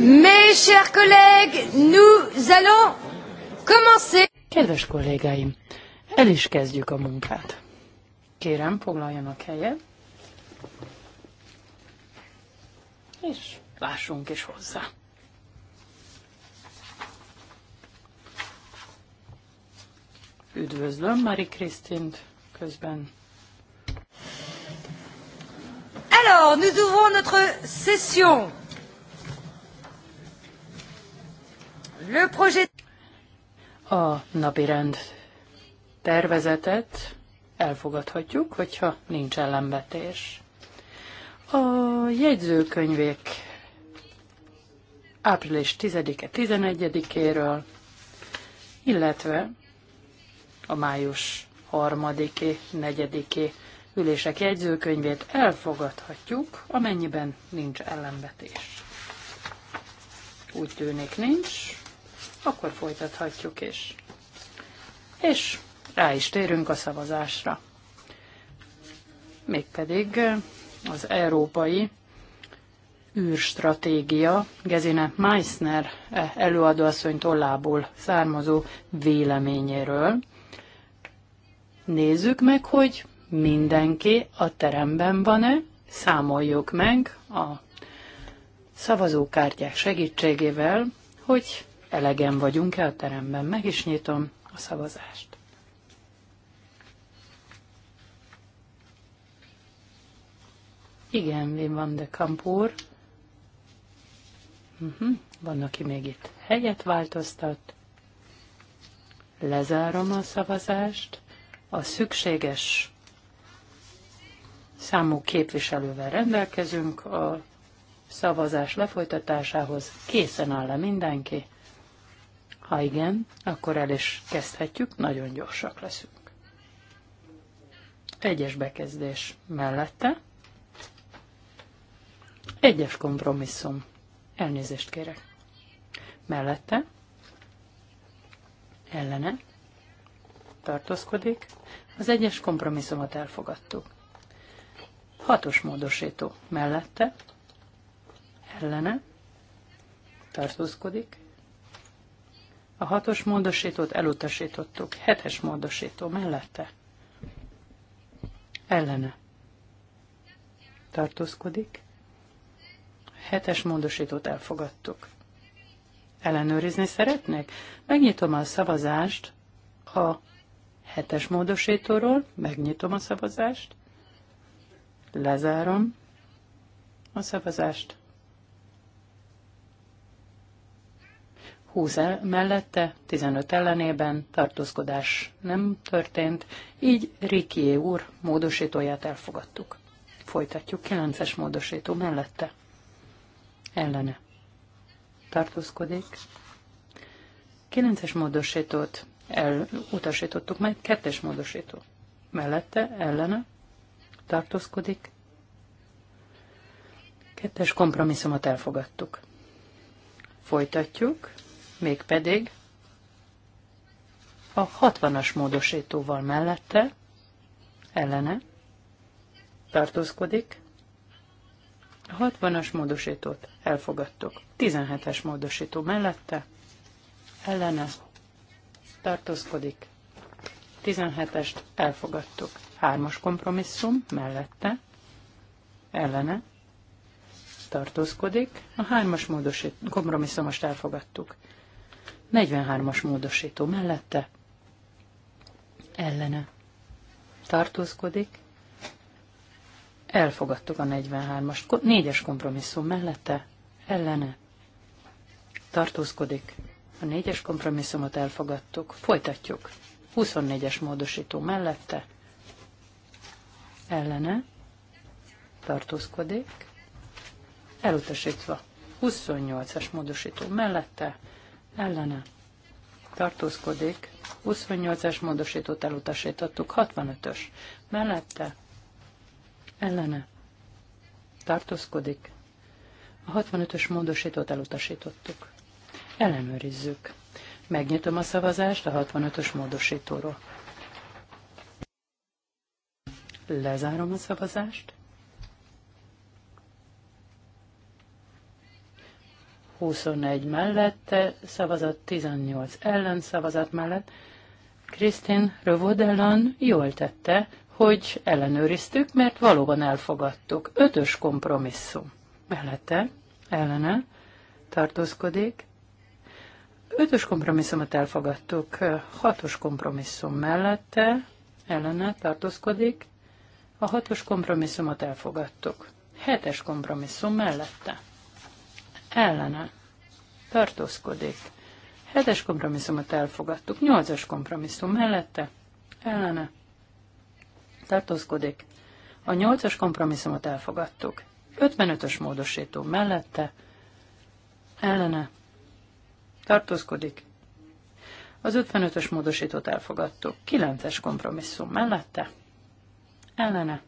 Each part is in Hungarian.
Mes chers collègues, nous allons commencer. Kedves kollégáim, el is kezdjük a munkát. Kérem, foglaljanak helyet. És lássunk is hozzá. Üdvözlöm Mari Krisztint közben. Alors, nous ouvrons notre session. Le projet... A napirend tervezetet elfogadhatjuk, hogyha nincs ellenvetés. A jegyzőkönyvék április 10-e 11-éről, illetve a május 3 é 4 ülések jegyzőkönyvét elfogadhatjuk, amennyiben nincs ellenvetés. Úgy tűnik nincs, akkor folytathatjuk is. És rá is térünk a szavazásra. Mégpedig az európai űrstratégia Gezine Meissner előadóasszony tollából származó véleményéről. Nézzük meg, hogy mindenki a teremben van-e, számoljuk meg a szavazókártyák segítségével, hogy elegen vagyunk-e a teremben. Meg is nyitom a szavazást. Igen, Wim van de Kampúr. Uh-huh. Mhm, van, aki még itt helyet változtat. Lezárom a szavazást. A szükséges számú képviselővel rendelkezünk a szavazás lefolytatásához. Készen áll-e mindenki? Ha igen, akkor el is kezdhetjük, nagyon gyorsak leszünk. Egyes bekezdés mellette. Egyes kompromisszum. Elnézést kérek. Mellette. Ellene. Tartózkodik. Az egyes kompromisszumot elfogadtuk. Hatos módosító. Mellette. Ellene. Tartózkodik a hatos módosítót elutasítottuk. Hetes módosító mellette. Ellene. Tartózkodik. Hetes módosítót elfogadtuk. Ellenőrizni szeretnék? Megnyitom a szavazást a hetes módosítóról. Megnyitom a szavazást. Lezárom a szavazást. 20 el, mellette, 15 ellenében tartózkodás nem történt, így Rikié úr módosítóját elfogadtuk. Folytatjuk 9-es módosító mellette. Ellene. Tartózkodik. 9-es módosítót elutasítottuk meg, 2-es módosító. Mellette, ellene. Tartózkodik. Kettes kompromisszumot elfogadtuk. Folytatjuk mégpedig a 60-as módosítóval mellette, ellene, tartózkodik. A 60-as módosítót elfogadtuk. 17-es módosító mellette, ellene, tartózkodik. 17-est elfogadtuk. 3-as kompromisszum mellette, ellene, tartózkodik. A 3-as módosít, kompromisszumost elfogadtuk. 43-as módosító mellette ellene tartózkodik. Elfogadtuk a 43-as. 4-es kompromisszum mellette ellene tartózkodik. A 4-es kompromisszumot elfogadtuk. Folytatjuk. 24-es módosító mellette ellene tartózkodik. Elutasítva. 28-as módosító mellette ellene tartózkodik, 28 es módosítót elutasítottuk, 65-ös mellette ellene tartózkodik, a 65-ös módosítót elutasítottuk. Ellenőrizzük. Megnyitom a szavazást a 65-ös módosítóról. Lezárom a szavazást. 21 mellette, szavazat 18 ellen szavazat mellett. Krisztin Rövodellan jól tette, hogy ellenőriztük, mert valóban elfogadtuk. Ötös kompromisszum. Mellette, ellene, tartózkodik. Ötös kompromisszumot elfogadtuk, hatos kompromisszum mellette, ellene, tartózkodik. A hatos kompromisszumot elfogadtuk. Hetes kompromisszum mellette ellene tartózkodik. Hetes kompromisszumot elfogadtuk, nyolcas kompromisszum mellette ellene tartózkodik. A nyolcas kompromisszumot elfogadtuk. 55-ös módosító mellette ellene tartózkodik. Az 55-ös módosítót elfogadtuk. 9-es kompromisszum mellette ellene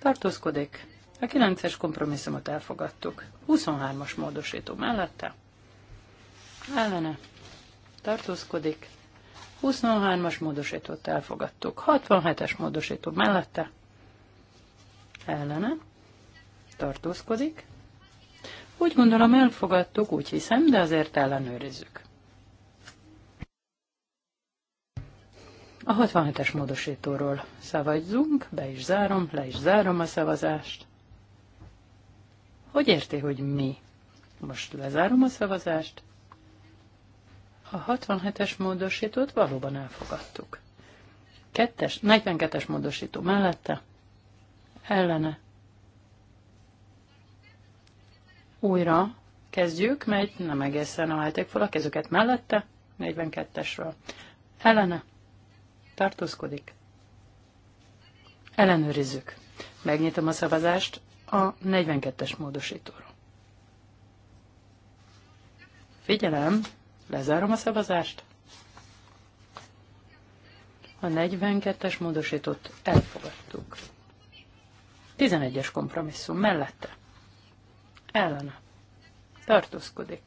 tartózkodik. A 9-es kompromisszumot elfogadtuk. 23-as módosító mellette. Ellene. Tartózkodik. 23-as módosítót elfogadtuk. 67-es módosító mellette. Ellene. Tartózkodik. Úgy gondolom elfogadtuk, úgy hiszem, de azért ellenőrizzük. A 67-es módosítóról szavazzunk, be is zárom, le is zárom a szavazást. Hogy érti, hogy mi? Most lezárom a szavazást. A 67-es módosítót valóban elfogadtuk. Kettes, 42-es módosító mellette, ellene. Újra kezdjük, mert nem egészen emelték fel a kezüket mellette, 42-esről. Ellene. Tartózkodik. Ellenőrizzük. Megnyitom a szavazást a 42-es módosítóról. Figyelem, lezárom a szavazást. A 42-es módosítót elfogadtuk. 11-es kompromisszum mellette. Ellene. Tartózkodik.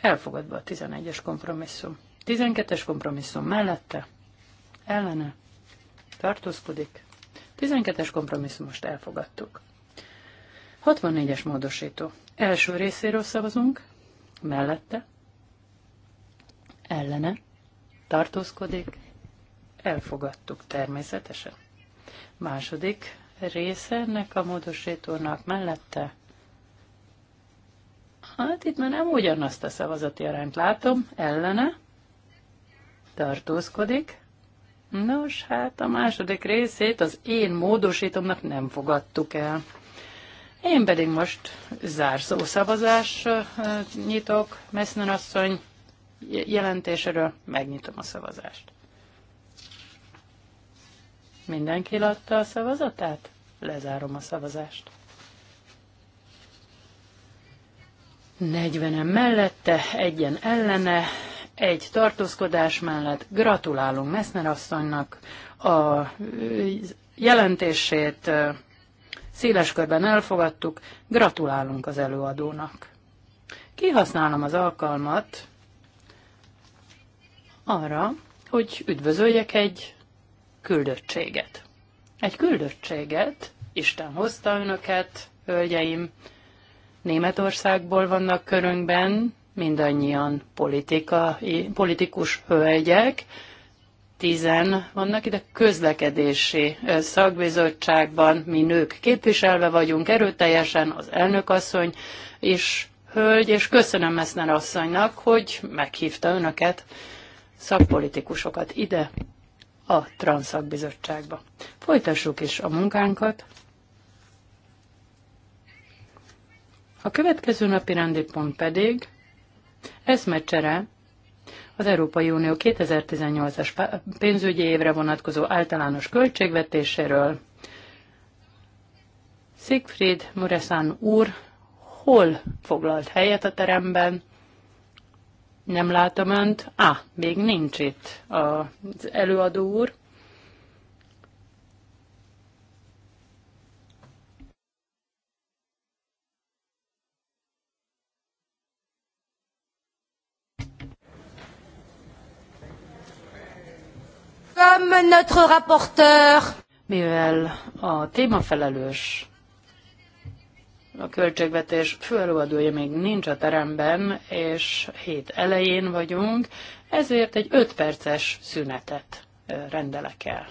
Elfogadva a 11-es kompromisszum. 12-es kompromisszum mellette. Ellene. Tartózkodik. 12-es kompromisszumost elfogadtuk. 64-es módosító. Első részéről szavazunk, mellette, ellene, tartózkodik, elfogadtuk természetesen. Második része ennek a módosítónak mellette, hát itt már nem ugyanazt a szavazati arányt látom, ellene, tartózkodik, Nos, hát a második részét az én módosítomnak nem fogadtuk el. Én pedig most zárszó szavazás nyitok Messner asszony jelentéséről, megnyitom a szavazást. Mindenki látta a szavazatát? Lezárom a szavazást. 40 mellette, egyen ellene, egy tartózkodás mellett gratulálunk Messner asszonynak a jelentését széles körben elfogadtuk, gratulálunk az előadónak. Kihasználom az alkalmat arra, hogy üdvözöljek egy küldöttséget. Egy küldöttséget, Isten hozta önöket, hölgyeim, Németországból vannak körünkben, mindannyian politikai, politikus hölgyek, tizen vannak ide közlekedési szakbizottságban, mi nők képviselve vagyunk erőteljesen, az elnökasszony is hölgy, és köszönöm Meszner asszonynak, hogy meghívta önöket, szakpolitikusokat ide, a Transzakbizottságba. Folytassuk is a munkánkat. A következő napi rendi pont pedig Eszmecsere az Európai Unió 2018-as pénzügyi évre vonatkozó általános költségvetéséről. Siegfried Muresan úr hol foglalt helyet a teremben? Nem látom önt. Á, ah, még nincs itt az előadó úr. Comme notre rapporteur. Mivel a témafelelős a költségvetés főelőadója még nincs a teremben, és hét elején vagyunk, ezért egy 5 perces szünetet rendelek el.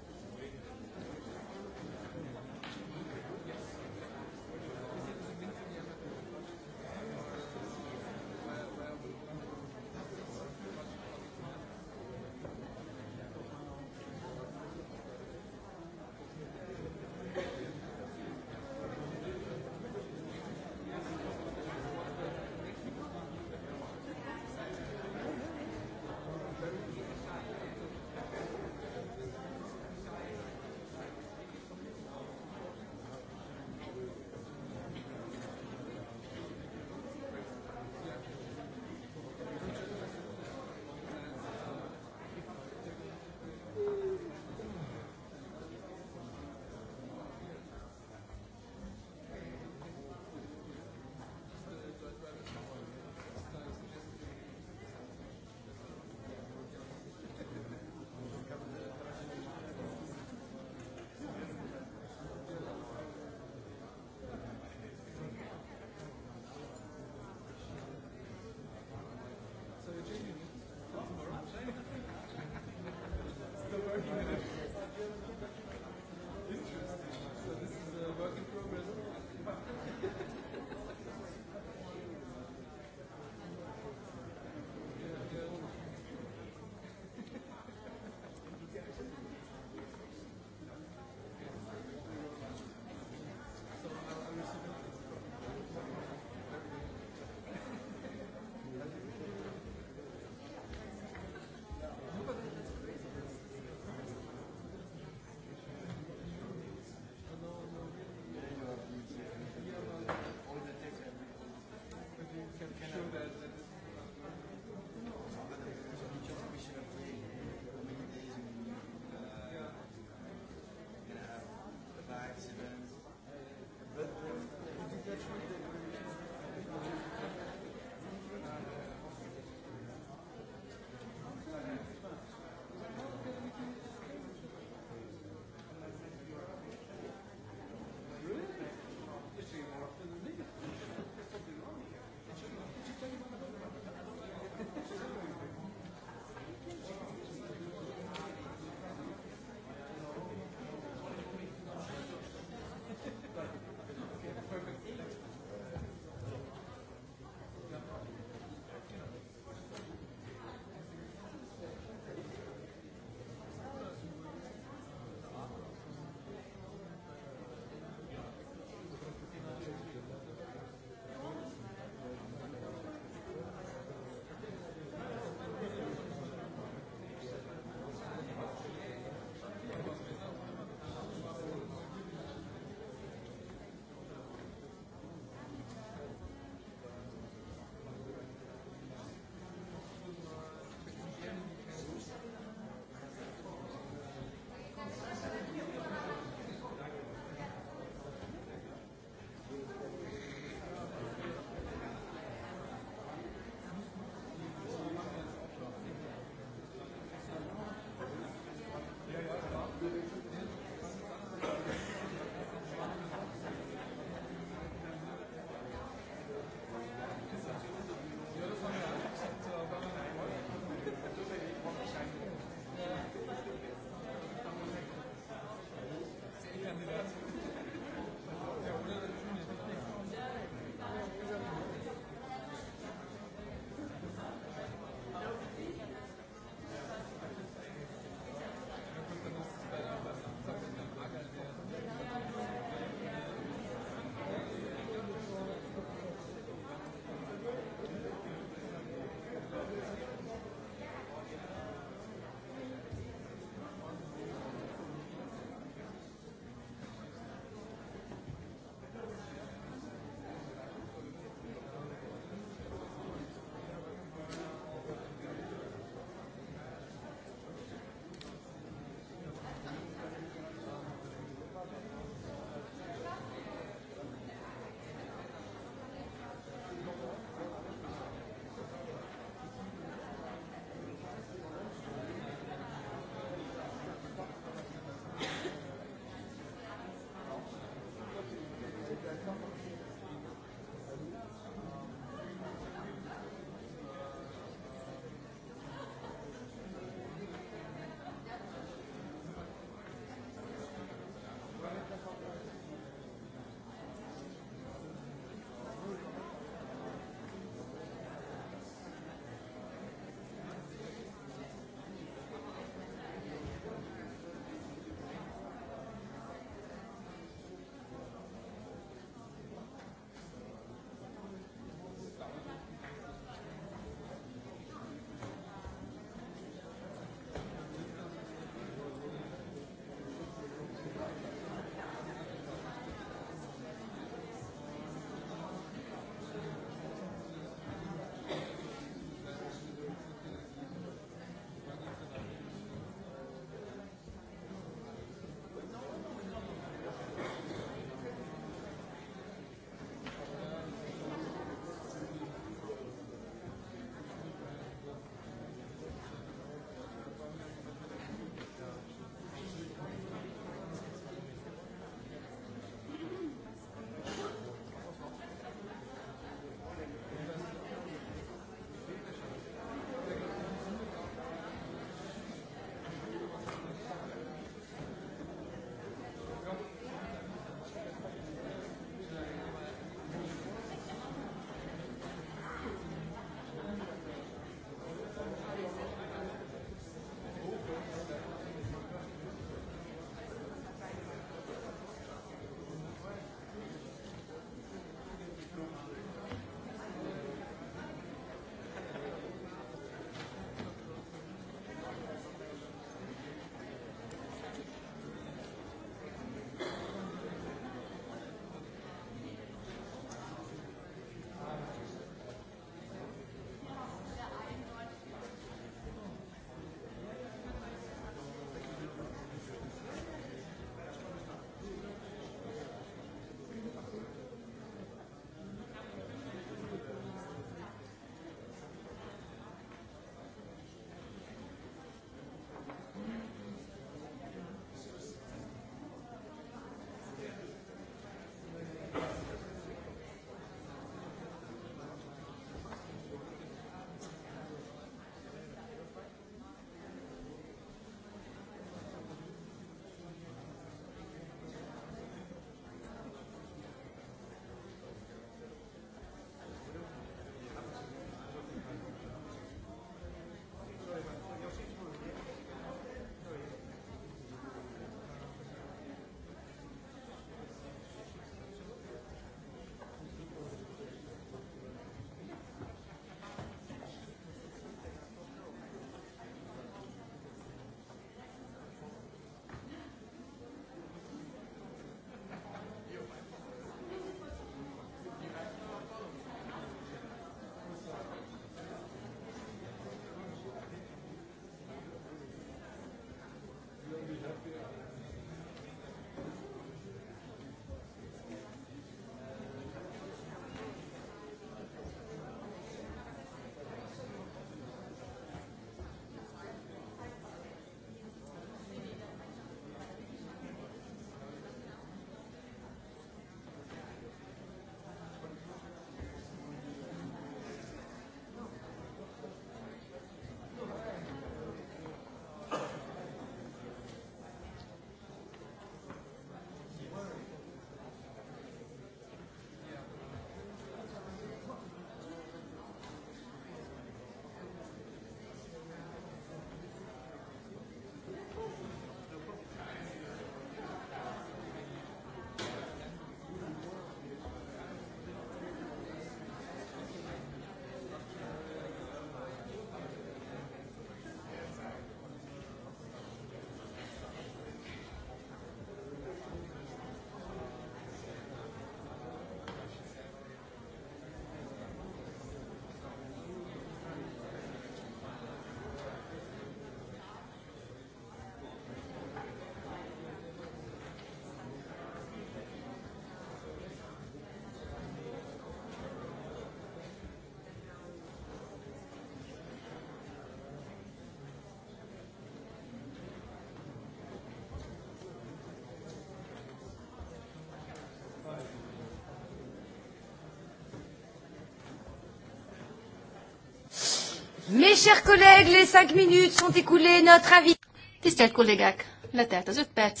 Mes chers collègues, les cinq minutes sont écoulées, notre avis. Tisztelt kollégák, letelt az öt perc,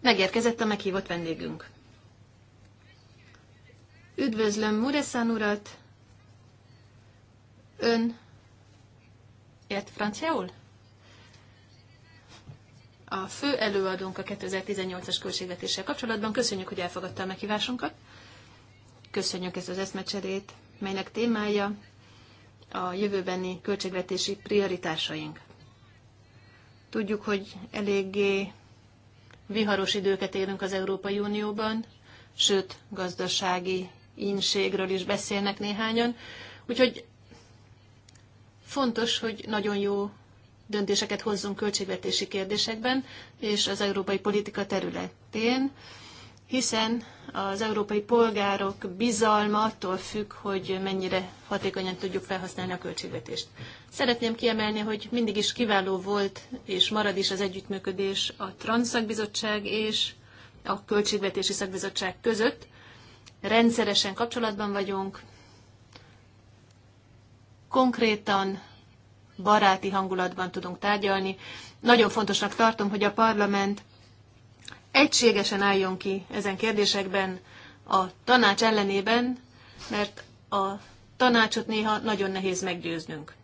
megérkezett a meghívott vendégünk. Üdvözlöm Muresan urat. Ön ért franciául? A fő előadónk a 2018-as költségvetéssel kapcsolatban. Köszönjük, hogy elfogadta a meghívásunkat. Köszönjük ezt az eszmecserét, melynek témája a jövőbeni költségvetési prioritásaink. Tudjuk, hogy eléggé viharos időket élünk az Európai Unióban, sőt, gazdasági ínségről is beszélnek néhányan. Úgyhogy fontos, hogy nagyon jó döntéseket hozzunk költségvetési kérdésekben és az európai politika területén, hiszen az európai polgárok bizalma attól függ, hogy mennyire hatékonyan tudjuk felhasználni a költségvetést. Szeretném kiemelni, hogy mindig is kiváló volt és marad is az együttműködés a Transzakbizottság és a Költségvetési Szakbizottság között. Rendszeresen kapcsolatban vagyunk, konkrétan baráti hangulatban tudunk tárgyalni. Nagyon fontosnak tartom, hogy a parlament egységesen álljon ki ezen kérdésekben a tanács ellenében, mert a tanácsot néha nagyon nehéz meggyőznünk.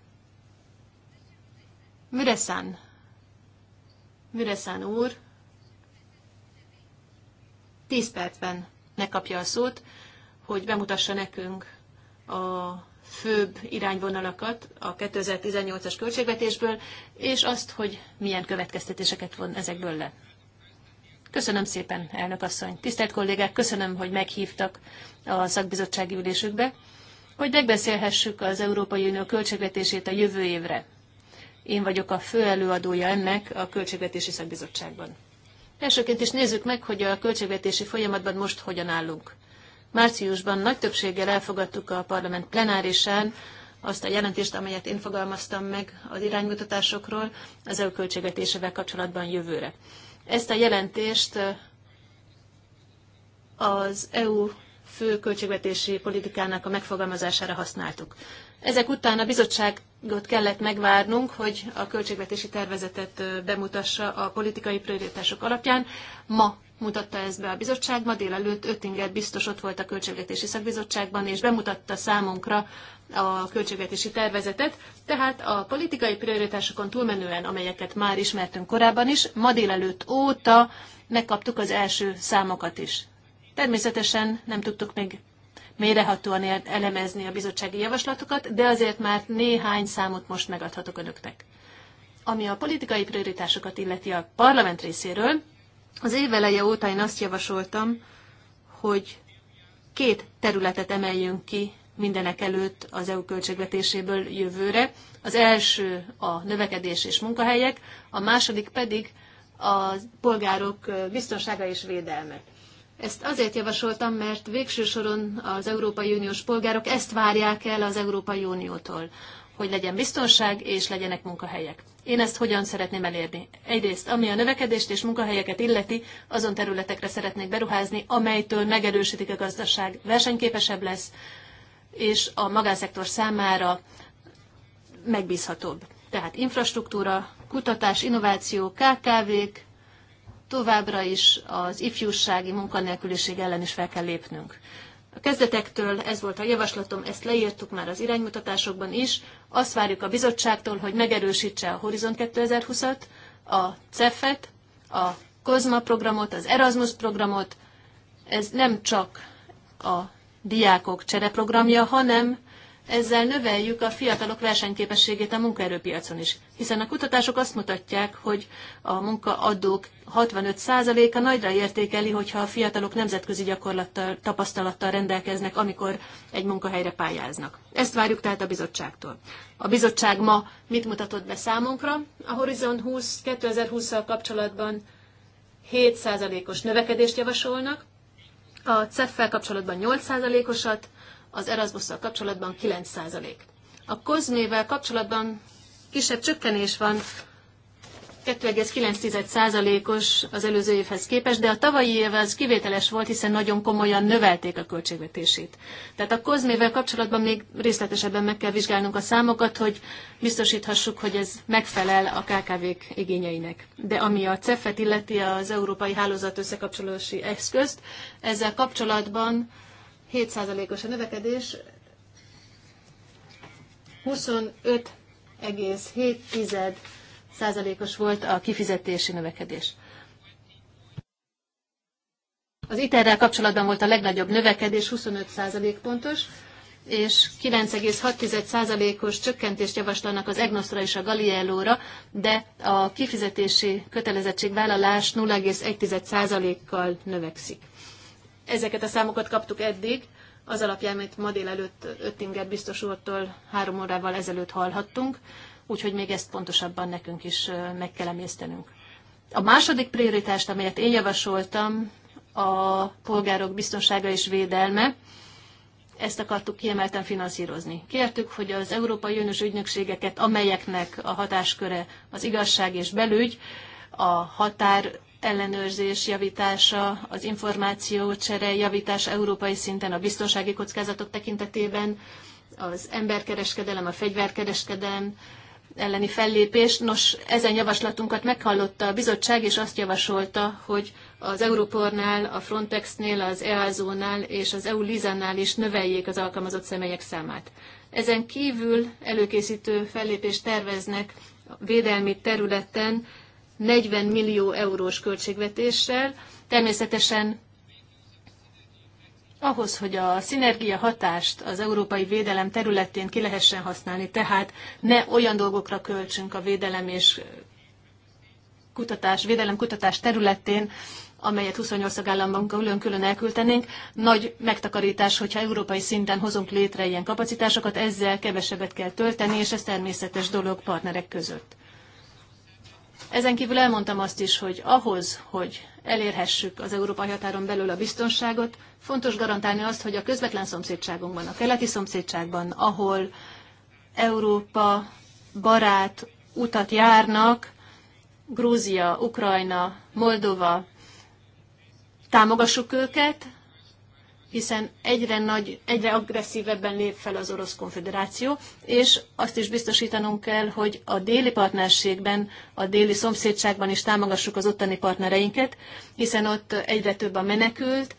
Müreszán. Müreszán úr, tíz percben kapja a szót, hogy bemutassa nekünk a főbb irányvonalakat a 2018-as költségvetésből, és azt, hogy milyen következtetéseket von ezekből le. Köszönöm szépen, elnök asszony. Tisztelt kollégák, köszönöm, hogy meghívtak a szakbizottsági ülésükbe, hogy megbeszélhessük az Európai Unió költségvetését a jövő évre. Én vagyok a fő előadója ennek a Költségvetési Szakbizottságban. Elsőként is nézzük meg, hogy a költségvetési folyamatban most hogyan állunk. Márciusban nagy többséggel elfogadtuk a parlament plenárisán azt a jelentést, amelyet én fogalmaztam meg az iránymutatásokról az EU költségvetésével kapcsolatban jövőre. Ezt a jelentést az EU fő költségvetési politikának a megfogalmazására használtuk. Ezek után a bizottságot kellett megvárnunk, hogy a költségvetési tervezetet bemutassa a politikai prioritások alapján. Ma mutatta ezt be a bizottság, ma délelőtt Öttinger biztos ott volt a költségvetési szakbizottságban, és bemutatta számunkra a költségvetési tervezetet, tehát a politikai prioritásokon túlmenően, amelyeket már ismertünk korábban is, ma délelőtt óta megkaptuk az első számokat is. Természetesen nem tudtuk még mélyrehatóan elemezni a bizottsági javaslatokat, de azért már néhány számot most megadhatok önöknek. Ami a politikai prioritásokat illeti a parlament részéről, az éveleje óta én azt javasoltam, hogy két területet emeljünk ki mindenek előtt az EU költségvetéséből jövőre. Az első a növekedés és munkahelyek, a második pedig a polgárok biztonsága és védelme. Ezt azért javasoltam, mert végső soron az Európai Uniós polgárok ezt várják el az Európai Uniótól, hogy legyen biztonság és legyenek munkahelyek. Én ezt hogyan szeretném elérni? Egyrészt, ami a növekedést és munkahelyeket illeti, azon területekre szeretnék beruházni, amelytől megerősítik a gazdaság, versenyképesebb lesz, és a magánszektor számára megbízhatóbb. Tehát infrastruktúra, kutatás, innováció, KKV-k, továbbra is az ifjúsági munkanélküliség ellen is fel kell lépnünk. A kezdetektől ez volt a javaslatom, ezt leírtuk már az iránymutatásokban is. Azt várjuk a bizottságtól, hogy megerősítse a Horizon 2020-at, a CEF-et, a COSMA programot, az Erasmus programot. Ez nem csak a diákok csereprogramja, hanem ezzel növeljük a fiatalok versenyképességét a munkaerőpiacon is. Hiszen a kutatások azt mutatják, hogy a munkaadók 65%-a nagyra értékeli, hogyha a fiatalok nemzetközi gyakorlattal, tapasztalattal rendelkeznek, amikor egy munkahelyre pályáznak. Ezt várjuk tehát a bizottságtól. A bizottság ma mit mutatott be számunkra? A Horizon 20 2020-szal kapcsolatban 7%-os növekedést javasolnak, a cef kapcsolatban 8%-osat, az erasmus kapcsolatban 9%. A COSME-vel kapcsolatban kisebb csökkenés van 2,9%-os az előző évhez képest, de a tavalyi év az kivételes volt, hiszen nagyon komolyan növelték a költségvetését. Tehát a kozmével kapcsolatban még részletesebben meg kell vizsgálnunk a számokat, hogy biztosíthassuk, hogy ez megfelel a KKV-k igényeinek. De ami a CEF-et illeti az Európai Hálózat összekapcsolási eszközt, ezzel kapcsolatban 7%-os a növekedés, 25,7 százalékos volt a kifizetési növekedés. Az iter kapcsolatban volt a legnagyobb növekedés, 25 százalék pontos, és 9,6%-os csökkentést javaslanak az Egnoszra és a Galileóra, de a kifizetési kötelezettségvállalás 0,1%-kal növekszik. Ezeket a számokat kaptuk eddig, az alapján, amit ma délelőtt Öttinger biztos úrtól három órával ezelőtt hallhattunk úgyhogy még ezt pontosabban nekünk is meg kell emésztenünk. A második prioritást, amelyet én javasoltam, a polgárok biztonsága és védelme, ezt akartuk kiemelten finanszírozni. Kértük, hogy az Európai Uniós ügynökségeket, amelyeknek a hatásköre az igazság és belügy, a határ ellenőrzés javítása, az információcsere javítása európai szinten a biztonsági kockázatok tekintetében, az emberkereskedelem, a fegyverkereskedelem, elleni fellépés. Nos, ezen javaslatunkat meghallotta a bizottság, és azt javasolta, hogy az Európornál, a Frontexnél, az EASO-nál és az EU-LISA-nál is növeljék az alkalmazott személyek számát. Ezen kívül előkészítő fellépést terveznek védelmi területen 40 millió eurós költségvetéssel. Természetesen ahhoz, hogy a szinergia hatást az európai védelem területén ki lehessen használni, tehát ne olyan dolgokra költsünk a védelem és kutatás, védelem kutatás területén, amelyet 28 államban külön-külön elküldenénk. Nagy megtakarítás, hogyha európai szinten hozunk létre ilyen kapacitásokat, ezzel kevesebbet kell tölteni, és ez természetes dolog partnerek között. Ezen kívül elmondtam azt is, hogy ahhoz, hogy elérhessük az európai határon belül a biztonságot, fontos garantálni azt, hogy a közvetlen szomszédságunkban, a keleti szomszédságban, ahol Európa barát utat járnak, Grúzia, Ukrajna, Moldova, támogassuk őket, hiszen egyre, nagy, egyre agresszívebben lép fel az Orosz Konfederáció, és azt is biztosítanunk kell, hogy a déli partnerségben, a déli szomszédságban is támogassuk az ottani partnereinket, hiszen ott egyre több a menekült,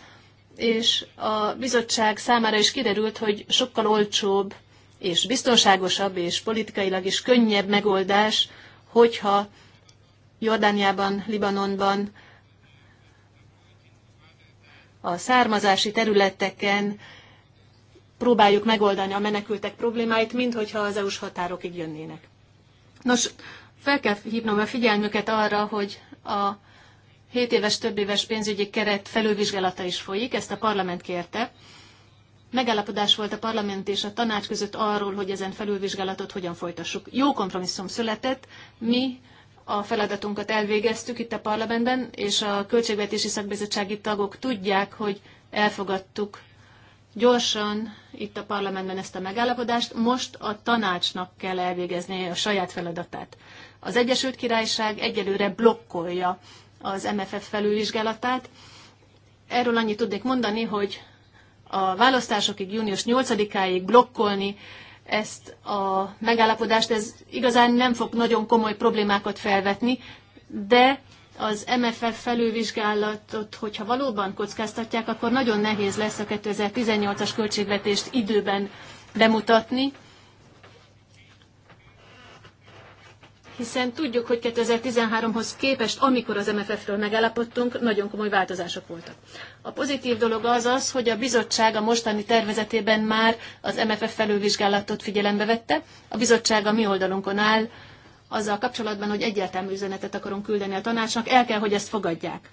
és a bizottság számára is kiderült, hogy sokkal olcsóbb és biztonságosabb és politikailag is könnyebb megoldás, hogyha Jordániában, Libanonban a származási területeken próbáljuk megoldani a menekültek problémáit, mint hogyha az EU-s határokig jönnének. Nos, fel kell hívnom a figyelmüket arra, hogy a 7 éves, több éves pénzügyi keret felülvizsgálata is folyik, ezt a parlament kérte. Megállapodás volt a parlament és a tanács között arról, hogy ezen felülvizsgálatot hogyan folytassuk. Jó kompromisszum született, mi a feladatunkat elvégeztük itt a parlamentben, és a költségvetési szakbizottsági tagok tudják, hogy elfogadtuk gyorsan itt a parlamentben ezt a megállapodást, most a tanácsnak kell elvégezni a saját feladatát. Az Egyesült Királyság egyelőre blokkolja az MFF felülvizsgálatát. Erről annyit tudnék mondani, hogy a választásokig, június 8-áig blokkolni ezt a megállapodást, ez igazán nem fog nagyon komoly problémákat felvetni, de az MFF felülvizsgálatot, hogyha valóban kockáztatják, akkor nagyon nehéz lesz a 2018-as költségvetést időben bemutatni, hiszen tudjuk, hogy 2013-hoz képest, amikor az MFF-ről megállapodtunk, nagyon komoly változások voltak. A pozitív dolog az az, hogy a bizottság a mostani tervezetében már az MFF felülvizsgálatot figyelembe vette. A bizottság a mi oldalunkon áll, azzal kapcsolatban, hogy egyértelmű üzenetet akarunk küldeni a tanácsnak, el kell, hogy ezt fogadják.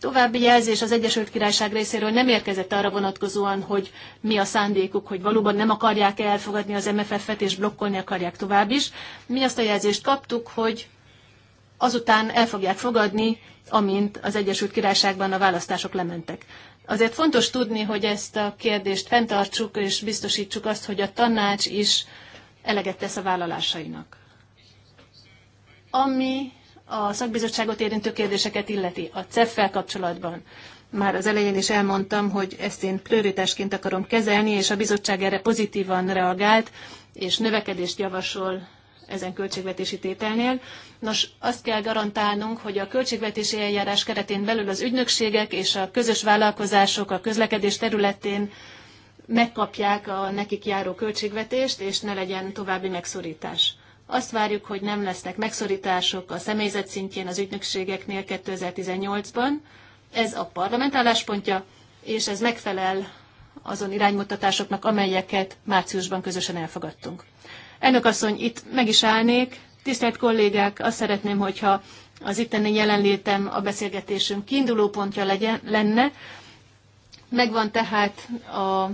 További jelzés az Egyesült Királyság részéről nem érkezett arra vonatkozóan, hogy mi a szándékuk, hogy valóban nem akarják elfogadni az MFF-et és blokkolni akarják tovább is. Mi azt a jelzést kaptuk, hogy azután el fogják fogadni, amint az Egyesült Királyságban a választások lementek. Azért fontos tudni, hogy ezt a kérdést fenntartsuk és biztosítsuk azt, hogy a tanács is eleget tesz a vállalásainak. Ami a szakbizottságot érintő kérdéseket illeti, a CEF-fel kapcsolatban. Már az elején is elmondtam, hogy ezt én prioritásként akarom kezelni, és a bizottság erre pozitívan reagált, és növekedést javasol ezen költségvetési tételnél. Nos, azt kell garantálnunk, hogy a költségvetési eljárás keretén belül az ügynökségek és a közös vállalkozások a közlekedés területén megkapják a nekik járó költségvetést, és ne legyen további megszorítás. Azt várjuk, hogy nem lesznek megszorítások a személyzet szintjén az ügynökségeknél 2018-ban. Ez a parlament álláspontja, és ez megfelel azon iránymutatásoknak, amelyeket márciusban közösen elfogadtunk. Elnök asszony, itt meg is állnék. Tisztelt kollégák, azt szeretném, hogyha az itteni jelenlétem a beszélgetésünk kiinduló pontja legyen, lenne. Megvan tehát a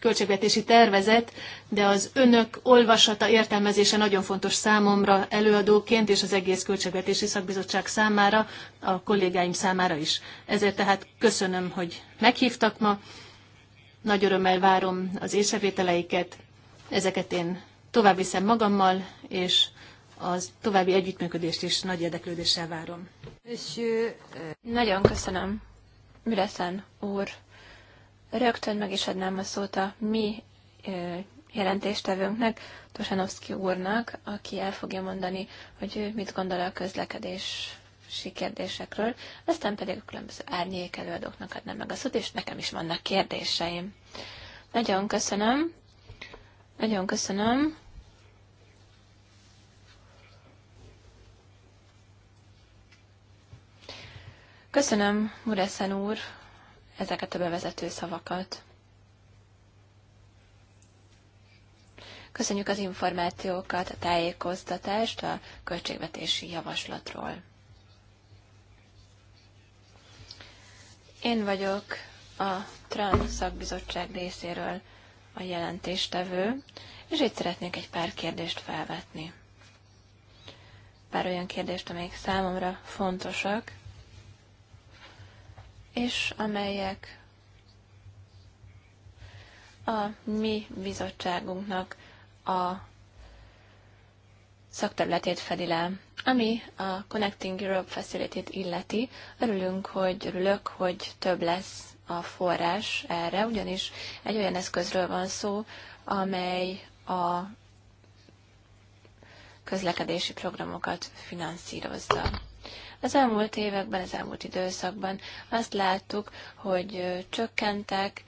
költségvetési tervezet, de az önök olvasata, értelmezése nagyon fontos számomra előadóként és az egész költségvetési szakbizottság számára, a kollégáim számára is. Ezért tehát köszönöm, hogy meghívtak ma. Nagy örömmel várom az észrevételeiket. Ezeket én tovább viszem magammal, és az további együttműködést is nagy érdeklődéssel várom. Euh, nagyon köszönöm, Müresen úr. Rögtön meg is adnám a szót a mi jelentéstevőnknek, Tosanovszki úrnak, aki el fogja mondani, hogy ő mit gondol a közlekedési kérdésekről, aztán pedig a különböző árnyék előadóknak adnám meg a szót, és nekem is vannak kérdéseim. Nagyon köszönöm. Nagyon köszönöm. Köszönöm, Mureszen úr, ezeket a bevezető szavakat. Köszönjük az információkat, a tájékoztatást a költségvetési javaslatról. Én vagyok a TRAN szakbizottság részéről a jelentéstevő, és itt szeretnék egy pár kérdést felvetni. Pár olyan kérdést, amelyek számomra fontosak, és amelyek a mi bizottságunknak a szakterületét fedi le. Ami a Connecting Europe Facility-t illeti, örülünk, hogy örülök, hogy több lesz a forrás erre, ugyanis egy olyan eszközről van szó, amely a közlekedési programokat finanszírozza. Az elmúlt években, az elmúlt időszakban azt láttuk, hogy csökkentek,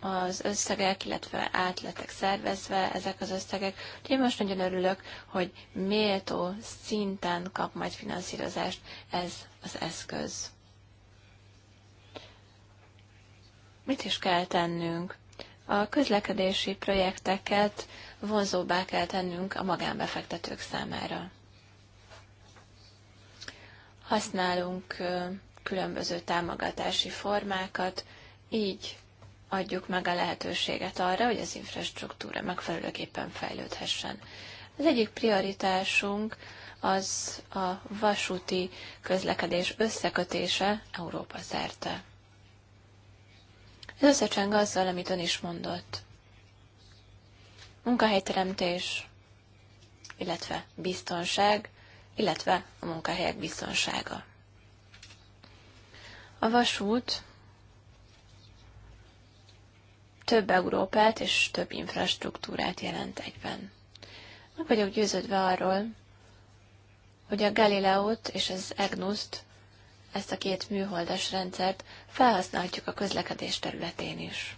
az összegek, illetve átletek szervezve ezek az összegek. Úgyhogy most nagyon örülök, hogy méltó szinten kap majd finanszírozást ez az eszköz. Mit is kell tennünk? A közlekedési projekteket vonzóbbá kell tennünk a magánbefektetők számára használunk különböző támogatási formákat, így adjuk meg a lehetőséget arra, hogy az infrastruktúra megfelelőképpen fejlődhessen. Az egyik prioritásunk az a vasúti közlekedés összekötése Európa szerte. Ez összecseng azzal, amit ön is mondott. Munkahelyteremtés, illetve biztonság, illetve a munkahelyek biztonsága. A vasút több Európát és több infrastruktúrát jelent egyben. Meg vagyok győződve arról, hogy a Galileót és az Egnuszt, ezt a két műholdas rendszert felhasználhatjuk a közlekedés területén is.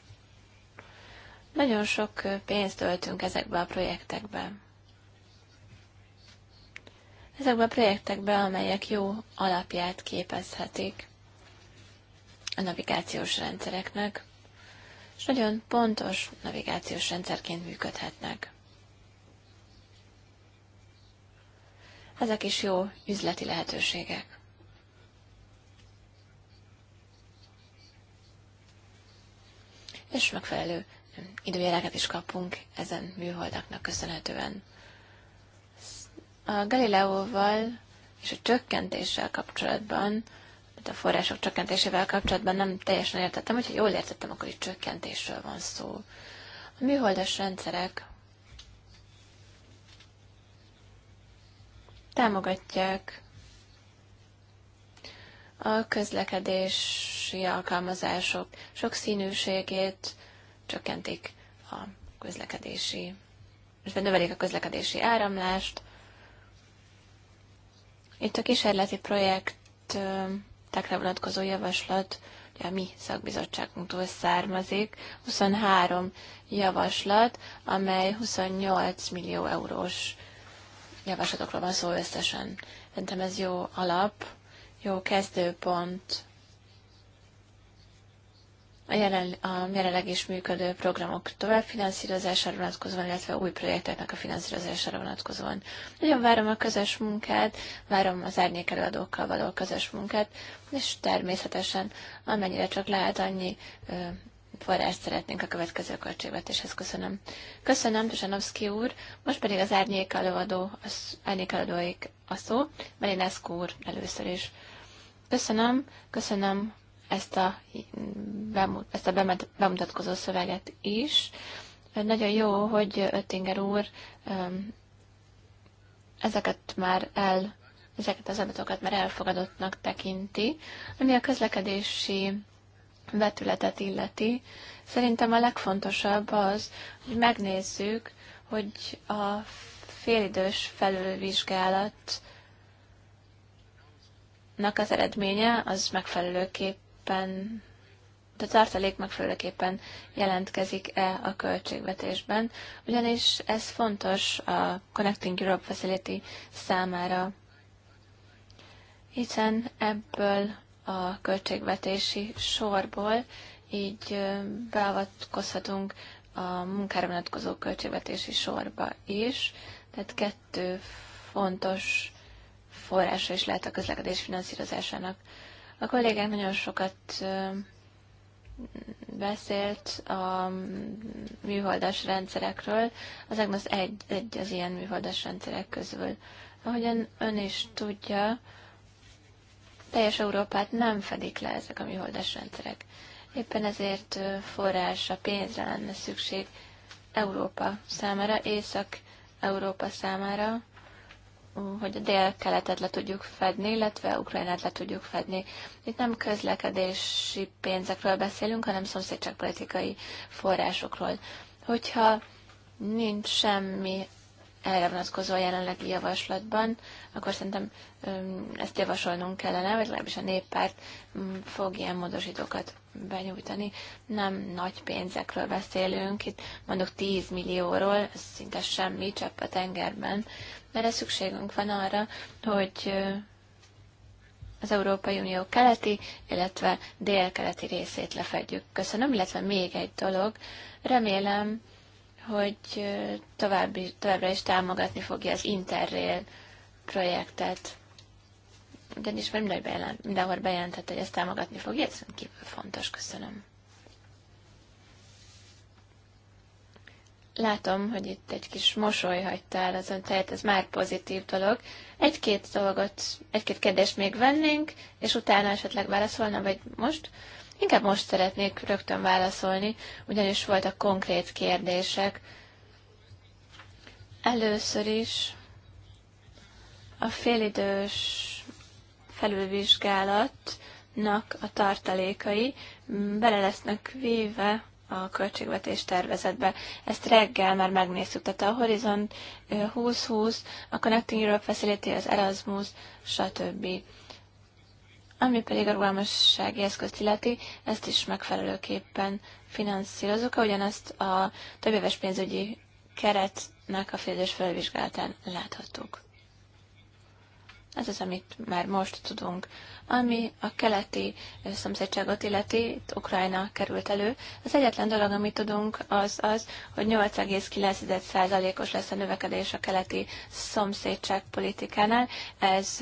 Nagyon sok pénzt öltünk ezekbe a projektekbe ezekbe a projektekbe, amelyek jó alapját képezhetik a navigációs rendszereknek, és nagyon pontos navigációs rendszerként működhetnek. Ezek is jó üzleti lehetőségek. És megfelelő időjeleket is kapunk ezen műholdaknak köszönhetően. A Galileóval és a csökkentéssel kapcsolatban, tehát a források csökkentésével kapcsolatban nem teljesen értettem, hogyha jól értettem, akkor itt csökkentésről van szó. A műholdas rendszerek támogatják a közlekedési alkalmazások sokszínűségét, csökkentik a közlekedési, és növelik a közlekedési áramlást, itt a kísérleti projektekre vonatkozó javaslat a mi szakbizottságunktól származik, 23 javaslat, amely 28 millió eurós javaslatokról van szó összesen. Szerintem ez jó alap, jó kezdőpont a, jelen, a jelenleg is működő programok továbbfinanszírozására vonatkozóan, illetve új projekteknek a finanszírozására vonatkozóan. Nagyon várom a közös munkát, várom az árnyék előadókkal való közös munkát, és természetesen amennyire csak lehet, annyi ö, forrást szeretnénk a következő költségvetéshez. Köszönöm. Köszönöm, Tusanovszki úr. Most pedig az árnyék előadó, az árnyék előadóik a szó, Melinescu úr először is. Köszönöm, köszönöm ezt a, ezt a bemutatkozó szöveget is. Nagyon jó, hogy Öttinger úr ezeket már el, ezeket az adatokat már elfogadottnak tekinti, ami a közlekedési vetületet illeti. Szerintem a legfontosabb az, hogy megnézzük, hogy a félidős felülvizsgálatnak az eredménye az megfelelőképp megfelelőképpen, a tartalék megfelelőképpen jelentkezik-e a költségvetésben, ugyanis ez fontos a Connecting Europe Facility számára, hiszen ebből a költségvetési sorból így beavatkozhatunk a munkára vonatkozó költségvetési sorba is, tehát kettő fontos forrása is lehet a közlekedés finanszírozásának. A kollégánk nagyon sokat beszélt a műholdas rendszerekről. Az EGNOS egy, egy az ilyen műholdas rendszerek közül. Ahogyan ön is tudja, teljes Európát nem fedik le ezek a műholdas rendszerek. Éppen ezért forrása, pénzre lenne szükség Európa számára, Észak-Európa számára, hogy a dél-keletet le tudjuk fedni, illetve Ukrajnát le tudjuk fedni. Itt nem közlekedési pénzekről beszélünk, hanem szomszédságpolitikai forrásokról. Hogyha nincs semmi erre vonatkozó jelenlegi javaslatban, akkor szerintem ezt javasolnunk kellene, vagy legalábbis a néppárt fog ilyen módosítókat benyújtani. Nem nagy pénzekről beszélünk, itt mondok 10 millióról, ez szinte semmi, csepp a tengerben, mert ez szükségünk van arra, hogy az Európai Unió keleti, illetve délkeleti részét lefedjük. Köszönöm, illetve még egy dolog. Remélem, hogy további, továbbra is támogatni fogja az Interrail projektet ugyanis már mindenhol, bejelent, mindenhol bejelentette, hogy ezt támogatni fogja, ez kívül fontos, köszönöm. Látom, hogy itt egy kis mosoly hagytál azon, tehát ez már pozitív dolog. Egy-két dolgot, egy-két kérdést még vennénk, és utána esetleg válaszolna, vagy most? Inkább most szeretnék rögtön válaszolni, ugyanis voltak konkrét kérdések. Először is a félidős felülvizsgálatnak a tartalékai bele lesznek véve a költségvetés tervezetbe. Ezt reggel már megnéztük, tehát a Horizont 2020, a Connecting Europe Facility, az Erasmus, stb. Ami pedig a rugalmassági eszközt illeti, ezt is megfelelőképpen finanszírozunk, ugyanezt a többéves pénzügyi keretnek a félidős felvizsgálatán láthattuk. Ez az, amit már most tudunk. Ami a keleti eh, szomszédságot illeti, itt Ukrajna került elő. Az egyetlen dolog, amit tudunk, az az, hogy 8,9%-os lesz a növekedés a keleti szomszédság politikánál. Ez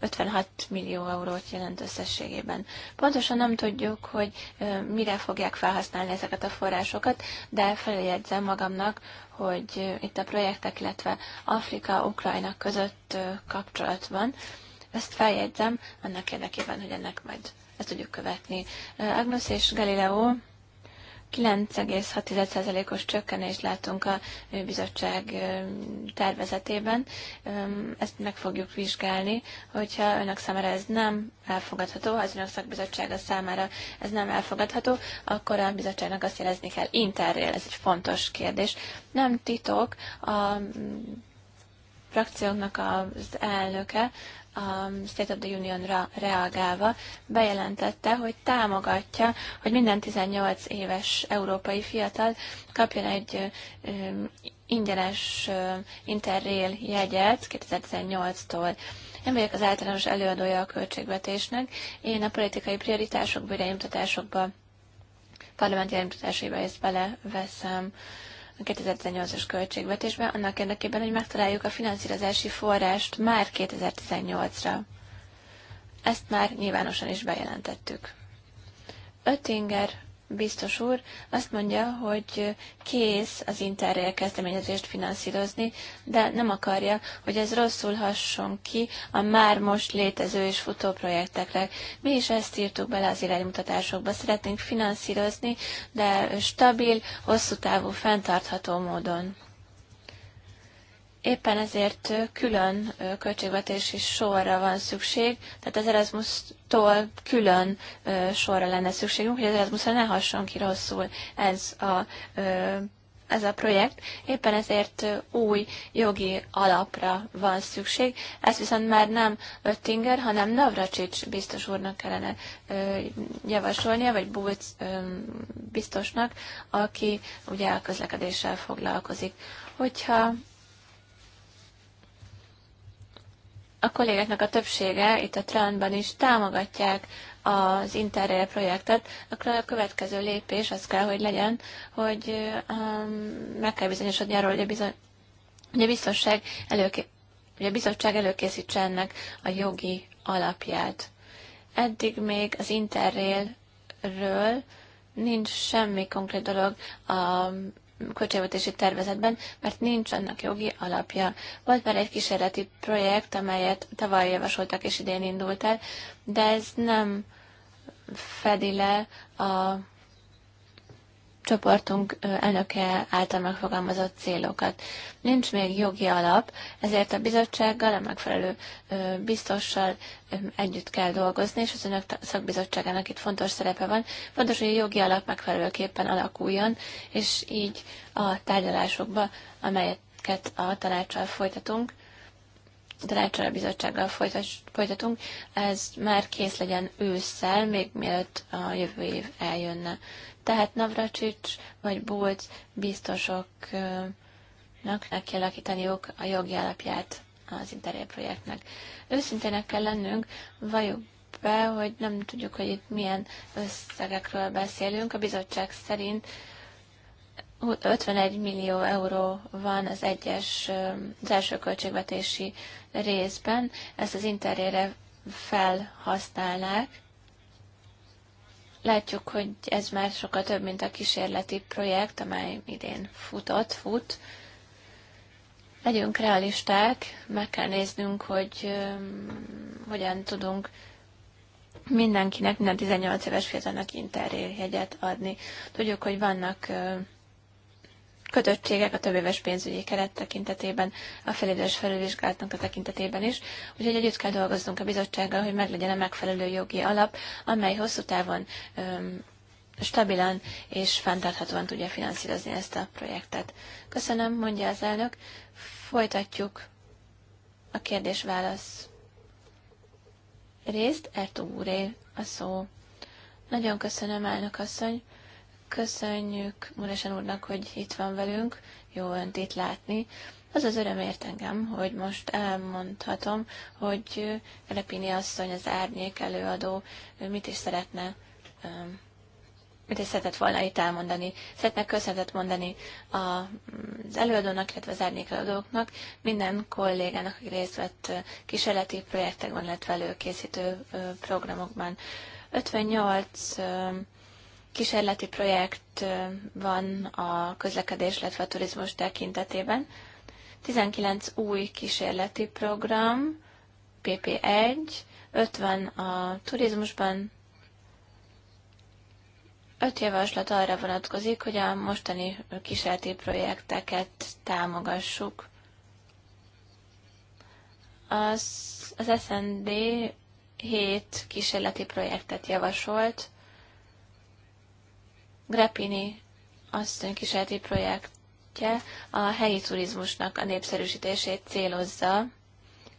56 eh, millió eurót jelent összességében. Pontosan nem tudjuk, hogy eh, mire fogják felhasználni ezeket a forrásokat, de feljegyzem magamnak, hogy itt a projektek, illetve Afrika-Ukrajna között kapcsolat van. Ezt feljegyzem annak érdekében, hogy ennek majd ezt tudjuk követni. Agnos és Galileo 9,6%-os csökkenést látunk a bizottság tervezetében. Ezt meg fogjuk vizsgálni, hogyha önök számára ez nem elfogadható, ha az önök szakbizottsága számára ez nem elfogadható, akkor a bizottságnak azt jelezni kell interrail, ez egy fontos kérdés. Nem titok, a frakcióknak az elnöke a State of the Union-ra reagálva bejelentette, hogy támogatja, hogy minden 18 éves európai fiatal kapjon egy ingyenes interrail jegyet 2018-tól. Én vagyok az általános előadója a költségvetésnek. Én a politikai prioritásokba, iránymutatásokba, parlamenti iránymutatásaiba ezt beleveszem a 2018-as költségvetésbe, annak érdekében, hogy megtaláljuk a finanszírozási forrást már 2018-ra. Ezt már nyilvánosan is bejelentettük. Öttinger biztos úr azt mondja, hogy kész az Interrail kezdeményezést finanszírozni, de nem akarja, hogy ez rosszul hasson ki a már most létező és futó projektekre. Mi is ezt írtuk bele az iránymutatásokba. Szeretnénk finanszírozni, de stabil, hosszú távú, fenntartható módon. Éppen ezért külön költségvetési sorra van szükség, tehát az Erasmus-tól külön sorra lenne szükségünk, hogy az Erasmus-ra ne hasson ki rosszul ez a ez a projekt. Éppen ezért új jogi alapra van szükség. Ezt viszont már nem Öttinger, hanem Navracsics biztos úrnak kellene javasolnia, vagy Bulc biztosnak, aki ugye a közlekedéssel foglalkozik. Hogyha a kollégáknak a többsége itt a Trendben is támogatják az Interrail projektet, akkor a következő lépés az kell, hogy legyen, hogy um, meg kell bizonyosodni arról, hogy a, bizony, hogy a biztonság előké, hogy a bizottság előkészítse ennek a jogi alapját. Eddig még az Interrailről nincs semmi konkrét dolog a költségvetési tervezetben, mert nincs annak jogi alapja. Volt már egy kísérleti projekt, amelyet tavaly javasoltak és idén indult el, de ez nem fedi le a csoportunk elnöke által megfogalmazott célokat. Nincs még jogi alap, ezért a bizottsággal, a megfelelő biztossal együtt kell dolgozni, és az önök szakbizottságának itt fontos szerepe van. Fontos, hogy a jogi alap megfelelőképpen alakuljon, és így a tárgyalásokba, amelyeket a tanácssal folytatunk, tanácsal a bizottsággal folytatunk, ez már kész legyen ősszel, még mielőtt a jövő év eljönne. Tehát Navracsics vagy Bulc biztosoknak le kell alakítaniuk a jogi alapját az interjér projektnek. Őszintének kell lennünk, vajuk be, hogy nem tudjuk, hogy itt milyen összegekről beszélünk. A bizottság szerint 51 millió euró van az egyes, az első költségvetési részben, ezt az interjére felhasználnák, Látjuk, hogy ez már sokkal több, mint a kísérleti projekt, amely idén futott, fut. Legyünk realisták, meg kell néznünk, hogy hogyan tudunk mindenkinek, minden 18 éves fiatalnak interjegyet adni. Tudjuk, hogy vannak kötöttségek a éves pénzügyi keret tekintetében, a felidős felülvizsgálatnak a tekintetében is, úgyhogy együtt kell dolgoznunk a bizottsággal, hogy meglegyen a megfelelő jogi alap, amely hosszú távon öm, stabilan és fenntarthatóan tudja finanszírozni ezt a projektet. Köszönöm, mondja az elnök. Folytatjuk a kérdés-válasz részt. Ertug úré a szó. Nagyon köszönöm, elnök asszony. Köszönjük Muresen úrnak, hogy itt van velünk. Jó önt itt látni. Az az öröm ért engem, hogy most elmondhatom, hogy Repini asszony, az árnyék előadó, mit is szeretne um, mit is szeretett volna itt elmondani. szeretne köszönetet mondani az előadónak, illetve az árnyék előadóknak, minden kollégának, aki részt vett kísérleti projektekben, illetve előkészítő programokban. 58 kísérleti projekt van a közlekedés, illetve a turizmus tekintetében. 19 új kísérleti program, PP1, 50 a turizmusban, 5 javaslat arra vonatkozik, hogy a mostani kísérleti projekteket támogassuk. Az, az SND 7 kísérleti projektet javasolt, Grappini asszony kísérleti projektje a helyi turizmusnak a népszerűsítését célozza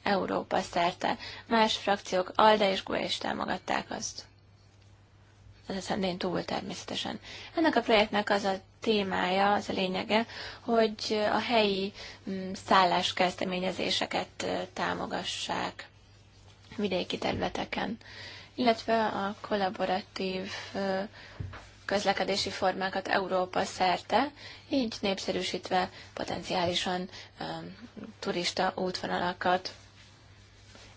Európa szerte. Más frakciók, ALDE és GUE is támogatták azt. Ez eszemdén túl természetesen. Ennek a projektnek az a témája, az a lényege, hogy a helyi mm, szálláskezdeményezéseket támogassák vidéki területeken, illetve a kollaboratív közlekedési formákat Európa szerte, így népszerűsítve potenciálisan um, turista útvonalakat.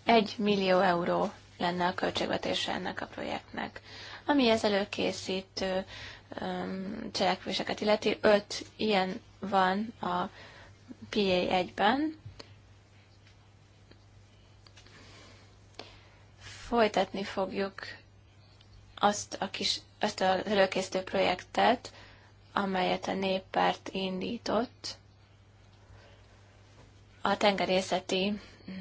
Egy millió euró lenne a költségvetése ennek a projektnek. Ami ez előkészítő um, cselekvéseket illeti, öt ilyen van a PA1-ben. Folytatni fogjuk azt a kis ezt az előkészítő projektet, amelyet a néppárt indított a tengerészeti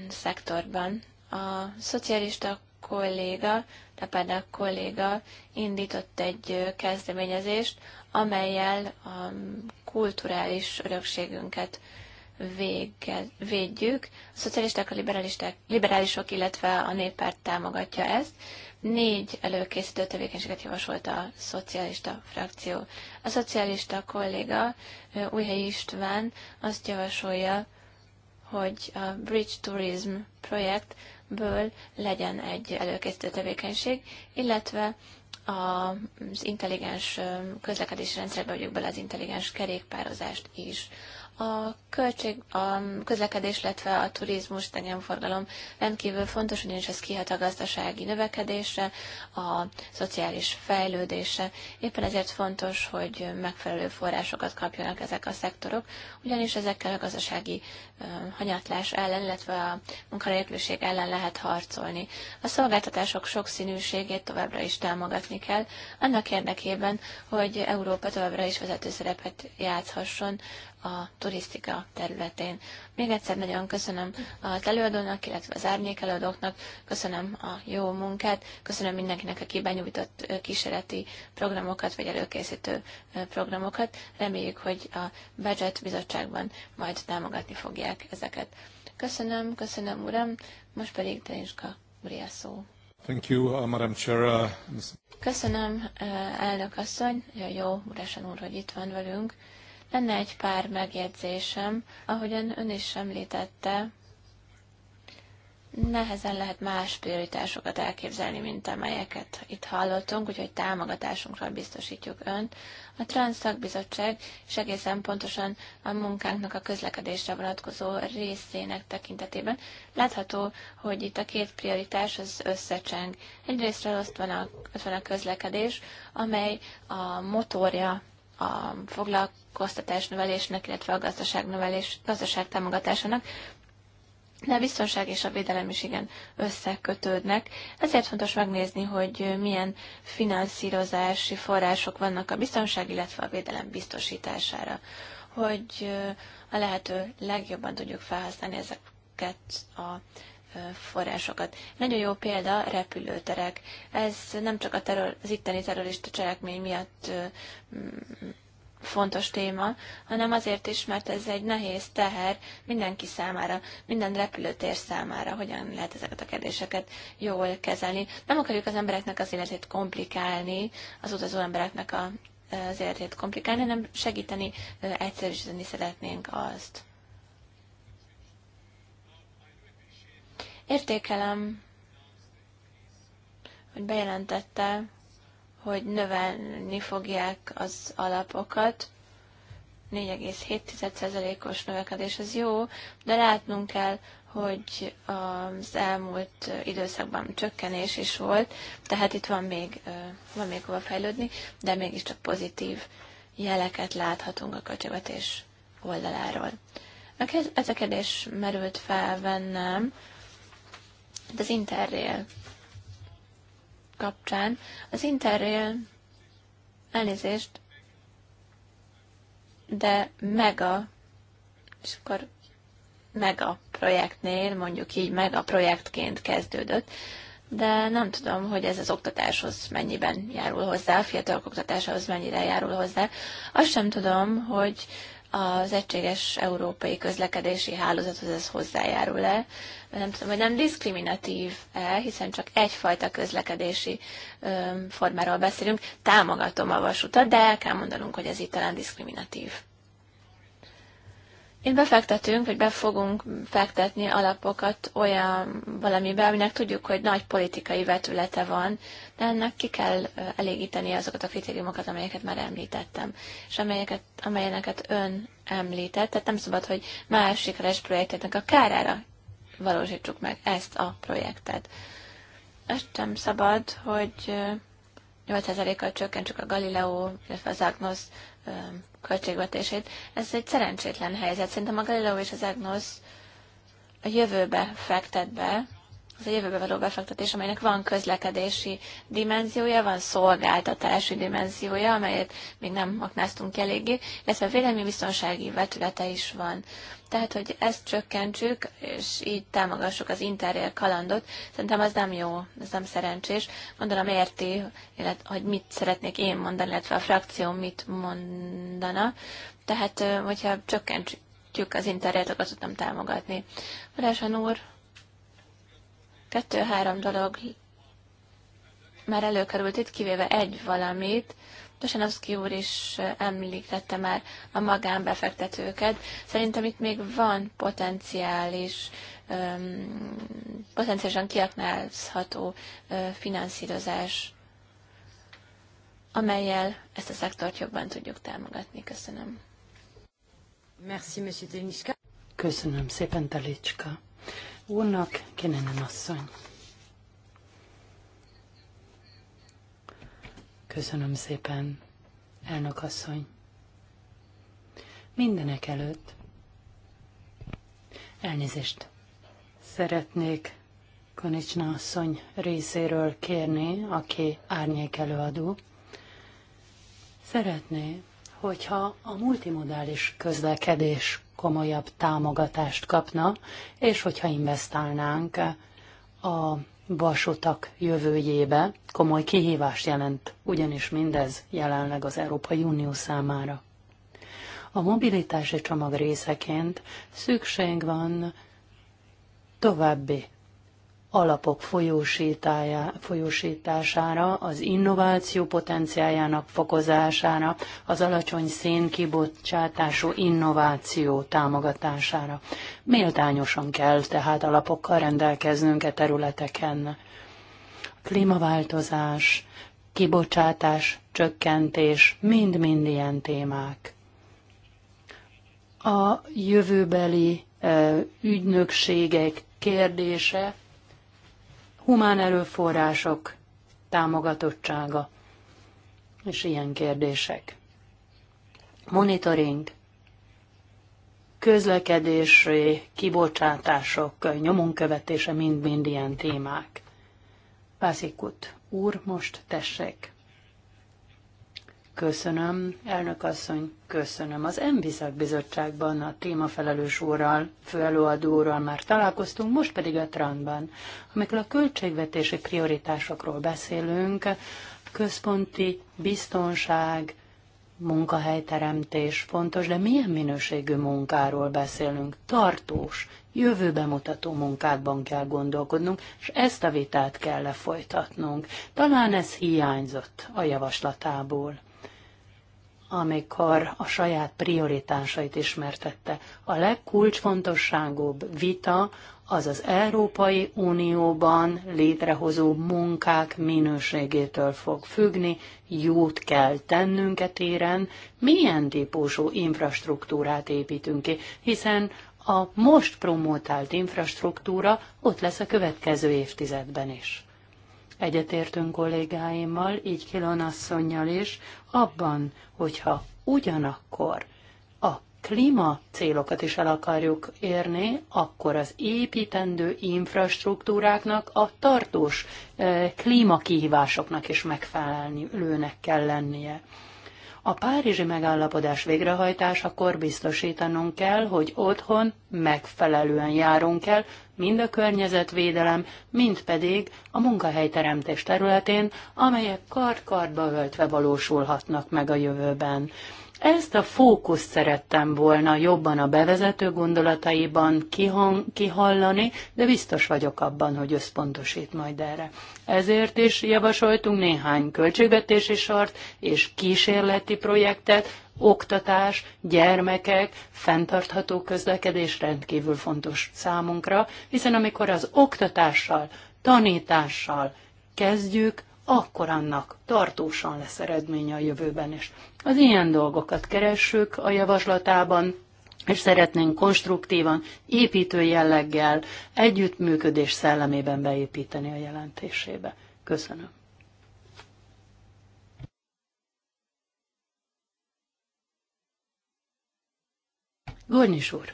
szektorban. A szocialista kolléga, Lepeda kolléga indított egy kezdeményezést, amelyel a kulturális örökségünket vége, védjük. A szocialisták, a liberalisták, liberálisok, illetve a néppárt támogatja ezt, Négy előkészítő tevékenységet javasolt a szocialista frakció. A szocialista kolléga Újhely István azt javasolja, hogy a Bridge Tourism projektből legyen egy előkészítő tevékenység, illetve az intelligens közlekedési rendszerbe vagyok bele az intelligens kerékpározást is. A költség, a közlekedés, illetve a turizmus, tegenforgalom rendkívül fontos, ugyanis ez kihat a gazdasági növekedésre, a szociális fejlődésre. Éppen ezért fontos, hogy megfelelő forrásokat kapjanak ezek a szektorok, ugyanis ezekkel a gazdasági hanyatlás ellen, illetve a munkanélküliség ellen lehet harcolni. A szolgáltatások sokszínűségét továbbra is támogatni kell, annak érdekében, hogy Európa továbbra is vezető szerepet játszhasson a turisztika területén. Még egyszer nagyon köszönöm az előadónak, illetve az árnyék előadóknak, köszönöm a jó munkát, köszönöm mindenkinek, aki benyújtott kísérleti programokat, vagy előkészítő programokat. Reméljük, hogy a budget bizottságban majd támogatni fogják ezeket. Köszönöm, köszönöm, uram. Most pedig Deninska úri a szó. Thank you, uh, Madam Chair. Uh, köszönöm, elnök asszony. Jó, jó, urasan úr, hogy itt van velünk. Lenne egy pár megjegyzésem, ahogyan ön is említette, nehezen lehet más prioritásokat elképzelni, mint amelyeket itt hallottunk, úgyhogy támogatásunkra biztosítjuk önt. A Transzakbizottság és egészen pontosan a munkánknak a közlekedésre vonatkozó részének tekintetében látható, hogy itt a két prioritás az összecseng. Egyrésztről ott van a, ott van a közlekedés, amely a motorja a foglalkoztatás növelésnek, illetve a gazdaság, növelés, gazdaság támogatásának, de a biztonság és a védelem is igen összekötődnek. Ezért fontos megnézni, hogy milyen finanszírozási források vannak a biztonság, illetve a védelem biztosítására, hogy a lehető legjobban tudjuk felhasználni ezeket a forrásokat. Nagyon jó példa repülőterek. Ez nem csak a terör, az itteni terrorista cselekmény miatt fontos téma, hanem azért is, mert ez egy nehéz teher mindenki számára, minden repülőtér számára, hogyan lehet ezeket a kérdéseket jól kezelni. Nem akarjuk az embereknek az életét komplikálni, az utazó embereknek a, az életét komplikálni, hanem segíteni, egyszerűsíteni szeretnénk azt. Értékelem, hogy bejelentette, hogy növelni fogják az alapokat. 4,7%-os növekedés az jó, de látnunk kell, hogy az elmúlt időszakban csökkenés is volt, tehát itt van még, van még hova fejlődni, de mégiscsak pozitív jeleket láthatunk a költségvetés oldaláról. Ez a kérdés merült fel bennem, Hát az Interrail kapcsán. Az Interrail elnézést, de mega, és akkor mega projektnél, mondjuk így mega projektként kezdődött, de nem tudom, hogy ez az oktatáshoz mennyiben járul hozzá, a fiatalok oktatásához mennyire járul hozzá. Azt sem tudom, hogy az egységes európai közlekedési hálózathoz ez hozzájárul-e? Nem tudom, hogy nem diszkriminatív-e, hiszen csak egyfajta közlekedési formáról beszélünk. Támogatom a vasutat, de el kell mondanunk, hogy ez itt talán diszkriminatív. Én befektetünk, vagy be fogunk fektetni alapokat olyan valamibe, aminek tudjuk, hogy nagy politikai vetülete van, de ennek ki kell elégíteni azokat a kritériumokat, amelyeket már említettem, és amelyeket, amelyeket ön említett, tehát nem szabad, hogy más sikeres projektetnek a kárára valósítsuk meg ezt a projektet. Ezt sem szabad, hogy 8%-kal csökkentsük a Galileo, illetve az Agnos költségvetését. Ez egy szerencsétlen helyzet. Szerintem a Galileo és az EGNOS a jövőbe fektet be, az a jövőbe való befektetés, amelynek van közlekedési dimenziója, van szolgáltatási dimenziója, amelyet még nem aknáztunk eléggé, illetve véleménybiztonsági vetülete is van. Tehát, hogy ezt csökkentsük, és így támogassuk az interrail kalandot, szerintem az nem jó, ez nem szerencsés. Gondolom érti, illetve, hogy mit szeretnék én mondani, illetve a frakció mit mondana. Tehát, hogyha csökkentjük az interjét, akkor tudtam támogatni. Valásan úr, Kettő-három dolog már előkerült itt, kivéve egy valamit. Tosanovszki úr is említette már a magánbefektetőket. Szerintem itt még van potenciális, öm, potenciálisan kiaknázható finanszírozás, amelyel ezt a szektort jobban tudjuk támogatni. Köszönöm. Merci, Köszönöm szépen, Talicska úrnak, Kenenen asszony. Köszönöm szépen, elnök asszony. Mindenek előtt elnézést szeretnék Konicsna asszony részéről kérni, aki árnyék előadó. Szeretné, hogyha a multimodális közlekedés komolyabb támogatást kapna, és hogyha investálnánk a vasutak jövőjébe, komoly kihívást jelent, ugyanis mindez jelenleg az Európai Unió számára. A mobilitási csomag részeként szükség van további alapok folyósítására, az innováció potenciáljának fokozására, az alacsony szénkibocsátású innováció támogatására. Méltányosan kell tehát alapokkal rendelkeznünk e területeken. Klímaváltozás, kibocsátás, csökkentés, mind-mind ilyen témák. A jövőbeli ügynökségek kérdése humán erőforrások támogatottsága, és ilyen kérdések. Monitoring, közlekedési kibocsátások, nyomon követése mind-mind ilyen témák. Pászikut úr, most tessék. Köszönöm, elnök asszony, köszönöm. Az Enviszak bizottságban a témafelelős úrral, főelőadóról már találkoztunk, most pedig a Tranban. Amikor a költségvetési prioritásokról beszélünk, központi biztonság, munkahelyteremtés fontos, de milyen minőségű munkáról beszélünk? Tartós, jövőbe mutató munkában kell gondolkodnunk, és ezt a vitát kell lefolytatnunk. Talán ez hiányzott a javaslatából amikor a saját prioritásait ismertette. A legkulcsfontosságúbb vita az az Európai Unióban létrehozó munkák minőségétől fog függni, jót kell tennünk e téren, milyen típusú infrastruktúrát építünk ki, hiszen a most promotált infrastruktúra ott lesz a következő évtizedben is. Egyetértünk kollégáimmal, így Kilon asszonynal is, abban, hogyha ugyanakkor a klíma célokat is el akarjuk érni, akkor az építendő infrastruktúráknak a tartós eh, klímakihívásoknak is megfelelőnek kell lennie. A párizsi megállapodás végrehajtásakor biztosítanunk kell, hogy otthon megfelelően járunk el, mind a környezetvédelem, mind pedig a munkahelyteremtés területén, amelyek kard-kardba öltve valósulhatnak meg a jövőben. Ezt a fókuszt szerettem volna jobban a bevezető gondolataiban kihang, kihallani, de biztos vagyok abban, hogy összpontosít majd erre. Ezért is javasoltunk néhány költségvetési sort és kísérleti projektet, oktatás, gyermekek, fenntartható közlekedés rendkívül fontos számunkra, hiszen amikor az oktatással, tanítással kezdjük, akkor annak tartósan lesz eredménye a jövőben is. Az ilyen dolgokat keressük a javaslatában, és szeretnénk konstruktívan, építő jelleggel, együttműködés szellemében beépíteni a jelentésébe. Köszönöm. Gornyis úr.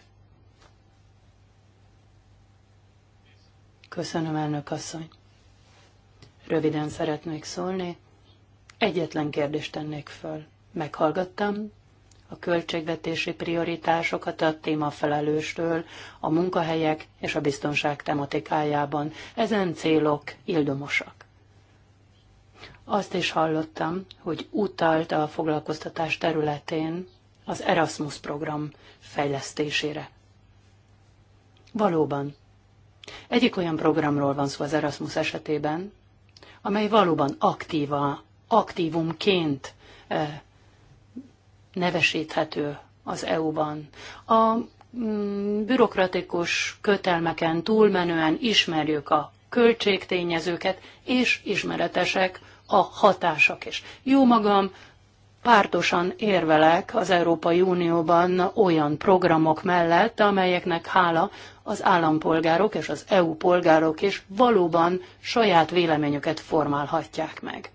Köszönöm, elnök asszony. Röviden szeretnék szólni. Egyetlen kérdést tennék föl. Meghallgattam a költségvetési prioritásokat a témafelelősről, a munkahelyek és a biztonság tematikájában. Ezen célok ildomosak. Azt is hallottam, hogy utalt a foglalkoztatás területén az Erasmus program fejlesztésére. Valóban. Egyik olyan programról van szó az Erasmus esetében, amely valóban aktíva, aktívumként eh, nevesíthető az EU-ban. A mm, bürokratikus kötelmeken túlmenően ismerjük a költségtényezőket, és ismeretesek a hatások is. Jó magam, pártosan érvelek az Európai Unióban olyan programok mellett, amelyeknek hála az állampolgárok és az EU polgárok is valóban saját véleményüket formálhatják meg.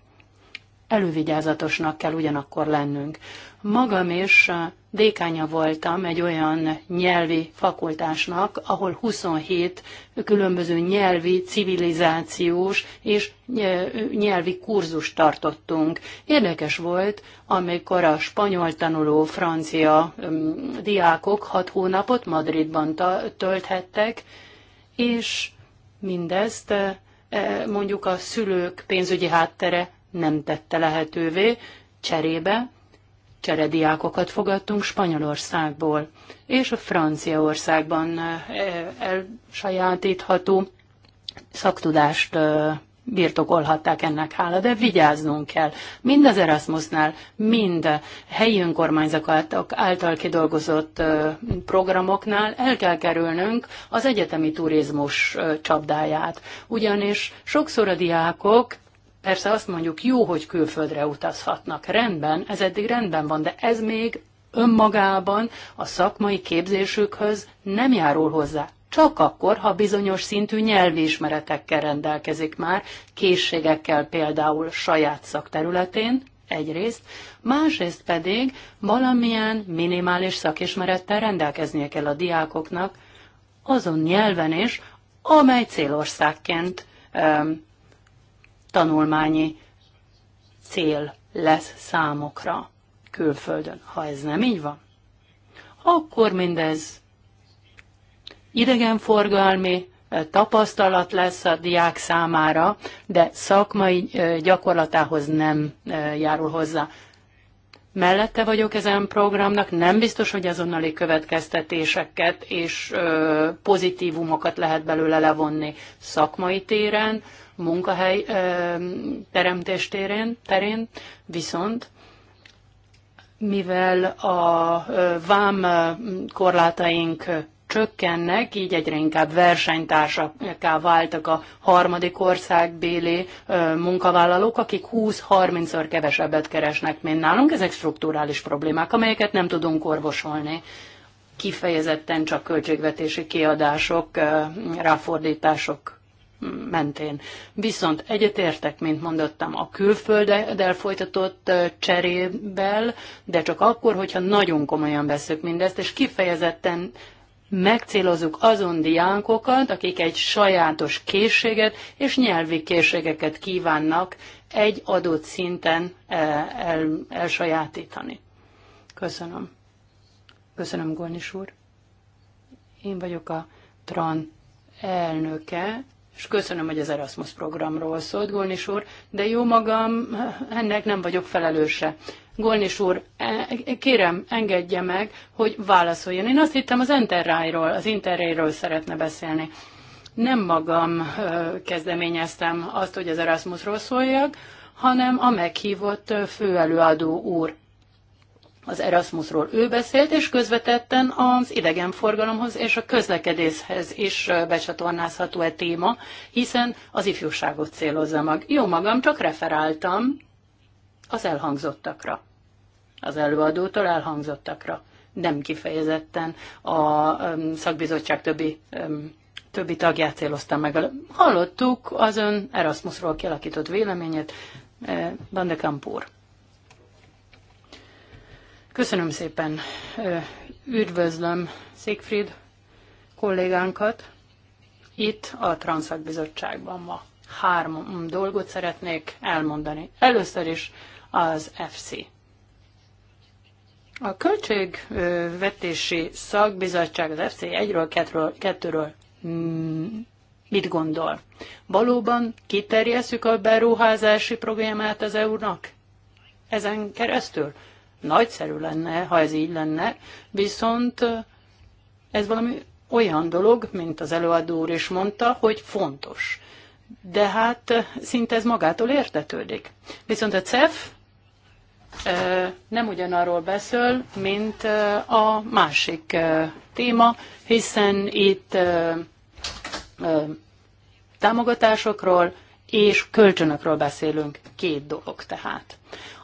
Elővigyázatosnak kell ugyanakkor lennünk. Magam is dékánya voltam egy olyan nyelvi fakultásnak, ahol 27 különböző nyelvi, civilizációs és nyelvi kurzust tartottunk. Érdekes volt, amikor a spanyol tanuló francia diákok hat hónapot Madridban tölthettek, és mindezt mondjuk a szülők pénzügyi háttere nem tette lehetővé, cserébe cserediákokat fogadtunk Spanyolországból, és a Franciaországban eh, elsajátítható szaktudást eh, birtokolhatták ennek hála, de vigyáznunk kell. Mind az Erasmusnál, mind a helyi önkormányzatok által kidolgozott eh, programoknál el kell kerülnünk az egyetemi turizmus csapdáját. Ugyanis sokszor a diákok Persze azt mondjuk, jó, hogy külföldre utazhatnak. Rendben, ez eddig rendben van, de ez még önmagában a szakmai képzésükhöz nem járul hozzá. Csak akkor, ha bizonyos szintű nyelvi ismeretekkel rendelkezik már, készségekkel például saját szakterületén, egyrészt, másrészt pedig valamilyen minimális szakismerettel rendelkeznie kell a diákoknak, azon nyelven is, amely célországként tanulmányi cél lesz számokra külföldön. Ha ez nem így van, akkor mindez idegenforgalmi tapasztalat lesz a diák számára, de szakmai gyakorlatához nem járul hozzá. Mellette vagyok ezen programnak, nem biztos, hogy azonnali következtetéseket és pozitívumokat lehet belőle levonni szakmai téren, munkahely teremtés terén, terén viszont mivel a vám korlátaink csökkennek, így egyre inkább versenytársaká váltak a harmadik országbéli munkavállalók, akik 20-30-szor kevesebbet keresnek, mint nálunk. Ezek strukturális problémák, amelyeket nem tudunk orvosolni kifejezetten csak költségvetési kiadások, ráfordítások mentén. Viszont egyetértek, mint mondottam, a külfölddel folytatott cserébel, de csak akkor, hogyha nagyon komolyan veszük mindezt, és kifejezetten megcélozzuk azon diánkokat, akik egy sajátos készséget és nyelvi készségeket kívánnak egy adott szinten el, elsajátítani. Köszönöm. Köszönöm, Gornis úr. Én vagyok a TRAN elnöke, és köszönöm, hogy az Erasmus programról szólt Golnis úr, de jó magam, ennek nem vagyok felelőse. Golnis úr, e, kérem, engedje meg, hogy válaszoljon. Én azt hittem az Interrail-ról, az Interrail-ről szeretne beszélni. Nem magam kezdeményeztem azt, hogy az Erasmusról szóljak, hanem a meghívott főelőadó úr az Erasmusról ő beszélt, és közvetetten az idegenforgalomhoz és a közlekedéshez is becsatornázható e téma, hiszen az ifjúságot célozza meg. Jó magam, csak referáltam az elhangzottakra, az előadótól elhangzottakra, nem kifejezetten a szakbizottság többi többi tagját céloztam meg. Hallottuk az ön Erasmusról kialakított véleményét, Van de Köszönöm szépen. Üdvözlöm Siegfried kollégánkat itt a Transzak Bizottságban ma. Három dolgot szeretnék elmondani. Először is az FC. A költségvetési szakbizottság az FC 1-ről, 2-ről, mit gondol? Valóban kiterjesszük a beruházási programját az EU-nak ezen keresztül? Nagyszerű lenne, ha ez így lenne, viszont ez valami olyan dolog, mint az előadó úr is mondta, hogy fontos. De hát szinte ez magától értetődik. Viszont a CEF nem ugyanarról beszél, mint a másik téma, hiszen itt támogatásokról, és kölcsönökről beszélünk, két dolog tehát.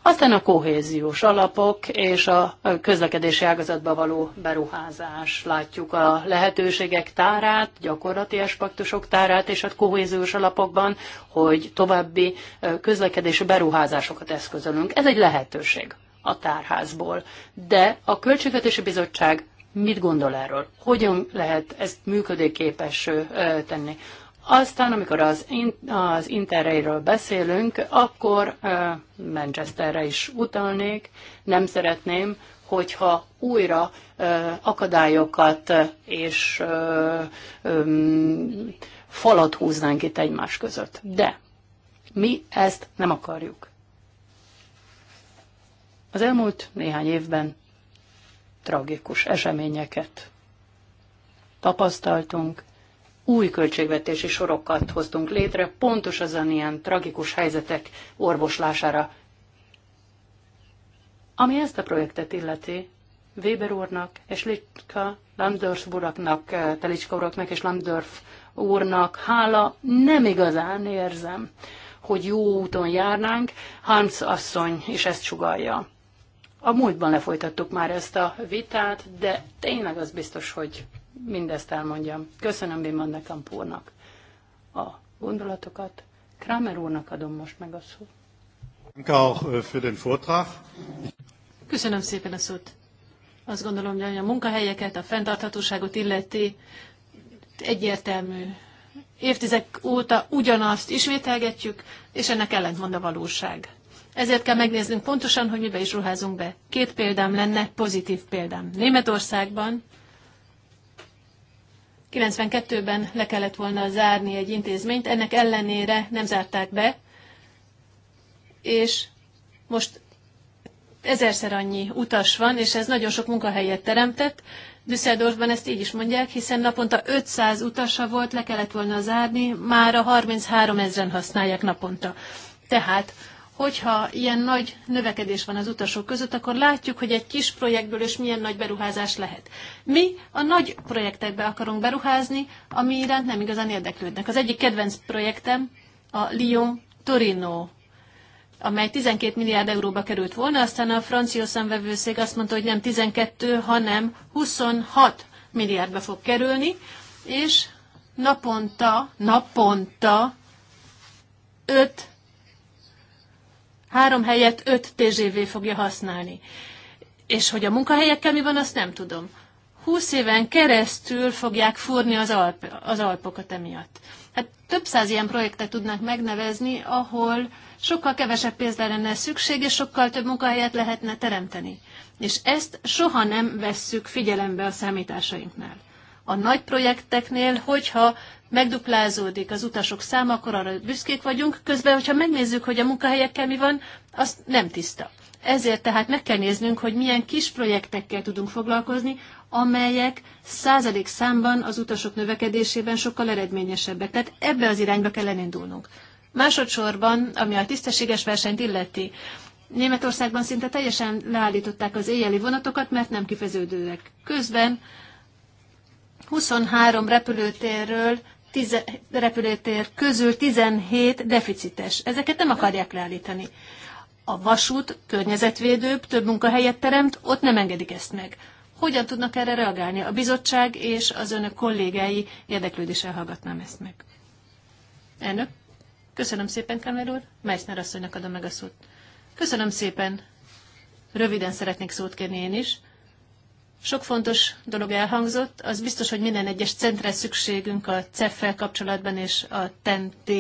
Aztán a kohéziós alapok és a közlekedési ágazatba való beruházás. Látjuk a lehetőségek tárát, gyakorlati aspektusok tárát és a kohéziós alapokban, hogy további közlekedési beruházásokat eszközölünk. Ez egy lehetőség a tárházból. De a Költségvetési Bizottság mit gondol erről? Hogyan lehet ezt működőképes tenni? Aztán, amikor az, in, az Interrailről beszélünk, akkor uh, Manchesterre is utalnék. Nem szeretném, hogyha újra uh, akadályokat és uh, um, falat húznánk itt egymás között. De mi ezt nem akarjuk. Az elmúlt néhány évben tragikus eseményeket tapasztaltunk, új költségvetési sorokat hoztunk létre, pontos azon ilyen tragikus helyzetek orvoslására. Ami ezt a projektet illeti, Weber úrnak és Litka Landorf uraknak, Telicska uraknak és Landorf úrnak hála nem igazán érzem, hogy jó úton járnánk. Hans asszony is ezt sugalja. A múltban lefolytattuk már ezt a vitát, de tényleg az biztos, hogy mindezt elmondjam. Köszönöm Bimond nekem Pórnak a gondolatokat. Kramer úrnak adom most meg a szót. Äh, Köszönöm szépen a szót. Azt gondolom, hogy a munkahelyeket, a fenntarthatóságot illeti egyértelmű. Évtizedek óta ugyanazt ismételgetjük, és ennek ellentmond a valóság. Ezért kell megnéznünk pontosan, hogy mibe is ruházunk be. Két példám lenne, pozitív példám. Németországban 92-ben le kellett volna zárni egy intézményt, ennek ellenére nem zárták be, és most ezerszer annyi utas van, és ez nagyon sok munkahelyet teremtett. Düsseldorfban ezt így is mondják, hiszen naponta 500 utasa volt, le kellett volna zárni, már a 33 ezeren használják naponta. Tehát hogyha ilyen nagy növekedés van az utasok között, akkor látjuk, hogy egy kis projektből is milyen nagy beruházás lehet. Mi a nagy projektekbe akarunk beruházni, ami iránt nem igazán érdeklődnek. Az egyik kedvenc projektem a Lyon-Torino amely 12 milliárd euróba került volna, aztán a francia szemvevőszég azt mondta, hogy nem 12, hanem 26 milliárdba fog kerülni, és naponta, naponta 5 három helyet öt TGV fogja használni. És hogy a munkahelyekkel mi van, azt nem tudom. Húsz éven keresztül fogják fúrni az, alp, az alpokat emiatt. Hát több száz ilyen projektet tudnak megnevezni, ahol sokkal kevesebb pénzre lenne szükség, és sokkal több munkahelyet lehetne teremteni. És ezt soha nem vesszük figyelembe a számításainknál. A nagy projekteknél, hogyha megduplázódik az utasok száma, akkor arra büszkék vagyunk. Közben, hogyha megnézzük, hogy a munkahelyekkel mi van, az nem tiszta. Ezért tehát meg kell néznünk, hogy milyen kis projektekkel tudunk foglalkozni, amelyek százalék számban az utasok növekedésében sokkal eredményesebbek. Tehát ebbe az irányba kell elindulnunk. Másodszorban, ami a tisztességes versenyt illeti, Németországban szinte teljesen leállították az éjjeli vonatokat, mert nem kifeződőek. Közben 23 repülőtérről tize, repülőtér közül 17 deficites. Ezeket nem akarják leállítani. A vasút környezetvédőbb, több munkahelyet teremt, ott nem engedik ezt meg. Hogyan tudnak erre reagálni? A bizottság és az önök kollégái érdeklődéssel hallgatnám ezt meg. Elnök, köszönöm szépen, Kamer úr. Meissner asszonynak adom meg a szót. Köszönöm szépen. Röviden szeretnék szót kérni én is. Sok fontos dolog elhangzott, az biztos, hogy minden egyes centre szükségünk a CEF-fel kapcsolatban és a TEN-T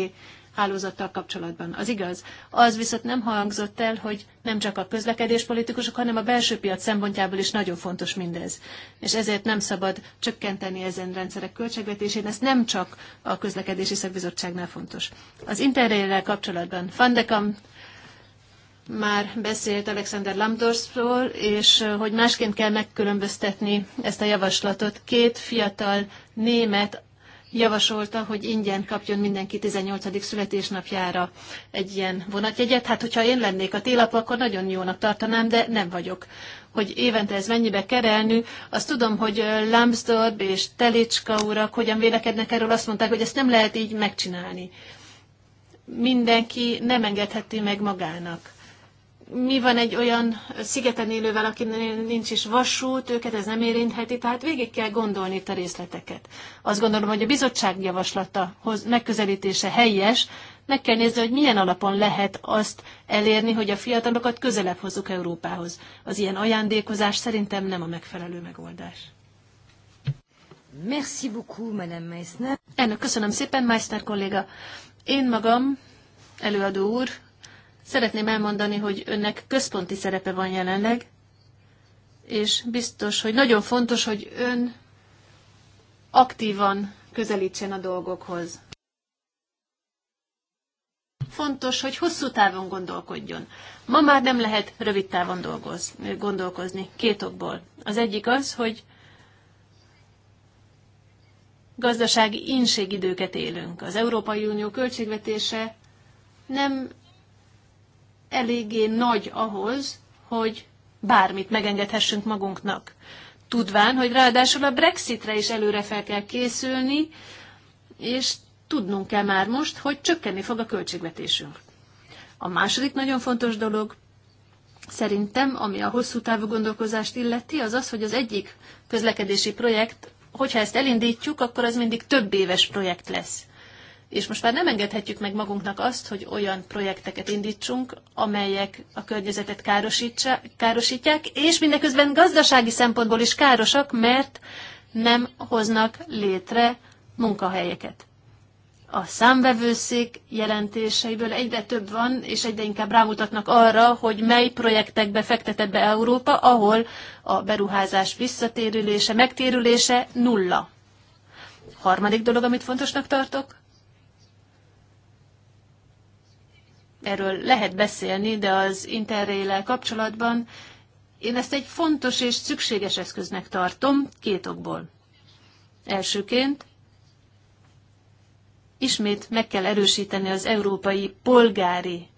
hálózattal kapcsolatban. Az igaz. Az viszont nem hangzott el, hogy nem csak a közlekedéspolitikusok, hanem a belső piac szempontjából is nagyon fontos mindez. És ezért nem szabad csökkenteni ezen rendszerek költségvetésén, ez nem csak a közlekedési szakbizottságnál fontos. Az interrail kapcsolatban Fandekam már beszélt Alexander Lambdorszról, és hogy másként kell megkülönböztetni ezt a javaslatot. Két fiatal német javasolta, hogy ingyen kapjon mindenki 18. születésnapjára egy ilyen vonatjegyet. Hát, hogyha én lennék a télap, akkor nagyon jónak tartanám, de nem vagyok. Hogy évente ez mennyibe kerelnő, azt tudom, hogy Lambsdorff és Telicska urak hogyan vélekednek erről, azt mondták, hogy ezt nem lehet így megcsinálni. Mindenki nem engedheti meg magának mi van egy olyan szigeten élővel, akinek nincs is vasút, őket ez nem érintheti, tehát végig kell gondolni itt a részleteket. Azt gondolom, hogy a bizottság javaslata megközelítése helyes, meg kell nézni, hogy milyen alapon lehet azt elérni, hogy a fiatalokat közelebb hozzuk Európához. Az ilyen ajándékozás szerintem nem a megfelelő megoldás. Merci beaucoup, Madame Meissner. Ennek köszönöm szépen, Meissner kolléga. Én magam, előadó úr, Szeretném elmondani, hogy önnek központi szerepe van jelenleg, és biztos, hogy nagyon fontos, hogy ön aktívan közelítsen a dolgokhoz. Fontos, hogy hosszú távon gondolkodjon. Ma már nem lehet rövid távon dolgoz, gondolkozni, két okból. Az egyik az, hogy gazdasági inségidőket élünk. Az Európai Unió költségvetése nem eléggé nagy ahhoz, hogy bármit megengedhessünk magunknak. Tudván, hogy ráadásul a Brexitre is előre fel kell készülni, és tudnunk kell már most, hogy csökkenni fog a költségvetésünk. A második nagyon fontos dolog, szerintem, ami a hosszú távú gondolkozást illeti, az az, hogy az egyik közlekedési projekt, hogyha ezt elindítjuk, akkor az mindig több éves projekt lesz és most már nem engedhetjük meg magunknak azt, hogy olyan projekteket indítsunk, amelyek a környezetet károsítják, és mindeközben gazdasági szempontból is károsak, mert nem hoznak létre munkahelyeket. A számvevőszék jelentéseiből egyre több van, és egyre inkább rámutatnak arra, hogy mely projektekbe fektetett be Európa, ahol a beruházás visszatérülése, megtérülése nulla. Harmadik dolog, amit fontosnak tartok, erről lehet beszélni, de az interrail kapcsolatban én ezt egy fontos és szükséges eszköznek tartom két okból. Elsőként ismét meg kell erősíteni az európai polgári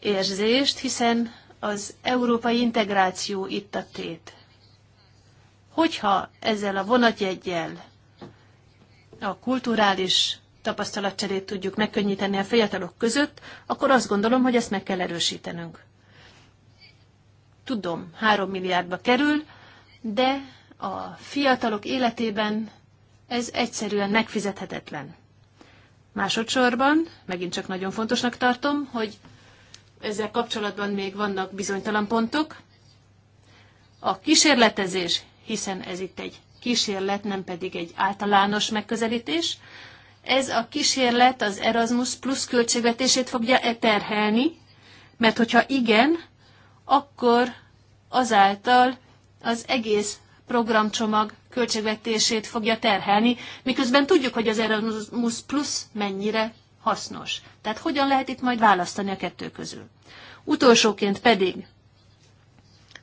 érzést, hiszen az európai integráció itt a tét. Hogyha ezzel a vonatjeggyel a kulturális tapasztalatcserét tudjuk megkönnyíteni a fiatalok között, akkor azt gondolom, hogy ezt meg kell erősítenünk. Tudom, három milliárdba kerül, de a fiatalok életében ez egyszerűen megfizethetetlen. Másodszorban, megint csak nagyon fontosnak tartom, hogy ezzel kapcsolatban még vannak bizonytalan pontok. A kísérletezés, hiszen ez itt egy kísérlet, nem pedig egy általános megközelítés. Ez a kísérlet az Erasmus plusz költségvetését fogja eterhelni, mert hogyha igen, akkor azáltal az egész programcsomag költségvetését fogja terhelni, miközben tudjuk, hogy az Erasmus plusz mennyire hasznos. Tehát hogyan lehet itt majd választani a kettő közül? Utolsóként pedig,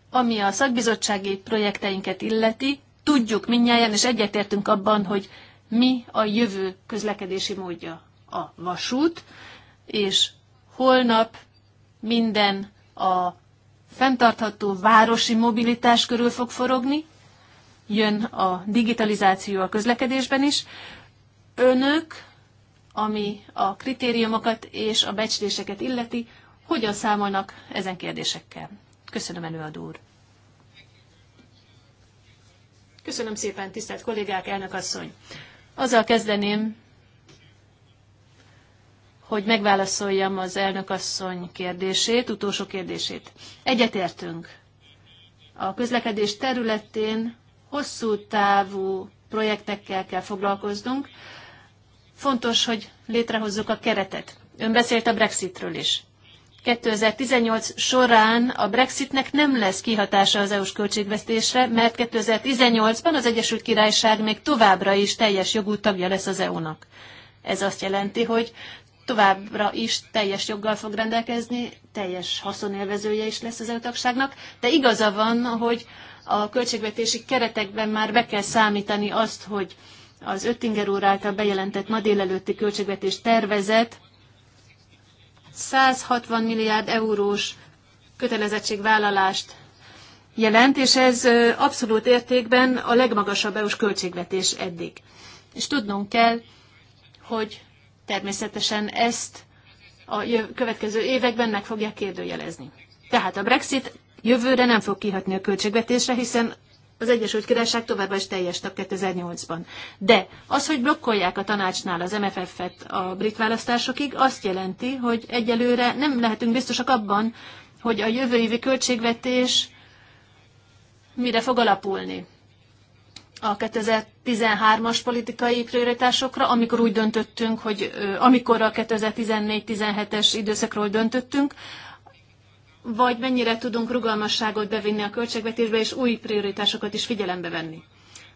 ami a szakbizottsági projekteinket illeti, tudjuk minnyáján, és egyetértünk abban, hogy mi a jövő közlekedési módja a vasút, és holnap minden a fenntartható városi mobilitás körül fog forogni, jön a digitalizáció a közlekedésben is. Önök, ami a kritériumokat és a becsléseket illeti, hogyan számolnak ezen kérdésekkel? Köszönöm, előadó úr. Köszönöm szépen, tisztelt kollégák, elnök asszony. Azzal kezdeném, hogy megválaszoljam az elnök asszony kérdését, utolsó kérdését. Egyetértünk. A közlekedés területén hosszú távú projektekkel kell foglalkoznunk. Fontos, hogy létrehozzuk a keretet. Ön beszélt a Brexitről is. 2018 során a Brexitnek nem lesz kihatása az EU-s költségvetésre, mert 2018-ban az Egyesült Királyság még továbbra is teljes jogú tagja lesz az EU-nak. Ez azt jelenti, hogy továbbra is teljes joggal fog rendelkezni, teljes haszonélvezője is lesz az EU-tagságnak, de igaza van, hogy a költségvetési keretekben már be kell számítani azt, hogy az Öttinger úr által bejelentett ma délelőtti költségvetés tervezet 160 milliárd eurós kötelezettségvállalást jelent, és ez abszolút értékben a legmagasabb EU-s költségvetés eddig. És tudnunk kell, hogy természetesen ezt a következő években meg fogják kérdőjelezni. Tehát a Brexit jövőre nem fog kihatni a költségvetésre, hiszen az Egyesült Királyság továbbá is teljes tag 2008-ban. De az, hogy blokkolják a tanácsnál az MFF-et a brit választásokig, azt jelenti, hogy egyelőre nem lehetünk biztosak abban, hogy a jövő évi költségvetés mire fog alapulni. A 2013-as politikai prioritásokra, amikor úgy döntöttünk, hogy amikor a 2014-17-es időszakról döntöttünk, vagy mennyire tudunk rugalmasságot bevinni a költségvetésbe, és új prioritásokat is figyelembe venni.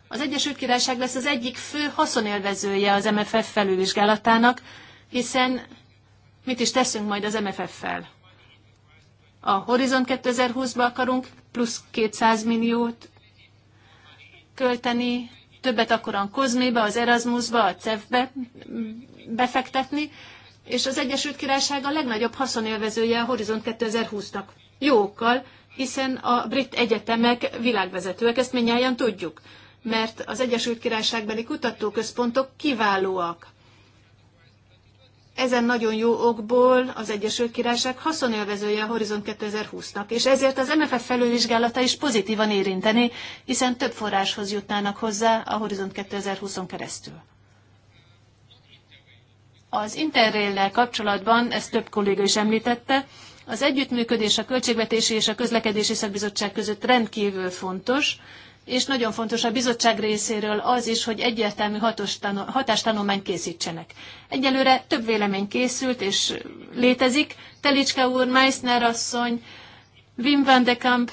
Az Egyesült Királyság lesz az egyik fő haszonélvezője az MFF felülvizsgálatának, hiszen mit is teszünk majd az MFF-fel? A Horizon 2020-ba akarunk plusz 200 milliót költeni, többet akkor a Kozmébe, az Erasmusba, a CEF-be befektetni, és az Egyesült Királyság a legnagyobb haszonélvezője a Horizont 2020-nak. Jókkal, hiszen a brit egyetemek világvezetőek, ezt minnyáján tudjuk, mert az Egyesült Királyságbeli kutatóközpontok kiválóak. Ezen nagyon jó okból az Egyesült Királyság haszonélvezője a Horizont 2020-nak, és ezért az MFF felülvizsgálata is pozitívan érinteni, hiszen több forráshoz jutnának hozzá a Horizont 2020-on keresztül. Az interrail kapcsolatban, ezt több kolléga is említette, az együttműködés a Költségvetési és a Közlekedési Szakbizottság között rendkívül fontos, és nagyon fontos a bizottság részéről az is, hogy egyértelmű hatástanulmányt készítsenek. Egyelőre több vélemény készült és létezik. Telicska úr, Meissner asszony, Wim van de Kamp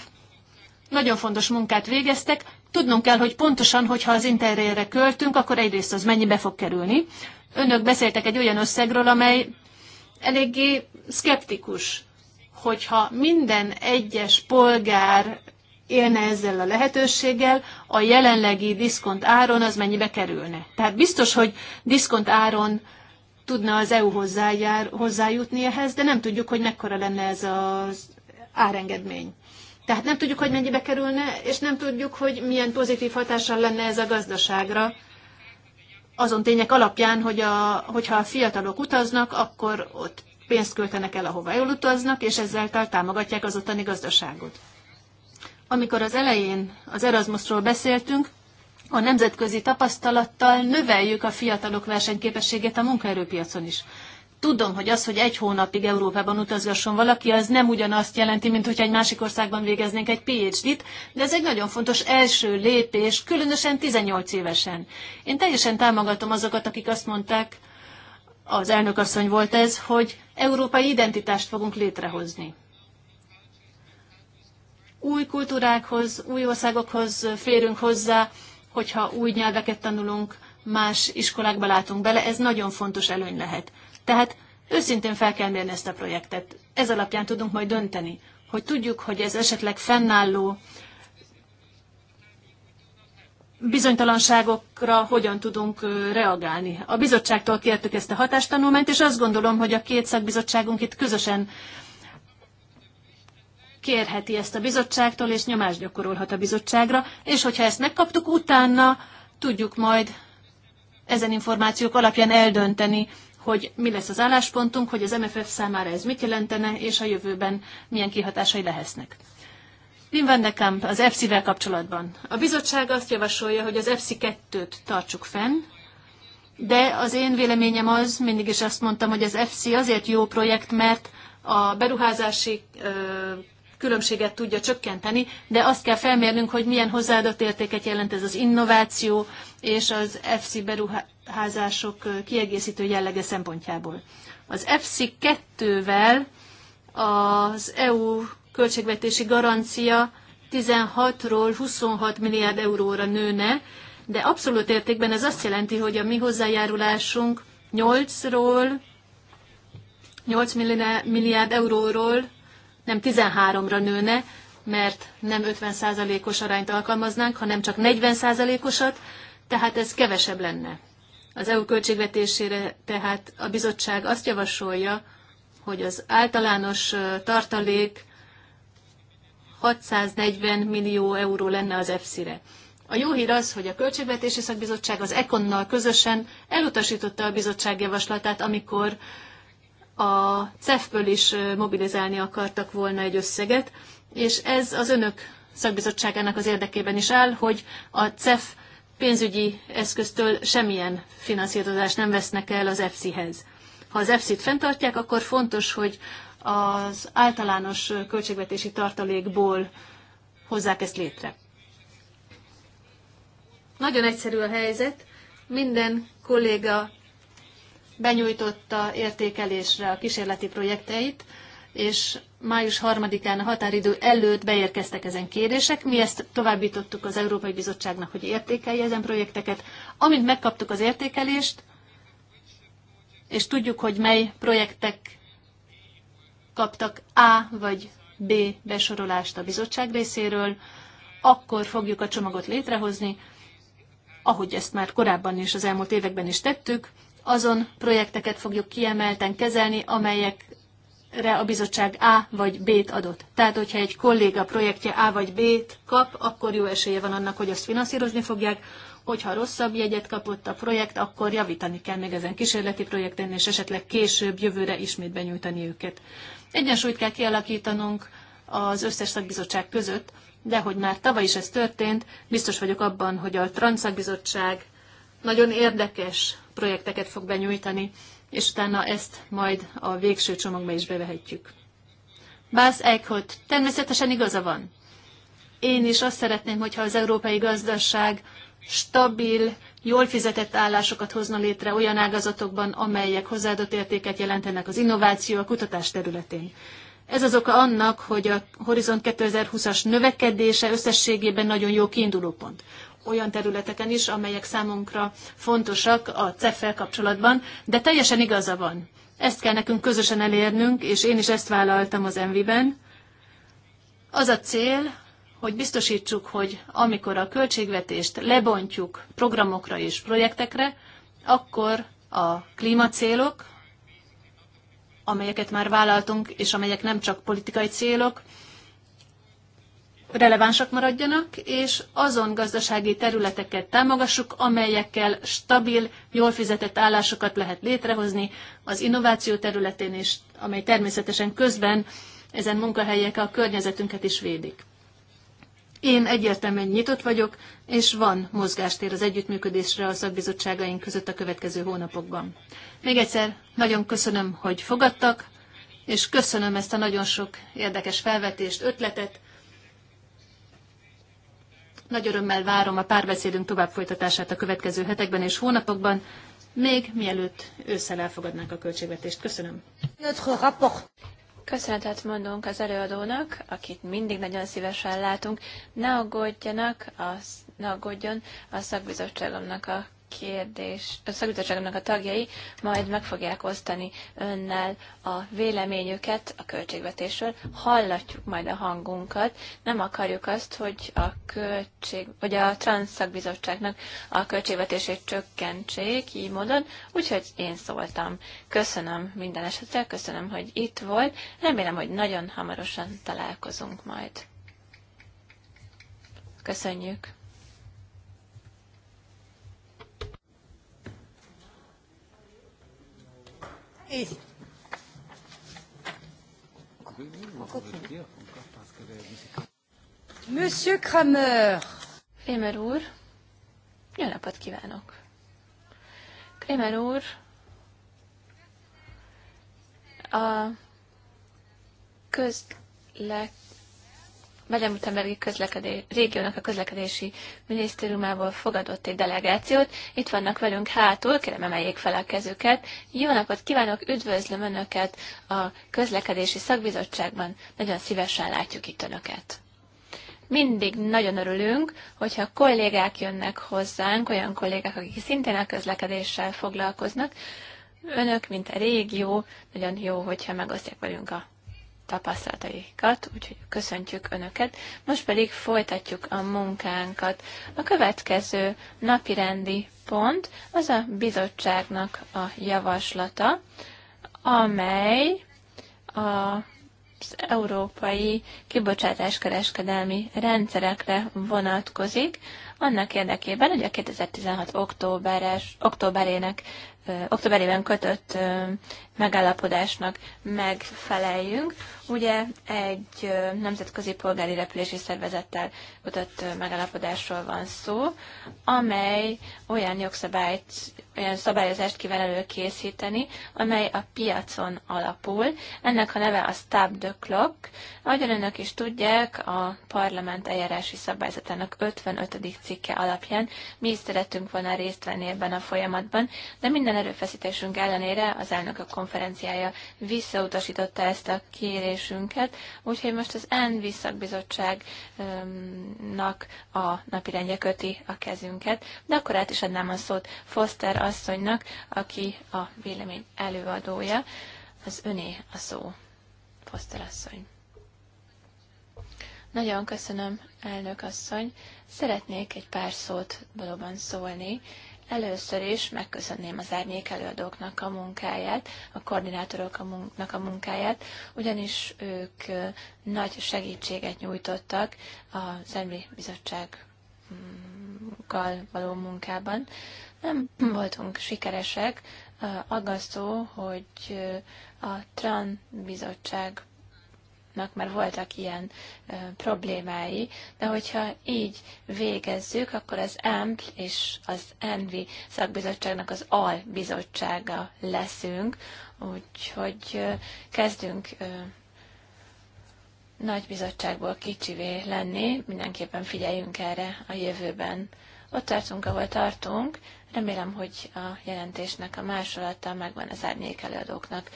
nagyon fontos munkát végeztek. Tudnunk kell, hogy pontosan, hogyha az interjére költünk, akkor egyrészt az mennyibe fog kerülni önök beszéltek egy olyan összegről, amely eléggé szkeptikus, hogyha minden egyes polgár élne ezzel a lehetőséggel, a jelenlegi diszkont áron az mennyibe kerülne. Tehát biztos, hogy diszkont áron tudna az EU hozzájár, hozzájutni ehhez, de nem tudjuk, hogy mekkora lenne ez az árengedmény. Tehát nem tudjuk, hogy mennyibe kerülne, és nem tudjuk, hogy milyen pozitív hatással lenne ez a gazdaságra, azon tények alapján, hogy a, hogyha a fiatalok utaznak, akkor ott pénzt költenek el, ahova elutaznak, és ezzel támogatják az ottani gazdaságot. Amikor az elején az Erasmusról beszéltünk, a nemzetközi tapasztalattal növeljük a fiatalok versenyképességét a munkaerőpiacon is tudom, hogy az, hogy egy hónapig Európában utazgasson valaki, az nem ugyanazt jelenti, mint hogy egy másik országban végeznénk egy PhD-t, de ez egy nagyon fontos első lépés, különösen 18 évesen. Én teljesen támogatom azokat, akik azt mondták, az elnökasszony volt ez, hogy európai identitást fogunk létrehozni. Új kultúrákhoz, új országokhoz férünk hozzá, hogyha új nyelveket tanulunk, más iskolákba látunk bele, ez nagyon fontos előny lehet. Tehát őszintén fel kell mérni ezt a projektet. Ez alapján tudunk majd dönteni, hogy tudjuk, hogy ez esetleg fennálló bizonytalanságokra hogyan tudunk reagálni. A bizottságtól kértük ezt a hatástanulmányt, és azt gondolom, hogy a két szakbizottságunk itt közösen kérheti ezt a bizottságtól, és nyomást gyakorolhat a bizottságra, és hogyha ezt megkaptuk, utána tudjuk majd ezen információk alapján eldönteni, hogy mi lesz az álláspontunk, hogy az MFF számára ez mit jelentene, és a jövőben milyen kihatásai lehetnek. Wim van de Kamp az EFSI-vel kapcsolatban. A bizottság azt javasolja, hogy az EFSI 2-t tartsuk fenn, de az én véleményem az, mindig is azt mondtam, hogy az EFSI azért jó projekt, mert a beruházási ö, különbséget tudja csökkenteni, de azt kell felmérnünk, hogy milyen hozzáadott értéket jelent ez az innováció és az EFSI beruházás beruházások kiegészítő jellege szempontjából. Az EFSI 2-vel az EU költségvetési garancia 16-ról 26 milliárd euróra nőne, de abszolút értékben ez azt jelenti, hogy a mi hozzájárulásunk 8-ról, 8 milliárd euróról nem 13-ra nőne, mert nem 50%-os arányt alkalmaznánk, hanem csak 40%-osat, tehát ez kevesebb lenne. Az EU költségvetésére tehát a bizottság azt javasolja, hogy az általános tartalék 640 millió euró lenne az EFSZ-re. A jó hír az, hogy a Költségvetési Szakbizottság az Econnal közösen elutasította a bizottság javaslatát, amikor a CEF-ből is mobilizálni akartak volna egy összeget, és ez az önök szakbizottságának az érdekében is áll, hogy a CEF pénzügyi eszköztől semmilyen finanszírozást nem vesznek el az EFSI-hez. Ha az EFSI-t fenntartják, akkor fontos, hogy az általános költségvetési tartalékból hozzák ezt létre. Nagyon egyszerű a helyzet. Minden kolléga benyújtotta értékelésre a kísérleti projekteit, és május 3-án a határidő előtt beérkeztek ezen kérések. Mi ezt továbbítottuk az Európai Bizottságnak, hogy értékelje ezen projekteket. Amint megkaptuk az értékelést, és tudjuk, hogy mely projektek kaptak A vagy B besorolást a bizottság részéről, akkor fogjuk a csomagot létrehozni, ahogy ezt már korábban is, az elmúlt években is tettük, azon projekteket fogjuk kiemelten kezelni, amelyek re a bizottság A vagy B-t adott. Tehát, hogyha egy kolléga projektje A vagy B-t kap, akkor jó esélye van annak, hogy azt finanszírozni fogják, hogyha rosszabb jegyet kapott a projekt, akkor javítani kell még ezen kísérleti projekten, és esetleg később, jövőre ismét benyújtani őket. Egyensúlyt kell kialakítanunk az összes szakbizottság között, de hogy már tavaly is ez történt, biztos vagyok abban, hogy a Transzakbizottság nagyon érdekes projekteket fog benyújtani, és utána ezt majd a végső csomagba is bevehetjük. Bász Eichholt, természetesen igaza van. Én is azt szeretném, hogyha az európai gazdaság stabil, jól fizetett állásokat hozna létre olyan ágazatokban, amelyek hozzáadott értéket jelentenek az innováció, a kutatás területén. Ez az oka annak, hogy a Horizont 2020-as növekedése összességében nagyon jó kiindulópont olyan területeken is, amelyek számunkra fontosak a CEF-fel kapcsolatban, de teljesen igaza van. Ezt kell nekünk közösen elérnünk, és én is ezt vállaltam az Envi-ben. Az a cél, hogy biztosítsuk, hogy amikor a költségvetést lebontjuk programokra és projektekre, akkor a klímacélok, amelyeket már vállaltunk, és amelyek nem csak politikai célok, relevánsak maradjanak, és azon gazdasági területeket támogassuk, amelyekkel stabil, jól fizetett állásokat lehet létrehozni az innováció területén is, amely természetesen közben ezen munkahelyek a környezetünket is védik. Én egyértelműen nyitott vagyok, és van mozgástér az együttműködésre a szakbizottságaink között a következő hónapokban. Még egyszer nagyon köszönöm, hogy fogadtak, és köszönöm ezt a nagyon sok érdekes felvetést, ötletet, nagy örömmel várom a párbeszédünk tovább folytatását a következő hetekben és hónapokban, még mielőtt ősszel elfogadnánk a költségvetést. Köszönöm. Köszönetet mondunk az előadónak, akit mindig nagyon szívesen látunk. Ne aggódjanak, az, ne aggódjon, a szakbizottságomnak a kérdés, a szakbizottságnak a tagjai majd meg fogják osztani önnel a véleményüket a költségvetésről, hallatjuk majd a hangunkat, nem akarjuk azt, hogy a költség, vagy a transzszakbizottságnak a költségvetését csökkentsék így módon, úgyhogy én szóltam. Köszönöm minden esetre, köszönöm, hogy itt volt, remélem, hogy nagyon hamarosan találkozunk majd. Köszönjük! Monsieur Kramer. Kramer úr, jó napot kívánok. Kramer úr, a közlek Medemutembergi közlekedés, régiónak a közlekedési minisztériumából fogadott egy delegációt. Itt vannak velünk hátul, kérem emeljék fel a kezüket. Jó napot kívánok, üdvözlöm Önöket a közlekedési szakbizottságban. Nagyon szívesen látjuk itt Önöket mindig nagyon örülünk, hogyha kollégák jönnek hozzánk, olyan kollégák, akik szintén a közlekedéssel foglalkoznak. Önök, mint a régió, nagyon jó, hogyha megosztják velünk a tapasztalataikat, úgyhogy köszöntjük Önöket. Most pedig folytatjuk a munkánkat. A következő napirendi pont az a bizottságnak a javaslata, amely a az európai kibocsátáskereskedelmi rendszerekre vonatkozik, annak érdekében, hogy a 2016 októberes, októberének októberében kötött megállapodásnak megfeleljünk. Ugye egy nemzetközi polgári repülési szervezettel kötött megállapodásról van szó, amely olyan jogszabályt olyan szabályozást kíván előkészíteni, amely a piacon alapul. Ennek a neve a Stop the Clock. Ahogyan önök is tudják, a parlament eljárási szabályzatának 55. cikke alapján mi is szeretünk volna részt venni ebben a folyamatban, de minden erőfeszítésünk ellenére az elnökök konferenciája visszautasította ezt a kérésünket, úgyhogy most az EN visszakbizottságnak a napirendje köti a kezünket, de akkor át is adnám a szót Foster asszonynak, aki a vélemény előadója. Az öné a szó, Foster asszony. Nagyon köszönöm, elnök asszony. Szeretnék egy pár szót valóban szólni. Először is megköszönném az árnyék előadóknak a munkáját, a koordinátoroknak a munkáját, ugyanis ők nagy segítséget nyújtottak az Emlé Bizottsággal való munkában nem voltunk sikeresek. Aggasztó, hogy a TRAN bizottság már voltak ilyen ö, problémái, de hogyha így végezzük, akkor az AMP és az ENVI szakbizottságnak az AL bizottsága leszünk, úgyhogy ö, kezdünk ö, nagy bizottságból kicsivé lenni, mindenképpen figyeljünk erre a jövőben. Ott tartunk, ahol tartunk, Remélem, hogy a jelentésnek a másolata megvan az árnyék előadóknak.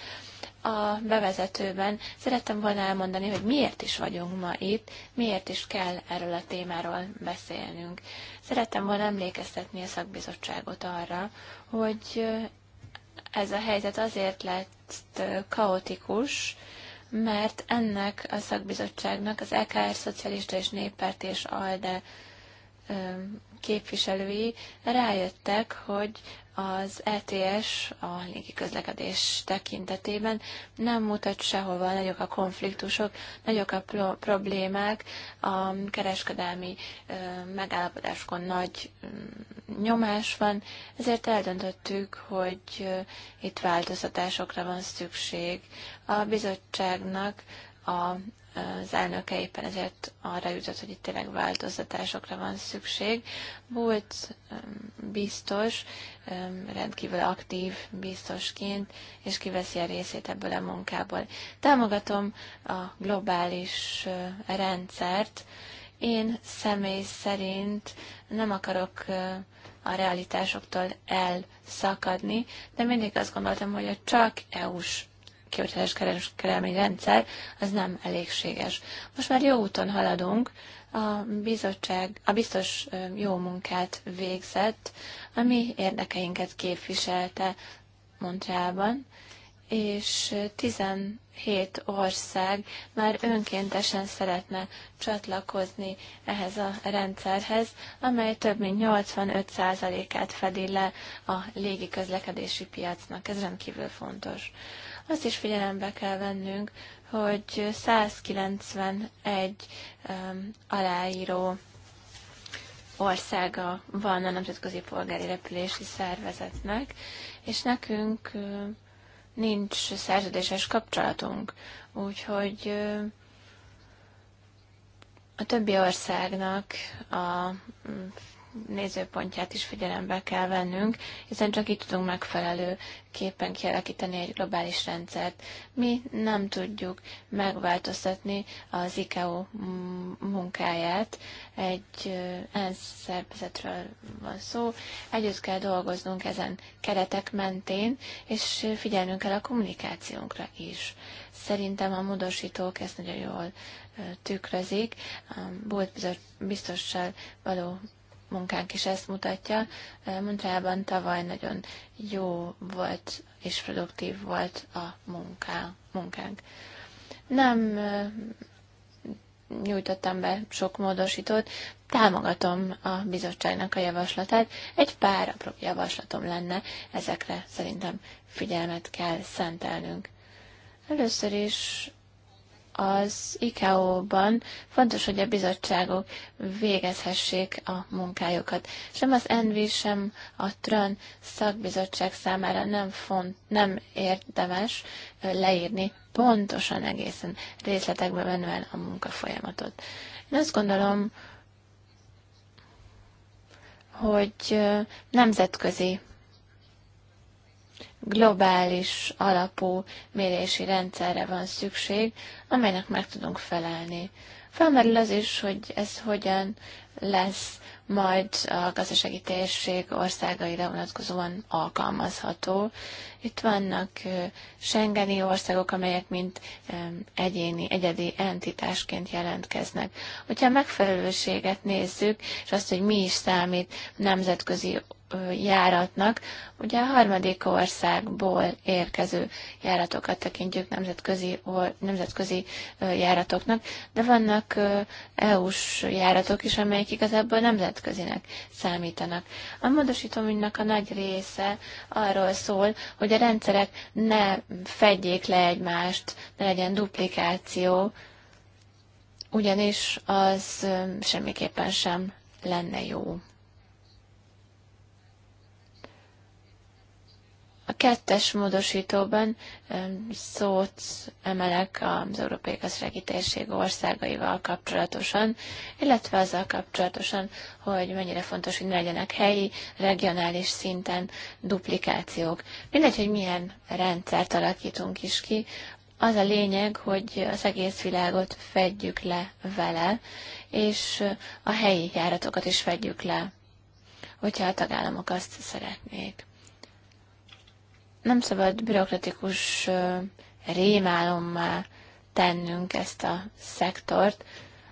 A bevezetőben szerettem volna elmondani, hogy miért is vagyunk ma itt, miért is kell erről a témáról beszélnünk. Szerettem volna emlékeztetni a szakbizottságot arra, hogy ez a helyzet azért lett kaotikus, mert ennek a szakbizottságnak az EKR, Szocialista és Néppárt és ALDE képviselői rájöttek, hogy az ETS a közlekedés tekintetében nem mutat sehova, nagyok a konfliktusok, nagyok a problémák, a kereskedelmi megállapodáskon nagy nyomás van, ezért eldöntöttük, hogy itt változtatásokra van szükség. A bizottságnak a az elnöke éppen ezért arra jutott, hogy itt tényleg változtatásokra van szükség. Volt um, biztos, um, rendkívül aktív biztosként, és kiveszi a részét ebből a munkából. Támogatom a globális uh, rendszert. Én személy szerint nem akarok uh, a realitásoktól elszakadni, de mindig azt gondoltam, hogy a csak EU-s kibocsátás kereskedelmi rendszer, az nem elégséges. Most már jó úton haladunk, a bizottság, a biztos jó munkát végzett, ami érdekeinket képviselte Montrealban, és 17 ország már önkéntesen szeretne csatlakozni ehhez a rendszerhez, amely több mint 85%-át fedi le a légiközlekedési piacnak. Ez rendkívül fontos. Azt is figyelembe kell vennünk, hogy 191 um, aláíró országa van a Nemzetközi Polgári Repülési Szervezetnek, és nekünk nincs szerződéses kapcsolatunk, úgyhogy a többi országnak a nézőpontját is figyelembe kell vennünk, hiszen csak így tudunk megfelelő képen kialakítani egy globális rendszert. Mi nem tudjuk megváltoztatni az ICAO e munkáját. Egy ENSZ szervezetről van szó. Együtt kell dolgoznunk ezen keretek mentén, és figyelnünk kell a kommunikációnkra is. Szerintem a módosítók ezt nagyon jól tükrözik. A Bolt biztossal való munkánk is ezt mutatja. Montrealban tavaly nagyon jó volt és produktív volt a munká, munkánk. Nem nyújtottam be sok módosítót, támogatom a bizottságnak a javaslatát. Egy pár apró javaslatom lenne, ezekre szerintem figyelmet kell szentelnünk. Először is az ICAO-ban fontos, hogy a bizottságok végezhessék a munkájukat. Sem az ENVI, sem a TRAN szakbizottság számára nem, font, nem érdemes leírni pontosan egészen részletekbe menően a munkafolyamatot. Én azt gondolom, hogy nemzetközi globális alapú mérési rendszerre van szükség, amelynek meg tudunk felelni. Felmerül az is, hogy ez hogyan lesz majd a gazdasági térség országaira vonatkozóan alkalmazható. Itt vannak Schengeni országok, amelyek mint egyéni, egyedi entitásként jelentkeznek. Hogyha a megfelelőséget nézzük, és azt, hogy mi is számít nemzetközi járatnak, ugye a harmadik országból érkező járatokat tekintjük nemzetközi, nemzetközi járatoknak, de vannak EU-s járatok is, amelyek igazából nemzetközinek számítanak. A módosítóműnek a nagy része arról szól, hogy a rendszerek ne fedjék le egymást, ne legyen duplikáció, ugyanis az semmiképpen sem lenne jó. A kettes módosítóban szót emelek az Európai Gazdasági Térség országaival kapcsolatosan, illetve azzal kapcsolatosan, hogy mennyire fontos, hogy ne legyenek helyi, regionális szinten duplikációk. Mindegy, hogy milyen rendszert alakítunk is ki, az a lényeg, hogy az egész világot fedjük le vele, és a helyi járatokat is fedjük le, hogyha a tagállamok azt szeretnék nem szabad bürokratikus rémálommá tennünk ezt a szektort,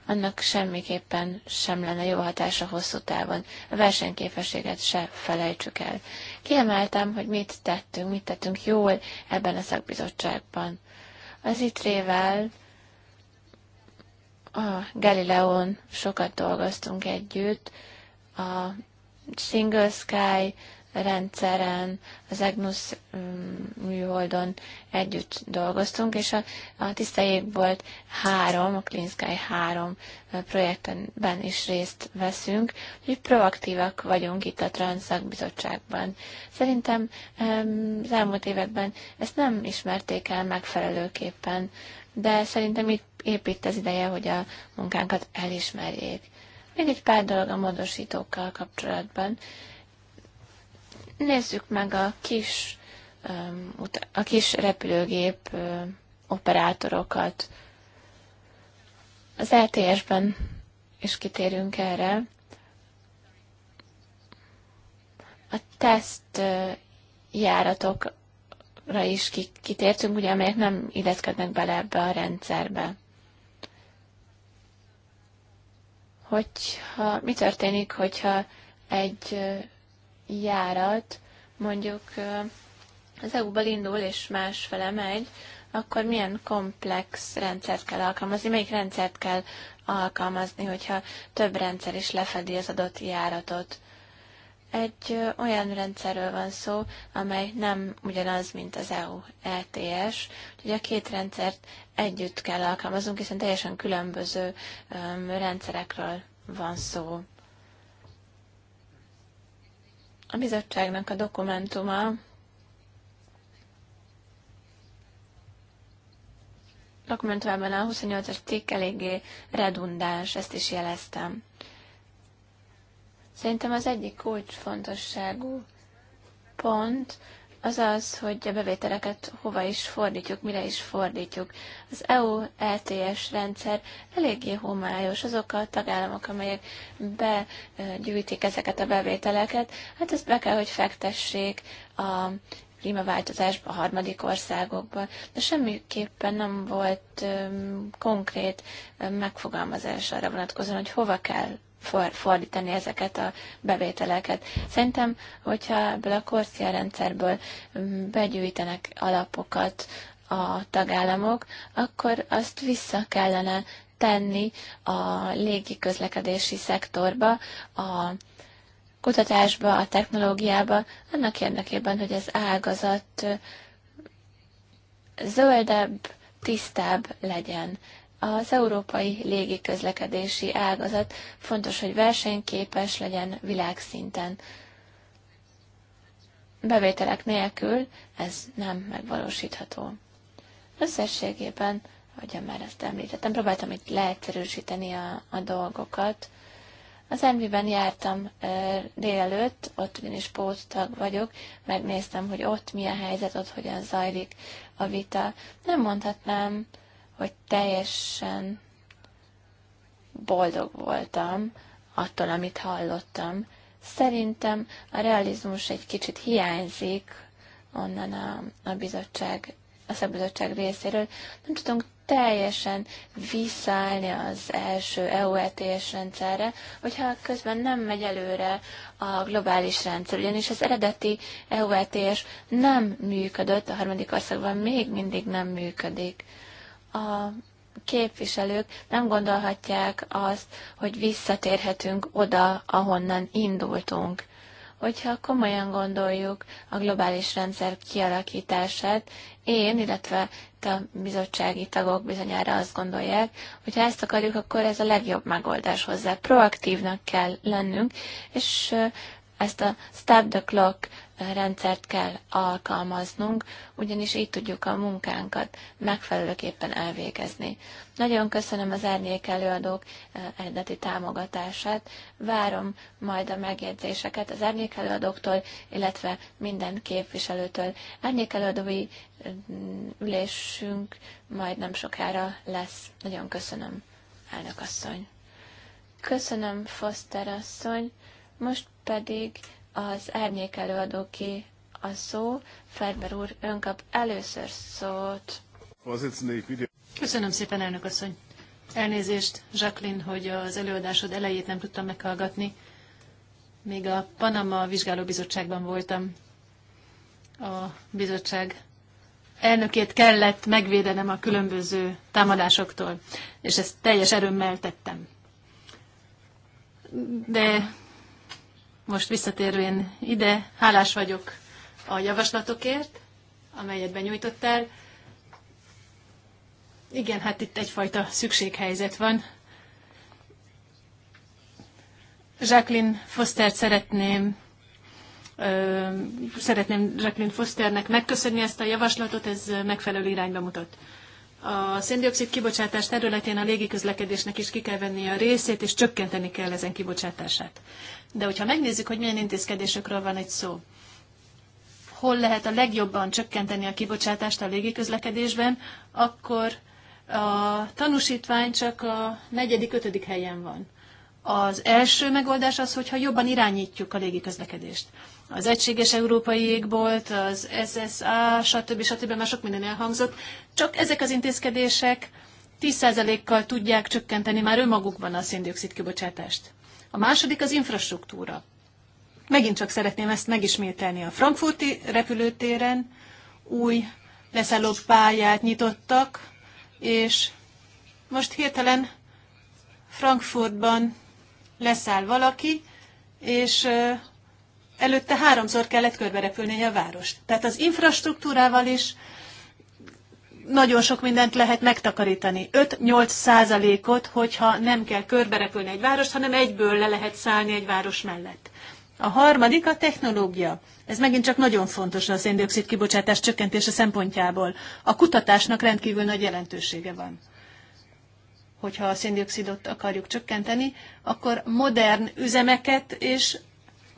annak semmiképpen sem lenne jó hatása hosszú távon. A versenyképességet se felejtsük el. Kiemeltem, hogy mit tettünk, mit tettünk jól ebben a szakbizottságban. Az ITRÉ-vel a Galileón sokat dolgoztunk együtt, a Single Sky, rendszeren, az EGNUS mm, műholdon együtt dolgoztunk, és a, a tiszta volt három, a Clean Sky három projektben is részt veszünk, úgyhogy proaktívak vagyunk itt a Transzak Bizottságban. Szerintem az elmúlt években ezt nem ismerték el megfelelőképpen, de szerintem itt épít az ideje, hogy a munkánkat elismerjék. Még egy pár dolog a módosítókkal kapcsolatban. Nézzük meg a kis, um, a kis repülőgép um, operátorokat. Az LTS-ben e is kitérünk erre. A teszt uh, járatokra is kitértünk, ugye, amelyek nem illeszkednek bele ebbe a rendszerbe. Hogyha, mi történik, hogyha egy uh, járat mondjuk az EU-ból indul és másfele megy, akkor milyen komplex rendszert kell alkalmazni, melyik rendszert kell alkalmazni, hogyha több rendszer is lefedi az adott járatot. Egy olyan rendszerről van szó, amely nem ugyanaz, mint az EU ETS, úgyhogy a két rendszert együtt kell alkalmaznunk, hiszen teljesen különböző rendszerekről van szó. A bizottságnak a dokumentuma dokumentumában a 28-as cikk eléggé redundáns, ezt is jeleztem. Szerintem az egyik kulcsfontosságú pont az az, hogy a bevételeket hova is fordítjuk, mire is fordítjuk. Az EU LTS e rendszer eléggé homályos. Azok a tagállamok, amelyek begyűjtik ezeket a bevételeket, hát ezt be kell, hogy fektessék a klímaváltozásba, a harmadik országokba, de semmiképpen nem volt konkrét megfogalmazás arra vonatkozóan, hogy hova kell fordítani ezeket a bevételeket. Szerintem, hogyha ebből a Korszia rendszerből mm, begyűjtenek alapokat a tagállamok, akkor azt vissza kellene tenni a légiközlekedési szektorba, a kutatásba, a technológiába, annak érdekében, hogy az ágazat mm, zöldebb, tisztább legyen. Az európai légiközlekedési ágazat fontos, hogy versenyképes legyen világszinten. Bevételek nélkül ez nem megvalósítható. Összességében, ahogy már ezt említettem, próbáltam itt leegyszerűsíteni a, a dolgokat. Az Envi-ben jártam e, délelőtt, ott ugyanis póttag vagyok, megnéztem, hogy ott mi a helyzet, ott hogyan zajlik a vita. Nem mondhatnám, hogy teljesen boldog voltam attól, amit hallottam. Szerintem a realizmus egy kicsit hiányzik onnan a, a bizottság, a szabadság részéről. Nem tudunk teljesen visszaállni az első EU ETS rendszerre, hogyha közben nem megy előre a globális rendszer, ugyanis az eredeti EU ETS nem működött, a harmadik országban még mindig nem működik a képviselők nem gondolhatják azt, hogy visszatérhetünk oda, ahonnan indultunk. Hogyha komolyan gondoljuk a globális rendszer kialakítását, én, illetve a bizottsági tagok bizonyára azt gondolják, hogy ha ezt akarjuk, akkor ez a legjobb megoldás hozzá. Proaktívnak kell lennünk, és ezt a stop the clock rendszert kell alkalmaznunk, ugyanis így tudjuk a munkánkat megfelelőképpen elvégezni. Nagyon köszönöm az árnyék előadók eh, eredeti támogatását, várom majd a megjegyzéseket az árnyék előadóktól, illetve minden képviselőtől. Árnyék előadói mm, ülésünk majd nem sokára lesz. Nagyon köszönöm, elnök asszony. Köszönöm, Foster asszony. Most pedig az árnyék előadóké a szó. Ferber úr, ön kap először szót. Köszönöm szépen, elnök asszony. Elnézést, Jacqueline, hogy az előadásod elejét nem tudtam meghallgatni. Még a Panama Vizsgálóbizottságban voltam. A bizottság elnökét kellett megvédenem a különböző támadásoktól, és ezt teljes erőmmel tettem. De most visszatérvén ide, hálás vagyok a javaslatokért, amelyet benyújtottál. Igen, hát itt egyfajta szükséghelyzet van. Jacqueline Fostert szeretném szeretném Jacqueline Fosternek megköszönni ezt a javaslatot, ez megfelelő irányba mutat a széndiokszid kibocsátás területén a légiközlekedésnek is ki kell venni a részét, és csökkenteni kell ezen kibocsátását. De hogyha megnézzük, hogy milyen intézkedésekről van egy szó, hol lehet a legjobban csökkenteni a kibocsátást a légiközlekedésben, akkor a tanúsítvány csak a negyedik, ötödik helyen van. Az első megoldás az, hogyha jobban irányítjuk a légiközlekedést az Egységes Európai égbolt, az SSA, stb. stb. már sok minden elhangzott. Csak ezek az intézkedések 10%-kal tudják csökkenteni már önmagukban a széndiokszid kibocsátást. A második az infrastruktúra. Megint csak szeretném ezt megismételni. A frankfurti repülőtéren új leszálló pályát nyitottak, és most hirtelen Frankfurtban leszáll valaki, és előtte háromszor kellett körberepülni a várost. Tehát az infrastruktúrával is nagyon sok mindent lehet megtakarítani. 5-8 százalékot, hogyha nem kell körberepülni egy várost, hanem egyből le lehet szállni egy város mellett. A harmadik a technológia. Ez megint csak nagyon fontos a széndiokszid kibocsátás csökkentése szempontjából. A kutatásnak rendkívül nagy jelentősége van. Hogyha a széndiokszidot akarjuk csökkenteni, akkor modern üzemeket és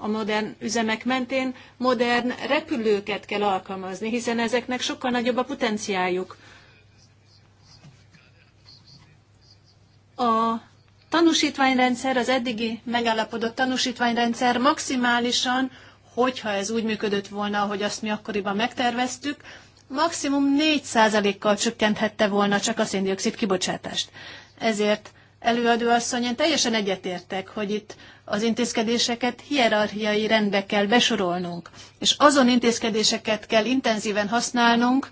a modern üzemek mentén modern repülőket kell alkalmazni, hiszen ezeknek sokkal nagyobb a potenciáljuk. A tanúsítványrendszer, az eddigi megállapodott tanúsítványrendszer maximálisan, hogyha ez úgy működött volna, ahogy azt mi akkoriban megterveztük, maximum 4%-kal csökkenthette volna csak a széndiokszid kibocsátást. Ezért asszony, én teljesen egyetértek, hogy itt az intézkedéseket hierarchiai rendbe kell besorolnunk, és azon intézkedéseket kell intenzíven használnunk,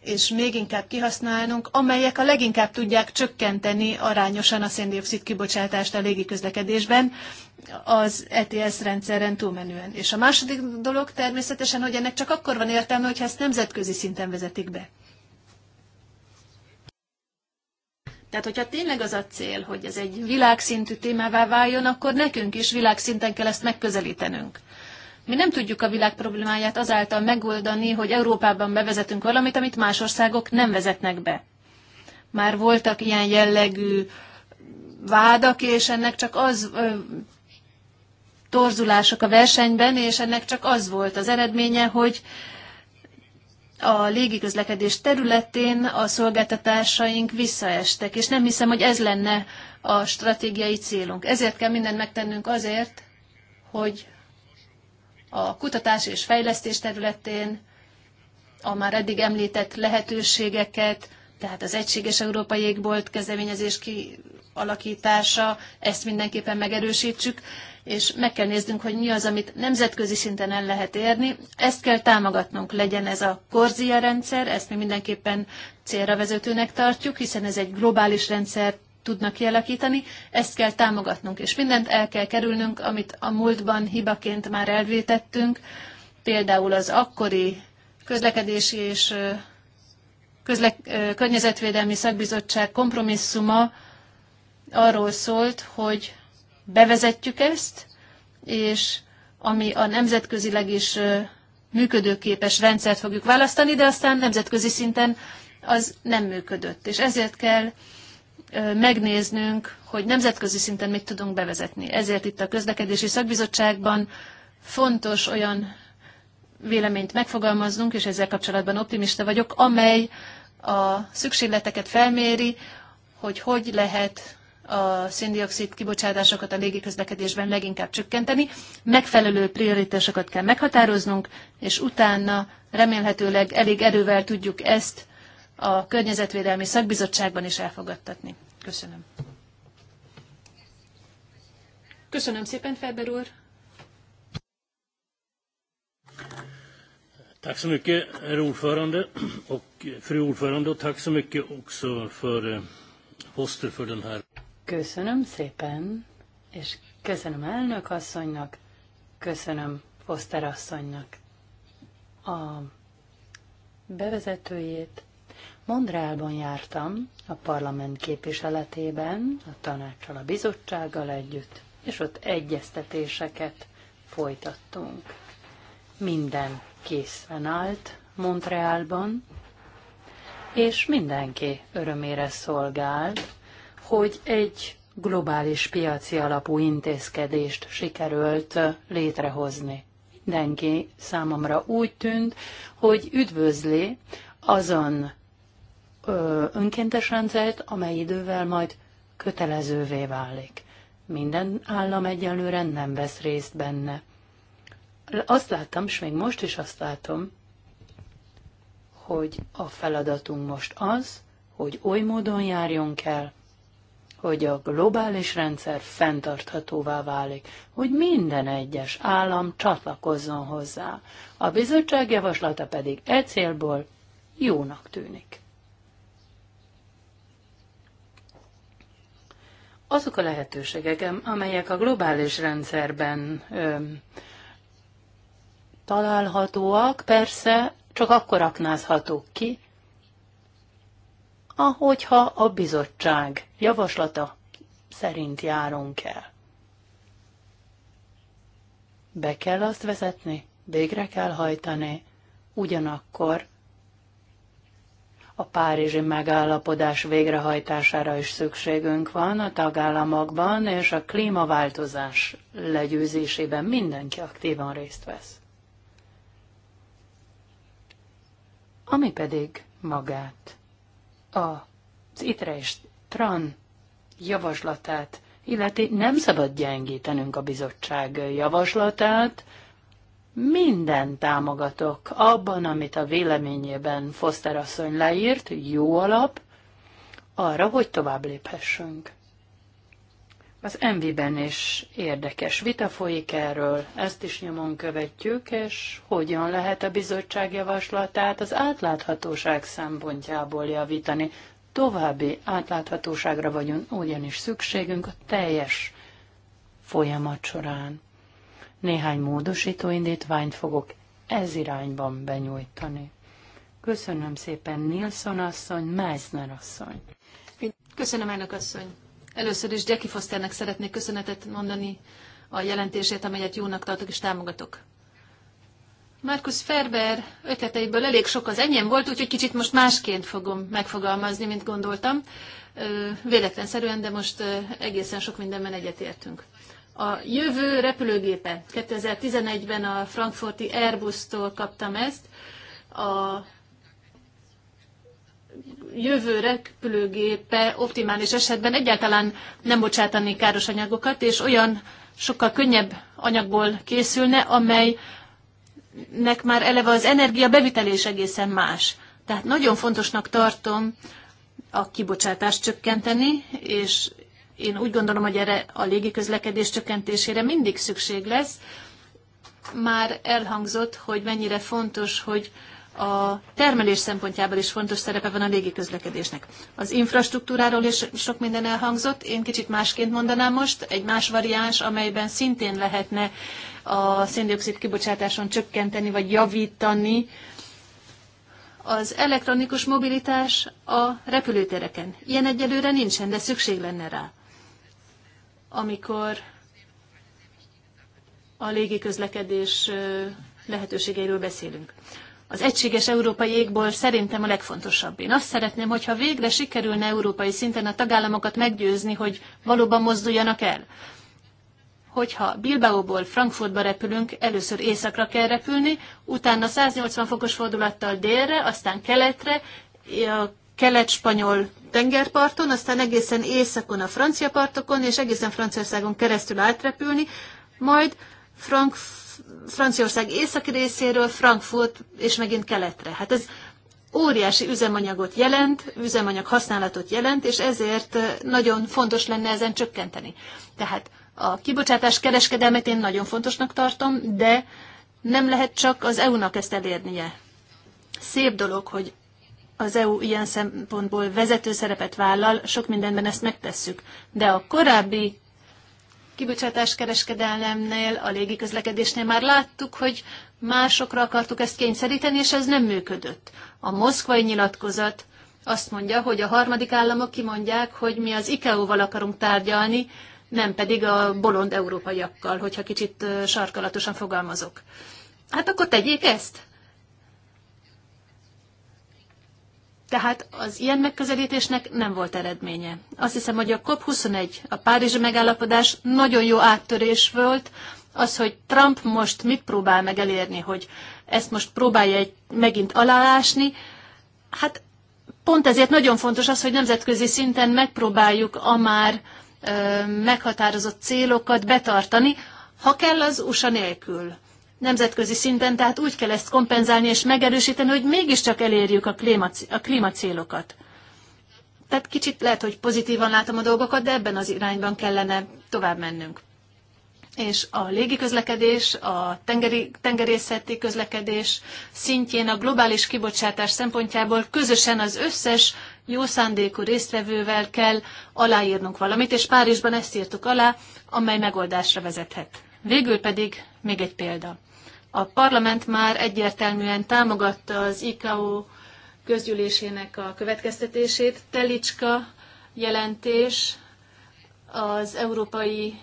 és még inkább kihasználnunk, amelyek a leginkább tudják csökkenteni arányosan a széndiokszid kibocsátást a légiközlekedésben az ETS rendszeren túlmenően. És a második dolog természetesen, hogy ennek csak akkor van értelme, hogyha ezt nemzetközi szinten vezetik be. Tehát, hogyha tényleg az a cél, hogy ez egy világszintű témává váljon, akkor nekünk is világszinten kell ezt megközelítenünk. Mi nem tudjuk a világ problémáját azáltal megoldani, hogy Európában bevezetünk valamit, amit más országok nem vezetnek be. Már voltak ilyen jellegű vádak, és ennek csak az ö, torzulások a versenyben, és ennek csak az volt az eredménye, hogy a légiközlekedés területén a szolgáltatásaink visszaestek, és nem hiszem, hogy ez lenne a stratégiai célunk. Ezért kell mindent megtennünk azért, hogy a kutatás és fejlesztés területén a már eddig említett lehetőségeket, tehát az Egységes Európai Égbolt kezdeményezés kialakítása, ezt mindenképpen megerősítsük és meg kell néznünk, hogy mi az, amit nemzetközi szinten el lehet érni. Ezt kell támogatnunk, legyen ez a korzia rendszer, ezt mi mindenképpen célra vezetőnek tartjuk, hiszen ez egy globális rendszer tudnak kialakítani, ezt kell támogatnunk, és mindent el kell kerülnünk, amit a múltban hibaként már elvétettünk, például az akkori közlekedési és közle- környezetvédelmi szakbizottság kompromisszuma arról szólt, hogy bevezetjük ezt, és ami a nemzetközileg is működőképes rendszert fogjuk választani, de aztán nemzetközi szinten az nem működött. És ezért kell megnéznünk, hogy nemzetközi szinten mit tudunk bevezetni. Ezért itt a közlekedési szakbizottságban fontos olyan véleményt megfogalmaznunk, és ezzel kapcsolatban optimista vagyok, amely a szükségleteket felméri, hogy hogy lehet a széndiokszid kibocsátásokat a légiközlekedésben leginkább csökkenteni. Megfelelő prioritásokat kell meghatároznunk, és utána remélhetőleg elég erővel tudjuk ezt a Környezetvédelmi Szakbizottságban is elfogadtatni. Köszönöm. Köszönöm szépen, Ferber úr. Tack så mycket, herr ordförande och fru ordförande och tack så mycket också för Foster eh, för den här. Köszönöm szépen, és köszönöm elnök asszonynak, köszönöm Foster asszonynak a bevezetőjét. Mondrálban jártam, a parlament képviseletében, a tanácsal, a bizottsággal együtt, és ott egyeztetéseket folytattunk. Minden készen állt Montrealban, és mindenki örömére szolgált, hogy egy globális piaci alapú intézkedést sikerült létrehozni. Mindenki számomra úgy tűnt, hogy üdvözli azon önkéntes rendszert, amely idővel majd kötelezővé válik. Minden állam egyelőre nem vesz részt benne. Azt láttam, és még most is azt látom, hogy a feladatunk most az, hogy oly módon járjon kell hogy a globális rendszer fenntarthatóvá válik, hogy minden egyes állam csatlakozzon hozzá. A bizottság javaslata pedig e célból jónak tűnik. Azok a lehetőségek, amelyek a globális rendszerben ö, találhatóak, persze csak akkor aknázhatók ki, ahogyha a bizottság javaslata szerint járunk el. Be kell azt vezetni, végre kell hajtani, ugyanakkor a párizsi megállapodás végrehajtására is szükségünk van a tagállamokban, és a klímaváltozás legyőzésében mindenki aktívan részt vesz. Ami pedig magát az ITRE és TRAN javaslatát illetve nem szabad gyengítenünk a bizottság javaslatát, minden támogatok abban, amit a véleményében Foster asszony leírt, jó alap arra, hogy tovább léphessünk. Az MV-ben is érdekes vita folyik erről, ezt is nyomon követjük, és hogyan lehet a bizottság javaslatát az átláthatóság szempontjából javítani. További átláthatóságra vagyunk ugyanis szükségünk a teljes folyamat során. Néhány módosító indítványt fogok ez irányban benyújtani. Köszönöm szépen Nilsson asszony, Meissner asszony. Köszönöm, elnök asszony. Először is Jackie Fosternek szeretnék köszönetet mondani a jelentését, amelyet jónak tartok és támogatok. Markus Ferber ötleteiből elég sok az enyém volt, úgyhogy kicsit most másként fogom megfogalmazni, mint gondoltam. Véletlenszerűen, de most egészen sok mindenben egyetértünk. A jövő repülőgépe. 2011-ben a frankfurti Airbus-tól kaptam ezt. A jövő repülőgépe optimális esetben egyáltalán nem bocsátani káros anyagokat, és olyan sokkal könnyebb anyagból készülne, amelynek már eleve az energia bevitelés egészen más. Tehát nagyon fontosnak tartom a kibocsátást csökkenteni, és én úgy gondolom, hogy erre a légiközlekedés csökkentésére mindig szükség lesz. Már elhangzott, hogy mennyire fontos, hogy a termelés szempontjából is fontos szerepe van a légiközlekedésnek. Az infrastruktúráról is sok minden elhangzott, én kicsit másként mondanám most, egy más variáns, amelyben szintén lehetne a széndiokszid kibocsátáson csökkenteni vagy javítani, az elektronikus mobilitás a repülőtereken. Ilyen egyelőre nincsen, de szükség lenne rá. Amikor a légiközlekedés lehetőségeiről beszélünk az egységes európai égból szerintem a legfontosabb. Én azt szeretném, hogyha végre sikerülne európai szinten a tagállamokat meggyőzni, hogy valóban mozduljanak el. Hogyha Bilbaóból Frankfurtba repülünk, először északra kell repülni, utána 180 fokos fordulattal délre, aztán keletre, a kelet-spanyol tengerparton, aztán egészen északon a francia partokon, és egészen Franciaországon keresztül átrepülni, majd Frankfurt Franciaország északi részéről Frankfurt és megint keletre. Hát ez óriási üzemanyagot jelent, üzemanyag használatot jelent, és ezért nagyon fontos lenne ezen csökkenteni. Tehát a kibocsátás kereskedelmet én nagyon fontosnak tartom, de nem lehet csak az EU-nak ezt elérnie. Szép dolog, hogy az EU ilyen szempontból vezető szerepet vállal, sok mindenben ezt megtesszük. De a korábbi kibocsátás kereskedelemnél, a légiközlekedésnél már láttuk, hogy másokra akartuk ezt kényszeríteni, és ez nem működött. A moszkvai nyilatkozat azt mondja, hogy a harmadik államok kimondják, hogy mi az ICAO-val akarunk tárgyalni, nem pedig a bolond európaiakkal, hogyha kicsit sarkalatosan fogalmazok. Hát akkor tegyék ezt. Tehát az ilyen megközelítésnek nem volt eredménye. Azt hiszem, hogy a COP21, a Párizsi megállapodás nagyon jó áttörés volt, az, hogy Trump most mit próbál meg elérni, hogy ezt most próbálja egy, megint alálásni, hát pont ezért nagyon fontos az, hogy nemzetközi szinten megpróbáljuk a már ö, meghatározott célokat betartani, ha kell az USA nélkül nemzetközi szinten, tehát úgy kell ezt kompenzálni és megerősíteni, hogy mégiscsak elérjük a, klíma, a klímacélokat. Tehát kicsit lehet, hogy pozitívan látom a dolgokat, de ebben az irányban kellene tovább mennünk. És a légiközlekedés, a tengeri, tengerészeti közlekedés szintjén a globális kibocsátás szempontjából közösen az összes jó szándékú résztvevővel kell aláírnunk valamit, és Párizsban ezt írtuk alá, amely megoldásra vezethet. Végül pedig még egy példa. A parlament már egyértelműen támogatta az ICAO közgyűlésének a következtetését. Telicska jelentés az európai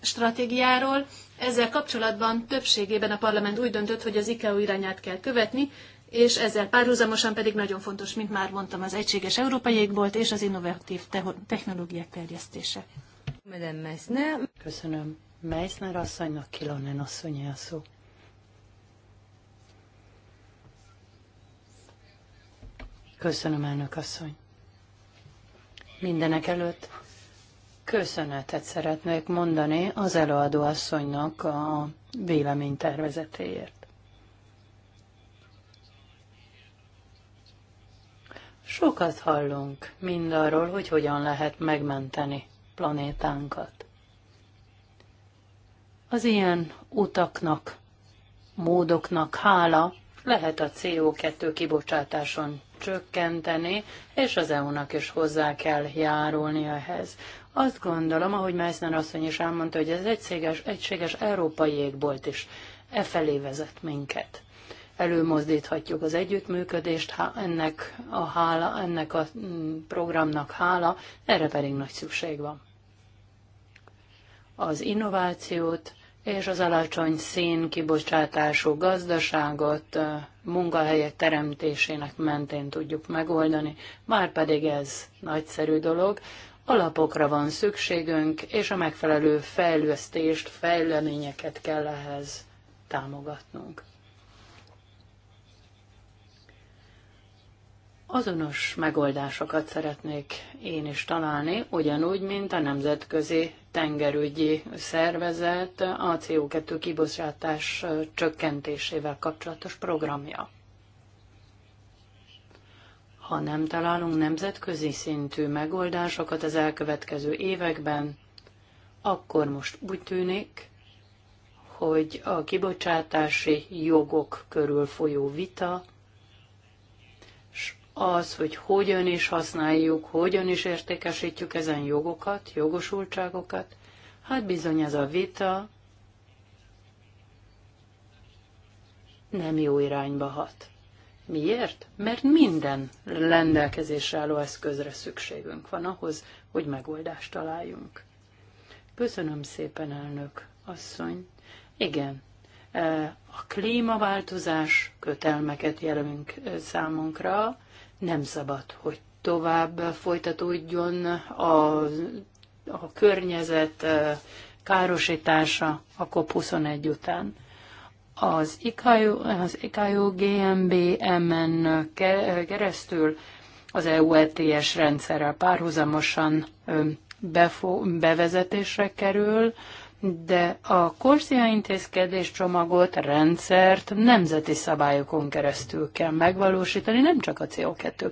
stratégiáról. Ezzel kapcsolatban többségében a parlament úgy döntött, hogy az ICAO irányát kell követni, és ezzel párhuzamosan pedig nagyon fontos, mint már mondtam, az egységes európai égbolt és az innovatív technológiák terjesztése. Köszönöm. Meissner asszonynak, Kilonen a szó. Köszönöm, elnök asszony. Mindenek előtt köszönetet szeretnék mondani az előadó asszonynak a véleménytervezetéért. Sokat hallunk mindarról, hogy hogyan lehet megmenteni planétánkat. Az ilyen utaknak, módoknak hála lehet a CO2 kibocsátáson csökkenteni, és az EU-nak is hozzá kell járulni ehhez. Azt gondolom, ahogy Meissner asszony is elmondta, hogy ez egységes, egységes európai égbolt is e felé vezet minket. Előmozdíthatjuk az együttműködést ennek a, hála, ennek a mm, programnak hála, erre pedig nagy szükség van az innovációt és az alacsony szén kibocsátású gazdaságot munkahelyek teremtésének mentén tudjuk megoldani, márpedig ez nagyszerű dolog. Alapokra van szükségünk, és a megfelelő fejlesztést, fejleményeket kell ehhez támogatnunk. Azonos megoldásokat szeretnék én is találni, ugyanúgy, mint a Nemzetközi Tengerügyi Szervezet a CO2 kibocsátás csökkentésével kapcsolatos programja. Ha nem találunk nemzetközi szintű megoldásokat az elkövetkező években, akkor most úgy tűnik, hogy a kibocsátási jogok körül folyó vita az, hogy hogyan is használjuk, hogyan is értékesítjük ezen jogokat, jogosultságokat, hát bizony ez a vita nem jó irányba hat. Miért? Mert minden rendelkezésre álló eszközre szükségünk van ahhoz, hogy megoldást találjunk. Köszönöm szépen, elnök asszony. Igen, eh, a klímaváltozás kötelmeket jelölünk eh, számunkra, nem szabad, hogy tovább folytatódjon a, a környezet károsítása a COP21 után. Az ICAO, az ICAO GMBM-en keresztül az EU ETS rendszerrel párhuzamosan befo- bevezetésre kerül de a Korszia intézkedés csomagot, rendszert nemzeti szabályokon keresztül kell megvalósítani, nem csak a CO2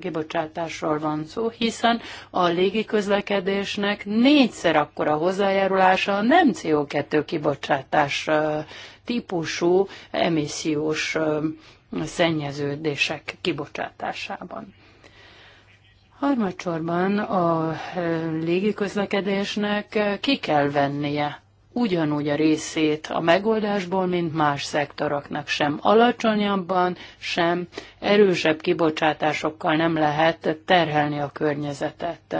kibocsátásról van szó, hiszen a légiközlekedésnek négyszer akkora hozzájárulása a nem CO2 kibocsátás típusú emissziós szennyeződések kibocsátásában. Harmadsorban a e, légiközlekedésnek ki kell vennie ugyanúgy a részét a megoldásból, mint más szektoroknak sem. Alacsonyabban, sem erősebb kibocsátásokkal nem lehet terhelni a környezetet.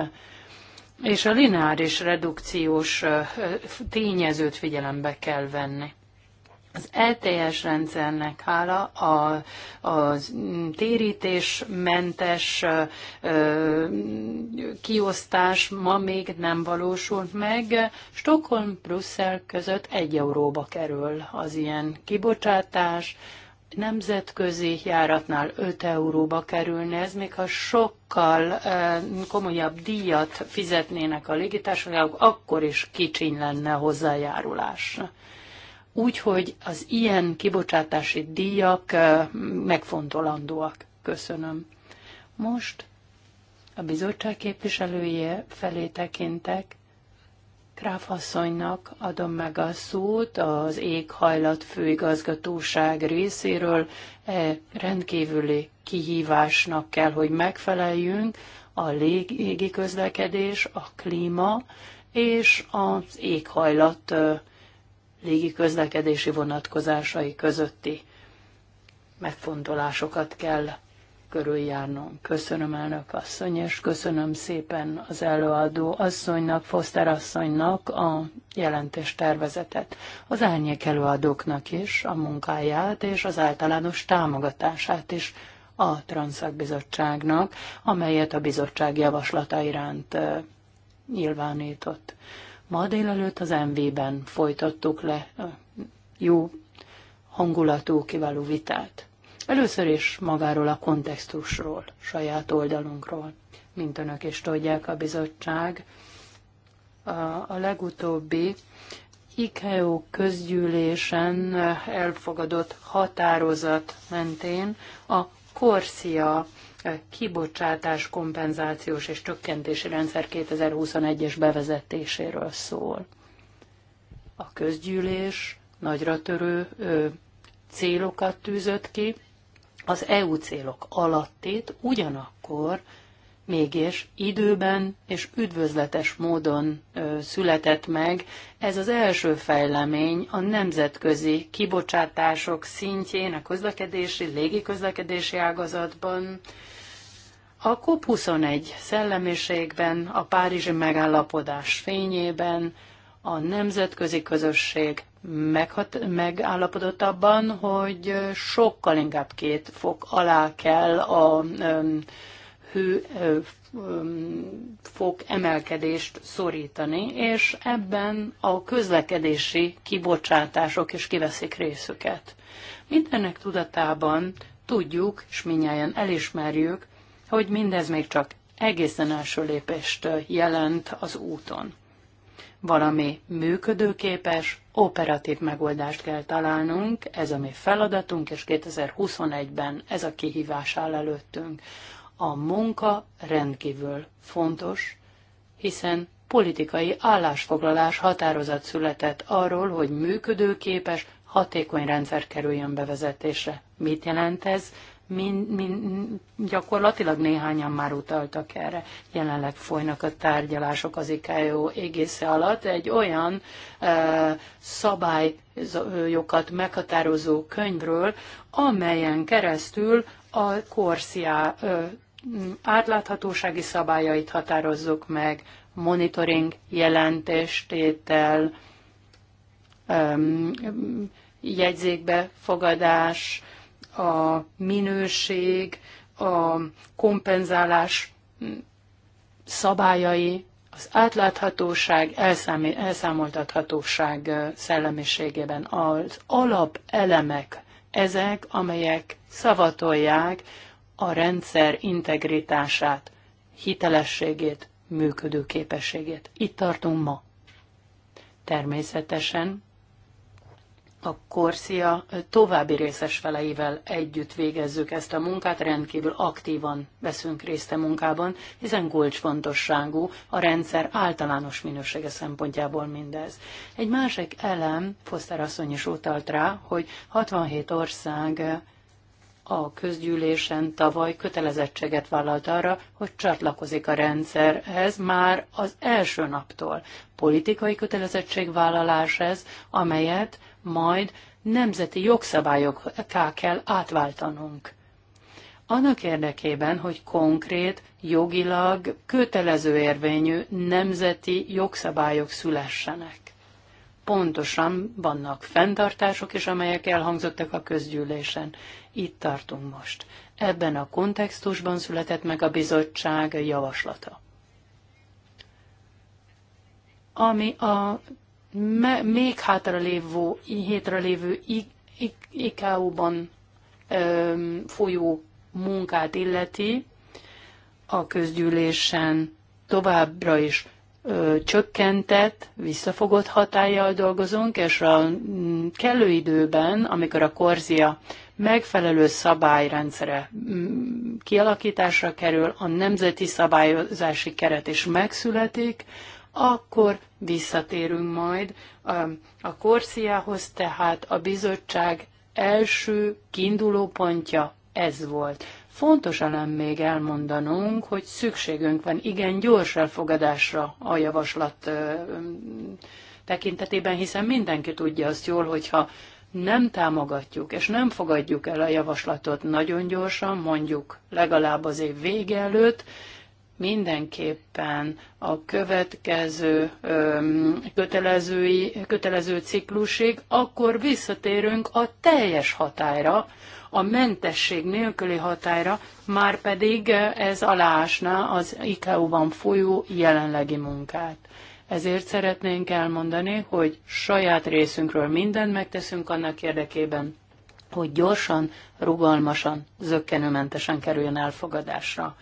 És a lineáris redukciós e, tényezőt figyelembe kell venni. Az ETS rendszernek hála a, a térítésmentes ö, kiosztás ma még nem valósult meg. Stockholm-Brüsszel között egy euróba kerül az ilyen kibocsátás, nemzetközi járatnál 5 euróba kerülne, ez még ha sokkal komolyabb díjat fizetnének a légitársaságok, akkor is kicsiny lenne hozzájárulás úgyhogy az ilyen kibocsátási díjak megfontolandóak. Köszönöm. Most a bizottság képviselője felé tekintek. Gráf asszonynak adom meg a szót az éghajlat főigazgatóság részéről. E rendkívüli kihívásnak kell, hogy megfeleljünk a légi közlekedés, a klíma és az éghajlat légi közlekedési vonatkozásai közötti megfontolásokat kell körüljárnom. Köszönöm elnök asszony, és köszönöm szépen az előadó asszonynak, Foster asszonynak a jelentés tervezetet, az árnyék előadóknak is a munkáját és az általános támogatását is a Transzakbizottságnak, amelyet a bizottság javaslata iránt nyilvánított. Ma délelőtt az MV-ben folytattuk le a jó hangulatú, kiváló vitát. Először is magáról a kontextusról, saját oldalunkról. Mint önök is tudják, a bizottság a, a legutóbbi IKEO közgyűlésen elfogadott határozat mentén a Korszia kibocsátás kompenzációs és csökkentési rendszer 2021-es bevezetéséről szól. A közgyűlés nagyra törő ö, célokat tűzött ki, az EU célok alattét ugyanakkor mégis időben és üdvözletes módon ö, született meg. Ez az első fejlemény a nemzetközi kibocsátások szintjén a közlekedési, légiközlekedési ágazatban. A COP21 szellemiségben, a Párizsi megállapodás fényében a nemzetközi közösség meghat- megállapodott abban, hogy sokkal inkább két fok alá kell a ö, hő emelkedést szorítani, és ebben a közlekedési kibocsátások is kiveszik részüket. Mindennek tudatában tudjuk, és minnyáján elismerjük, hogy mindez még csak egészen első lépést jelent az úton. Valami működőképes, operatív megoldást kell találnunk, ez a mi feladatunk, és 2021-ben ez a kihívás áll előttünk. A munka rendkívül fontos, hiszen politikai állásfoglalás határozat született arról, hogy működőképes, hatékony rendszer kerüljön bevezetésre. Mit jelent ez? Min, min, gyakorlatilag néhányan már utaltak erre. Jelenleg folynak a tárgyalások az IKEO égésze alatt egy olyan e, szabályokat meghatározó könyvről, amelyen keresztül a e, átláthatósági szabályait határozzuk meg, monitoring jelentéstétel, jegyzékbefogadás, a minőség, a kompenzálás szabályai, az átláthatóság, elszámi, elszámoltathatóság szellemiségében az alapelemek ezek, amelyek szavatolják a rendszer integritását, hitelességét, működőképességét. Itt tartunk ma. Természetesen a Korszia további részes feleivel együtt végezzük ezt a munkát, rendkívül aktívan veszünk részt a munkában, hiszen kulcsfontosságú a rendszer általános minősége szempontjából mindez. Egy másik elem, Foster asszony is utalt rá, hogy 67 ország a közgyűlésen tavaly kötelezettséget vállalt arra, hogy csatlakozik a rendszerhez már az első naptól. Politikai kötelezettségvállalás ez, amelyet majd nemzeti jogszabályokká kell átváltanunk. Annak érdekében, hogy konkrét, jogilag kötelező érvényű nemzeti jogszabályok szülessenek pontosan vannak fenntartások is, amelyek elhangzottak a közgyűlésen. Itt tartunk most. Ebben a kontextusban született meg a bizottság javaslata. Ami a még hétre lévő ICAO-ban folyó munkát illeti, a közgyűlésen továbbra is ö, csökkentett, visszafogott hatállyal dolgozunk, és a kellő időben, amikor a korzia megfelelő szabályrendszere kialakításra kerül, a nemzeti szabályozási keret is megszületik, akkor visszatérünk majd a korsziához, tehát a bizottság első kiindulópontja ez volt. Fontos elem még elmondanunk, hogy szükségünk van igen gyors elfogadásra a javaslat tekintetében, hiszen mindenki tudja azt jól, hogyha nem támogatjuk és nem fogadjuk el a javaslatot nagyon gyorsan, mondjuk legalább az év vége előtt, mindenképpen a következő kötelezői, kötelező ciklusig, akkor visszatérünk a teljes hatályra, a mentesség nélküli hatályra, már pedig ez aláásná az ICAO-ban folyó jelenlegi munkát. Ezért szeretnénk elmondani, hogy saját részünkről mindent megteszünk annak érdekében, hogy gyorsan, rugalmasan, zöggenőmentesen kerüljön elfogadásra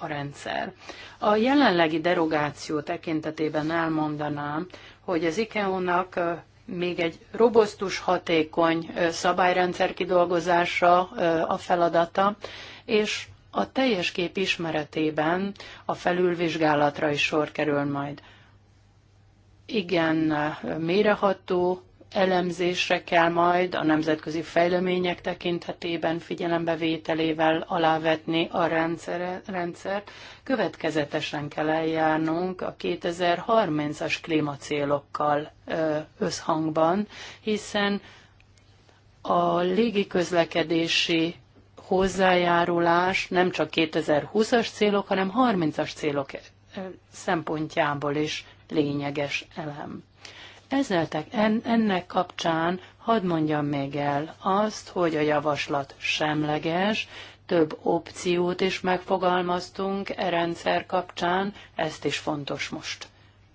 a rendszer. A jelenlegi derogáció tekintetében elmondanám, hogy az ICAO-nak még egy robosztus, hatékony szabályrendszer kidolgozása a feladata, és a teljes kép ismeretében a felülvizsgálatra is sor kerül majd. Igen, méreható elemzésre kell majd a nemzetközi fejlemények tekintetében figyelembevételével alávetni a rendszere, rendszert. Következetesen kell eljárnunk a 2030-as klímacélokkal összhangban, hiszen a légiközlekedési hozzájárulás nem csak 2020-as célok, hanem 30-as célok szempontjából is lényeges elem. Ezeltek en, ennek kapcsán hadd mondjam még el azt, hogy a javaslat semleges, több opciót is megfogalmaztunk e rendszer kapcsán, ezt is fontos most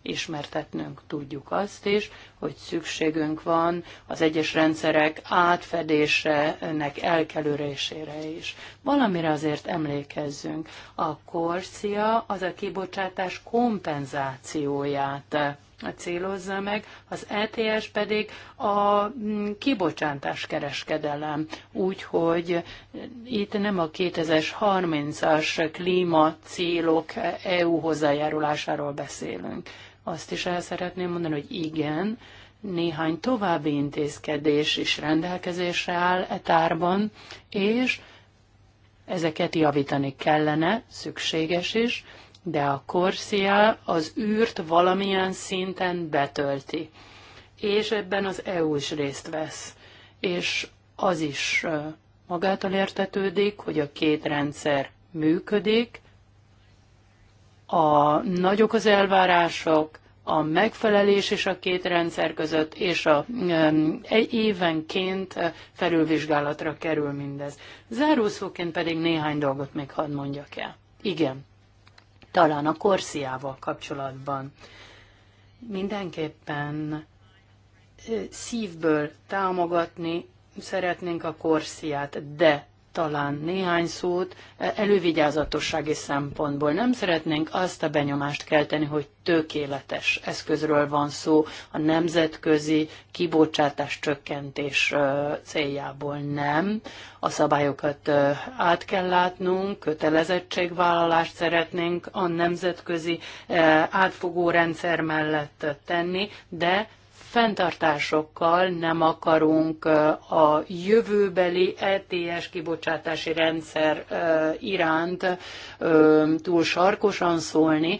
ismertetnünk tudjuk azt is, hogy szükségünk van az egyes rendszerek átfedésének elkelőrésére is. Valamire azért emlékezzünk. A korszia az a kibocsátás kompenzációját célozza meg, az ETS pedig a mm, kibocsátás kereskedelem, úgyhogy itt nem a 2030-as klíma célok EU hozzájárulásáról beszélünk. Azt is el szeretném mondani, hogy igen, néhány további intézkedés is rendelkezésre áll e tárban, és ezeket javítani kellene, szükséges is, de a korszia az űrt valamilyen szinten betölti. És ebben az EU is részt vesz. És az is magától értetődik, hogy a két rendszer működik, a nagyok az elvárások, a megfelelés és a két rendszer között, és a, egy évenként felülvizsgálatra kerül mindez. Zárószóként pedig néhány dolgot még hadd mondjak el. Igen, talán a korsziával kapcsolatban. Mindenképpen szívből támogatni szeretnénk a korsziát, de talán néhány szót e, elővigyázatossági szempontból. Nem szeretnénk azt a benyomást kelteni, hogy tökéletes eszközről van szó a nemzetközi kibocsátás csökkentés e, céljából. Nem. A szabályokat e, át kell látnunk, kötelezettségvállalást szeretnénk a nemzetközi átfogó rendszer mellett tenni, de fenntartásokkal nem akarunk a jövőbeli ETS kibocsátási rendszer iránt túl sarkosan szólni,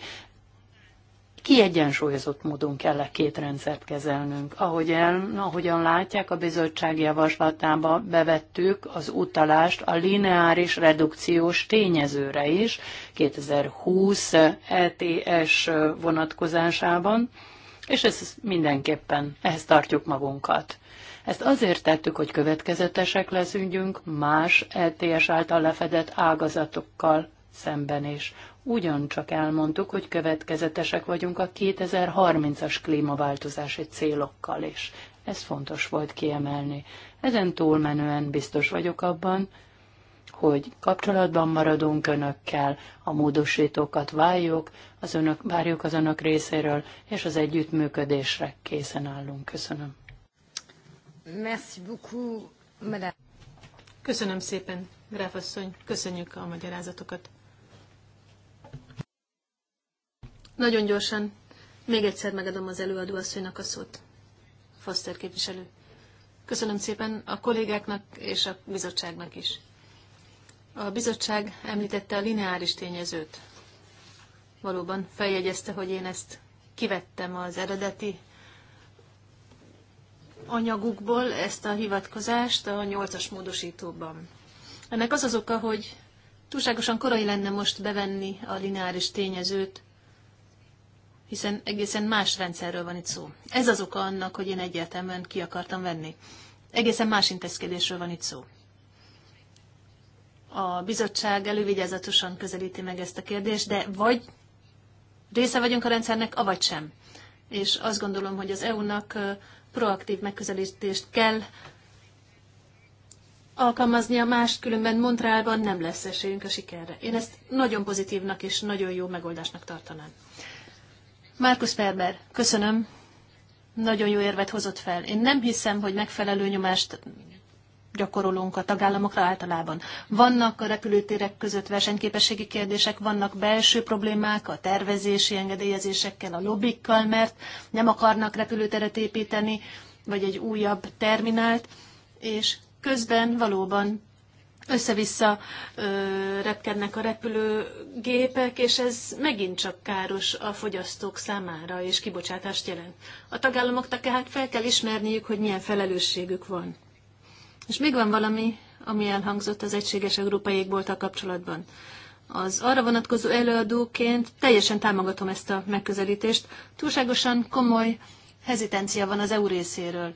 kiegyensúlyozott módon kell a két rendszert kezelnünk. Ahogy el, ahogyan látják, a bizottság javaslatába bevettük az utalást a lineáris redukciós tényezőre is 2020 ETS vonatkozásában. És ez mindenképpen, ehhez tartjuk magunkat. Ezt azért tettük, hogy következetesek leszünk más LTS által lefedett ágazatokkal szemben is. Ugyancsak elmondtuk, hogy következetesek vagyunk a 2030-as klímaváltozási célokkal is. Ez fontos volt kiemelni. Ezen túlmenően biztos vagyok abban, hogy kapcsolatban maradunk önökkel, a módosítókat várjuk az önök, várjuk az önök részéről, és az együttműködésre készen állunk. Köszönöm. Merci beaucoup, madame. Köszönöm szépen, gráfasszony. Köszönjük a magyarázatokat. Nagyon gyorsan, még egyszer megadom az előadó asszonynak a szót. Foster képviselő. Köszönöm szépen a kollégáknak és a bizottságnak is. A bizottság említette a lineáris tényezőt. Valóban feljegyezte, hogy én ezt kivettem az eredeti anyagukból, ezt a hivatkozást a nyolcas módosítóban. Ennek az az oka, hogy túlságosan korai lenne most bevenni a lineáris tényezőt, hiszen egészen más rendszerről van itt szó. Ez az oka annak, hogy én egyértelműen ki akartam venni. Egészen más intézkedésről van itt szó a bizottság elővigyázatosan közelíti meg ezt a kérdést, de vagy része vagyunk a rendszernek, avagy sem. És azt gondolom, hogy az EU-nak proaktív megközelítést kell alkalmaznia, más, különben Montrealban nem lesz esélyünk a sikerre. Én ezt nagyon pozitívnak és nagyon jó megoldásnak tartanám. Markus Ferber, köszönöm. Nagyon jó érvet hozott fel. Én nem hiszem, hogy megfelelő nyomást gyakorolunk a tagállamokra általában. Vannak a repülőtérek között versenyképességi kérdések, vannak belső problémák a tervezési engedélyezésekkel, a lobbikkal, mert nem akarnak repülőteret építeni, vagy egy újabb terminált, és közben valóban össze-vissza repkednek a repülőgépek, és ez megint csak káros a fogyasztók számára, és kibocsátást jelent. A tagállamoknak tehát fel kell ismerniük, hogy milyen felelősségük van. És még van valami, ami elhangzott az egységes európai égbolttal kapcsolatban. Az arra vonatkozó előadóként teljesen támogatom ezt a megközelítést. Túlságosan komoly hezitencia van az EU részéről,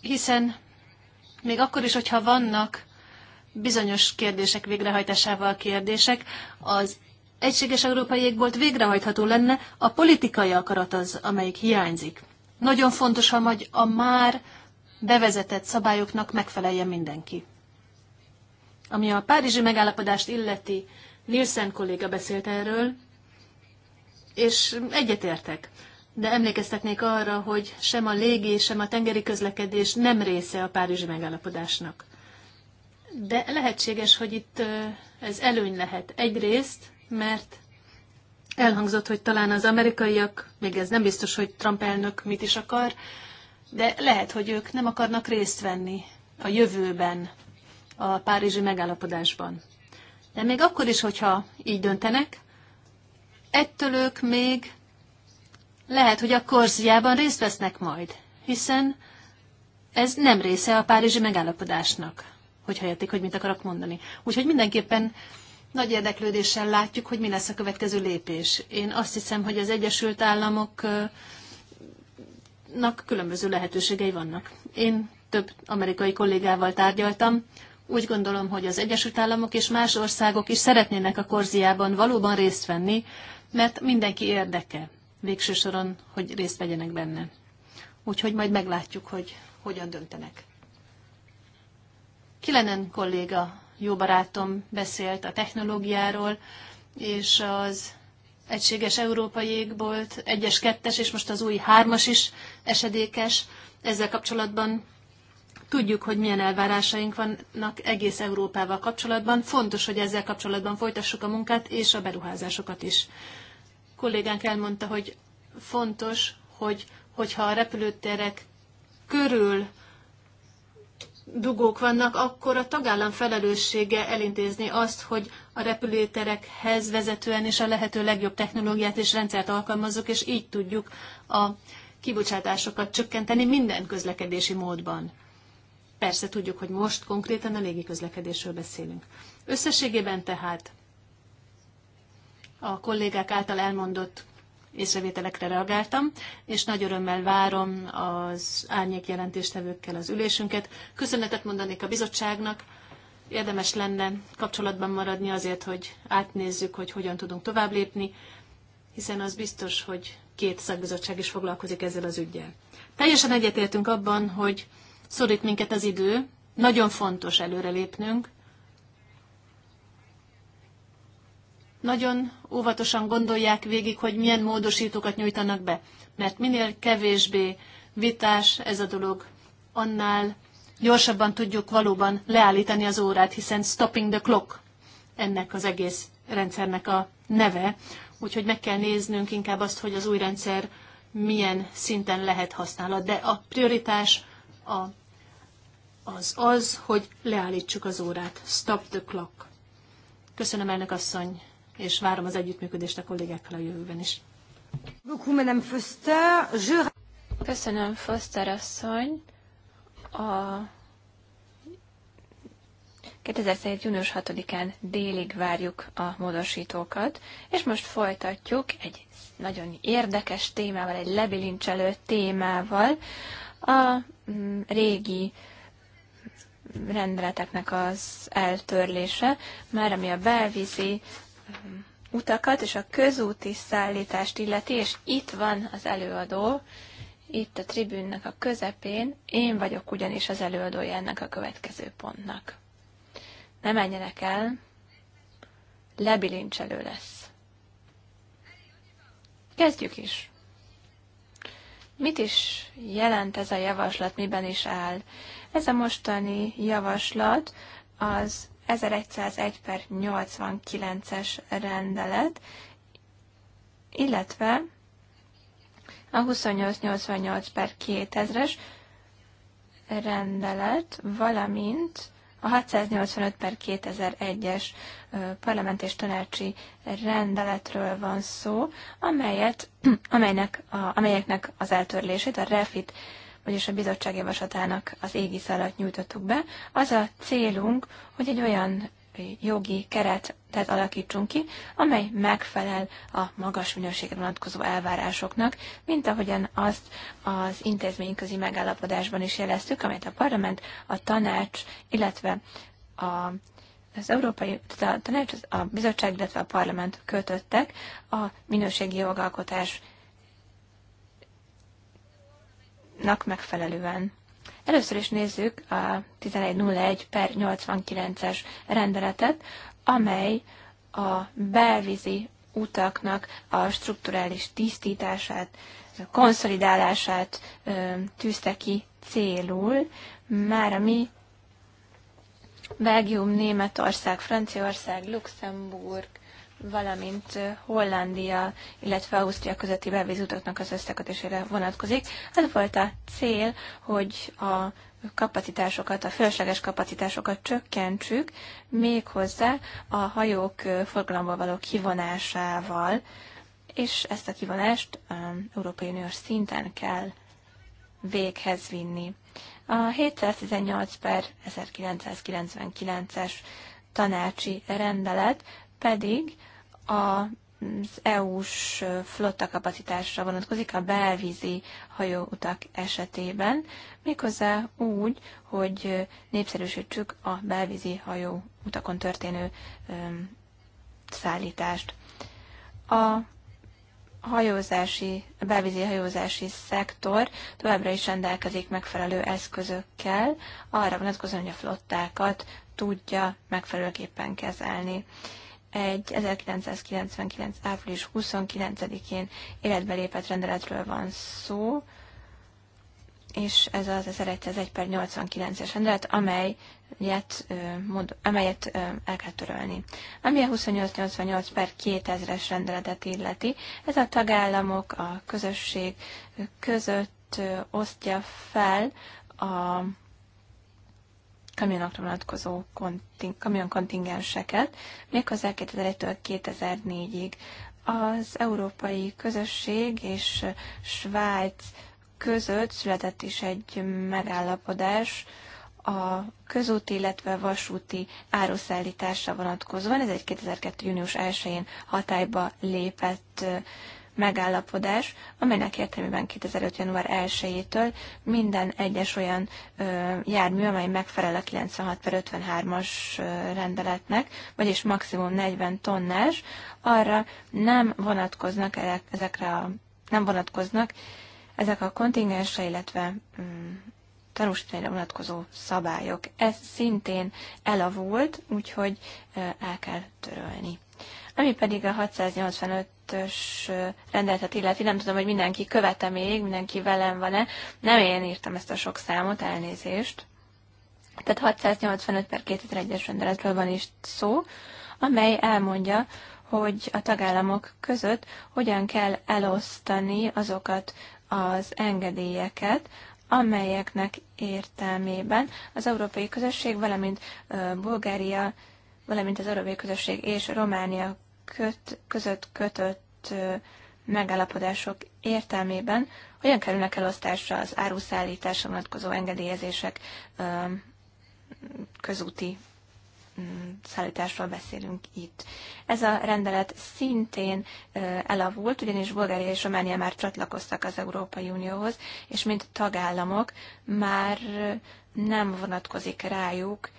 hiszen még akkor is, hogyha vannak bizonyos kérdések végrehajtásával kérdések, az egységes európai égbolt végrehajtható lenne, a politikai akarat az, amelyik hiányzik. Nagyon fontos ha a már bevezetett szabályoknak megfeleljen mindenki. Ami a párizsi megállapodást illeti, Nielsen kolléga beszélt erről, és egyetértek. De emlékeztetnék arra, hogy sem a légi, sem a tengeri közlekedés nem része a párizsi megállapodásnak. De lehetséges, hogy itt ez előny lehet. Egyrészt, mert elhangzott, hogy talán az amerikaiak, még ez nem biztos, hogy Trump elnök mit is akar, de lehet, hogy ők nem akarnak részt venni a jövőben, a párizsi megállapodásban. De még akkor is, hogyha így döntenek, ettől ők még lehet, hogy a korziában részt vesznek majd, hiszen ez nem része a párizsi megállapodásnak, hogyha értik, hogy mit akarok mondani. Úgyhogy mindenképpen nagy érdeklődéssel látjuk, hogy mi lesz a következő lépés. Én azt hiszem, hogy az Egyesült Államok nak különböző lehetőségei vannak. Én több amerikai kollégával tárgyaltam, úgy gondolom, hogy az Egyesült Államok és más országok is szeretnének a korziában valóban részt venni, mert mindenki érdeke végső soron, hogy részt vegyenek benne. Úgyhogy majd meglátjuk, hogy hogyan döntenek. Kilenen kolléga, jó barátom beszélt a technológiáról, és az egységes európai égbolt, egyes, kettes, és most az új hármas is esedékes. Ezzel kapcsolatban tudjuk, hogy milyen elvárásaink vannak egész Európával kapcsolatban. Fontos, hogy ezzel kapcsolatban folytassuk a munkát és a beruházásokat is. A kollégánk elmondta, hogy fontos, hogy hogyha a repülőterek körül dugók vannak, akkor a tagállam felelőssége elintézni azt, hogy a repülőterekhez vezetően is a lehető legjobb technológiát és rendszert alkalmazzuk, és így tudjuk a kibocsátásokat csökkenteni minden közlekedési módban. Persze tudjuk, hogy most konkrétan a légi közlekedésről beszélünk. Összességében tehát a kollégák által elmondott észrevételekre reagáltam, és nagy örömmel várom az árnyék jelentéstevőkkel az ülésünket. Köszönetet mondanék a bizottságnak, érdemes lenne kapcsolatban maradni azért, hogy átnézzük, hogy hogyan tudunk tovább lépni, hiszen az biztos, hogy két szakbizottság is foglalkozik ezzel az ügyel. Teljesen egyetértünk abban, hogy szorít minket az idő, nagyon fontos előrelépnünk, nagyon óvatosan gondolják végig, hogy milyen módosítókat nyújtanak be. Mert minél kevésbé vitás ez a dolog, annál gyorsabban tudjuk valóban leállítani az órát, hiszen stopping the clock ennek az egész rendszernek a neve. Úgyhogy meg kell néznünk inkább azt, hogy az új rendszer milyen szinten lehet használat. De a prioritás a, az az, hogy leállítsuk az órát. Stop the clock. Köszönöm, elnök asszony és várom az együttműködést a kollégákkal a jövőben is. Köszönöm, Foster asszony. A 2007. június 6-án délig várjuk a módosítókat, és most folytatjuk egy nagyon érdekes témával, egy lebilincselő témával, a mm, régi rendeleteknek az eltörlése, már ami a belvízi utakat és a közúti szállítást illeti, és itt van az előadó, itt a tribünnek a közepén, én vagyok ugyanis az előadója ennek a következő pontnak. Ne menjenek el, lebilincselő lesz. Kezdjük is. Mit is jelent ez a javaslat, miben is áll? Ez a mostani javaslat az 1101 per 89-es rendelet, illetve a 2888 per 2000-es rendelet, valamint a 685 per 2001-es parlament és tanácsi rendeletről van szó, amelyet, amelynek, a, amelyeknek az eltörlését a REFIT vagyis a bizottság javaslatának az égi szalat nyújtottuk be. Az a célunk, hogy egy olyan jogi keretet alakítsunk ki, amely megfelel a magas minőségre vonatkozó elvárásoknak, mint ahogyan azt az intézményközi megállapodásban is jeleztük, amelyet a parlament, a tanács, illetve a az Európai a Tanács, a Bizottság, illetve a Parlament kötöttek a minőségi jogalkotás nak megfelelően. Először is nézzük a 1101 per 89-es rendeletet, amely a belvízi utaknak a strukturális tisztítását, konszolidálását tűzte ki célul, már ami Belgium, Németország, Franciaország, Luxemburg, valamint Hollandia, illetve Ausztria közötti belvízutaknak az összekötésére vonatkozik. Ez volt a cél, hogy a kapacitásokat, a fölösleges kapacitásokat csökkentsük, méghozzá a hajók forgalomba való kivonásával, és ezt a kivonást um, Európai Uniós szinten kell véghez vinni. A 718 per 1999-es tanácsi rendelet pedig az EU-s flotta kapacitásra vonatkozik a belvízi hajóutak esetében, méghozzá úgy, hogy népszerűsítsük a belvízi hajóutakon történő szállítást. A hajózási, a belvízi hajózási szektor továbbra is rendelkezik megfelelő eszközökkel, arra vonatkozóan, hogy a flottákat tudja megfelelőképpen kezelni egy 1999. április 29-én életbe lépett rendeletről van szó, és ez az 1101 per 89-es rendelet, amelyet, amelyet el kell törölni. Ami a 2888 per 2000-es rendeletet illeti, ez a tagállamok a közösség között osztja fel a kamionokra vonatkozó konting, kontingenseket, méghozzá 2001-től 2004-ig. Az európai közösség és Svájc között született is egy megállapodás a közúti, illetve vasúti áruszállításra vonatkozóan. Ez egy 2002. június 1-én hatályba lépett megállapodás, amelynek értelmében 2005. január 1-től minden egyes olyan ö, jármű, amely megfelel a 96 per 53-as rendeletnek, vagyis maximum 40 tonnás, arra nem vonatkoznak e-, ezekre a, nem vonatkoznak ezek a kontingensre, illetve mm, tanúsítványra vonatkozó szabályok. Ez szintén elavult, úgyhogy el kell törölni. Ami pedig a 685-ös rendeletet illeti, nem tudom, hogy mindenki követe még, mindenki velem van-e. Nem én írtam ezt a sok számot, elnézést. Tehát 685 per 2001-es rendeletről van is szó, amely elmondja, hogy a tagállamok között hogyan kell elosztani azokat az engedélyeket, amelyeknek értelmében az Európai Közösség, valamint Bulgária, valamint az Európai Közösség és Románia köt, között kötött megállapodások értelmében hogyan kerülnek elosztásra az áruszállításra vonatkozó engedélyezések közúti mm, szállításról beszélünk itt. Ez a rendelet szintén elavult, ugyanis Bulgária és Románia már csatlakoztak az Európai Unióhoz, és mint tagállamok már nem vonatkozik rájuk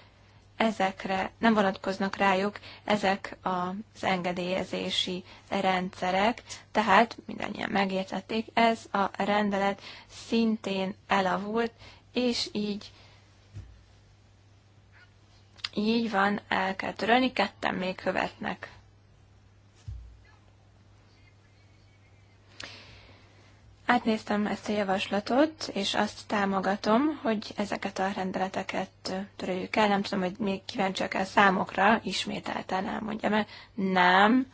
ezekre nem vonatkoznak rájuk ezek az engedélyezési rendszerek, tehát mindannyian megértették, ez a rendelet szintén elavult, és így így van, el kell törölni, ketten még követnek. Átnéztem ezt a javaslatot, és azt támogatom, hogy ezeket a rendeleteket töröljük el. Nem tudom, hogy még kíváncsiak el számokra, ismételten elmondjam mert Nem.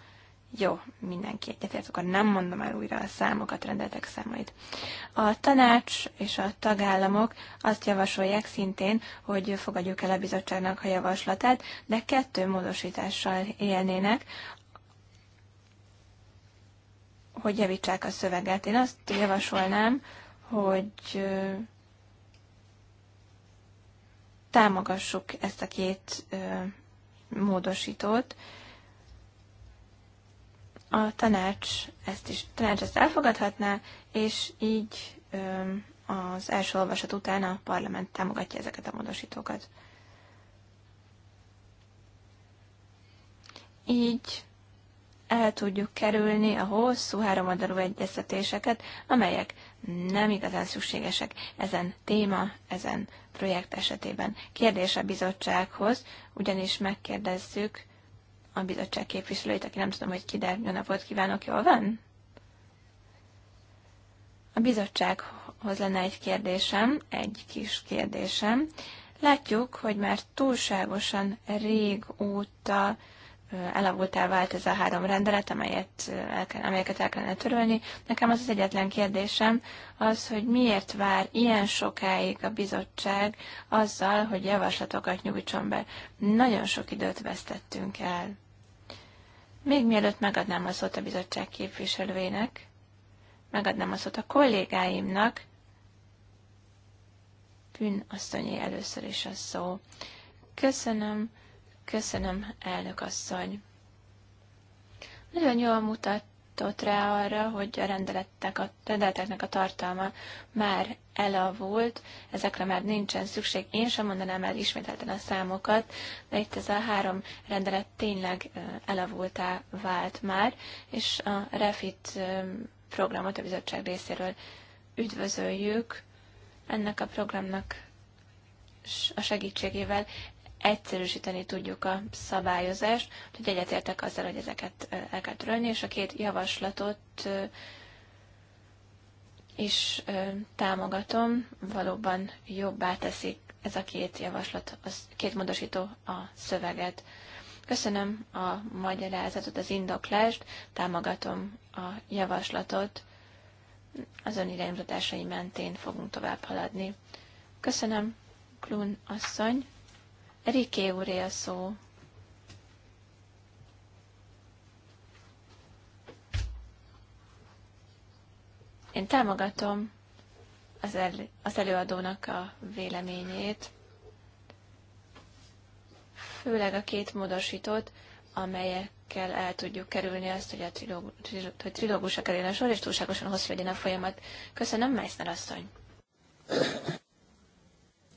Jó, mindenki egyetért, akkor nem mondom el újra a számokat, rendeltek számait. A tanács és a tagállamok azt javasolják szintén, hogy fogadjuk el a bizottságnak a javaslatát, de kettő módosítással élnének, hogy javítsák a szöveget. Én azt javasolnám, hogy támogassuk ezt a két módosítót. A tanács ezt is tanács ezt elfogadhatná, és így az első olvasat után a parlament támogatja ezeket a módosítókat. Így el tudjuk kerülni a hosszú háromadalú egyeztetéseket, amelyek nem igazán szükségesek ezen téma, ezen projekt esetében. Kérdés a bizottsághoz, ugyanis megkérdezzük a bizottság képviselőit, aki nem tudom, hogy ki, de jó napot kívánok, jól van? A bizottsághoz lenne egy kérdésem, egy kis kérdésem. Látjuk, hogy már túlságosan régóta Elavultál vált ez a három rendelet, amelyet el kell, amelyeket el kellene törölni. Nekem az az egyetlen kérdésem az, hogy miért vár ilyen sokáig a bizottság azzal, hogy javaslatokat nyújtson be. Nagyon sok időt vesztettünk el. Még mielőtt megadnám a szót a bizottság képviselőjének, megadnám a szót a kollégáimnak, bűnasszonyi először is a szó. Köszönöm Köszönöm, elnök asszony. Nagyon jól mutatott rá arra, hogy a rendeletek a, rendeleteknek a tartalma már elavult, ezekre már nincsen szükség. Én sem mondanám el ismételten a számokat, de itt ez a három rendelet tényleg elavultá vált már, és a Refit programot a bizottság részéről üdvözöljük. Ennek a programnak a segítségével egyszerűsíteni tudjuk a szabályozást, hogy egyetértek azzal, hogy ezeket el kell törölni, és a két javaslatot is támogatom, valóban jobbá teszik ez a két javaslat, az két módosító a szöveget. Köszönöm a magyarázatot, az indoklást, támogatom a javaslatot, az ön iránymutatásai mentén fogunk tovább haladni. Köszönöm, Klun asszony. Riké úré a szó. Én támogatom az, el, az előadónak a véleményét, főleg a két módosítót, amelyekkel el tudjuk kerülni azt, hogy a trilóg, trilóg, hogy kerüljön a sor, és túlságosan hosszú legyen a folyamat. Köszönöm, Meissner asszony!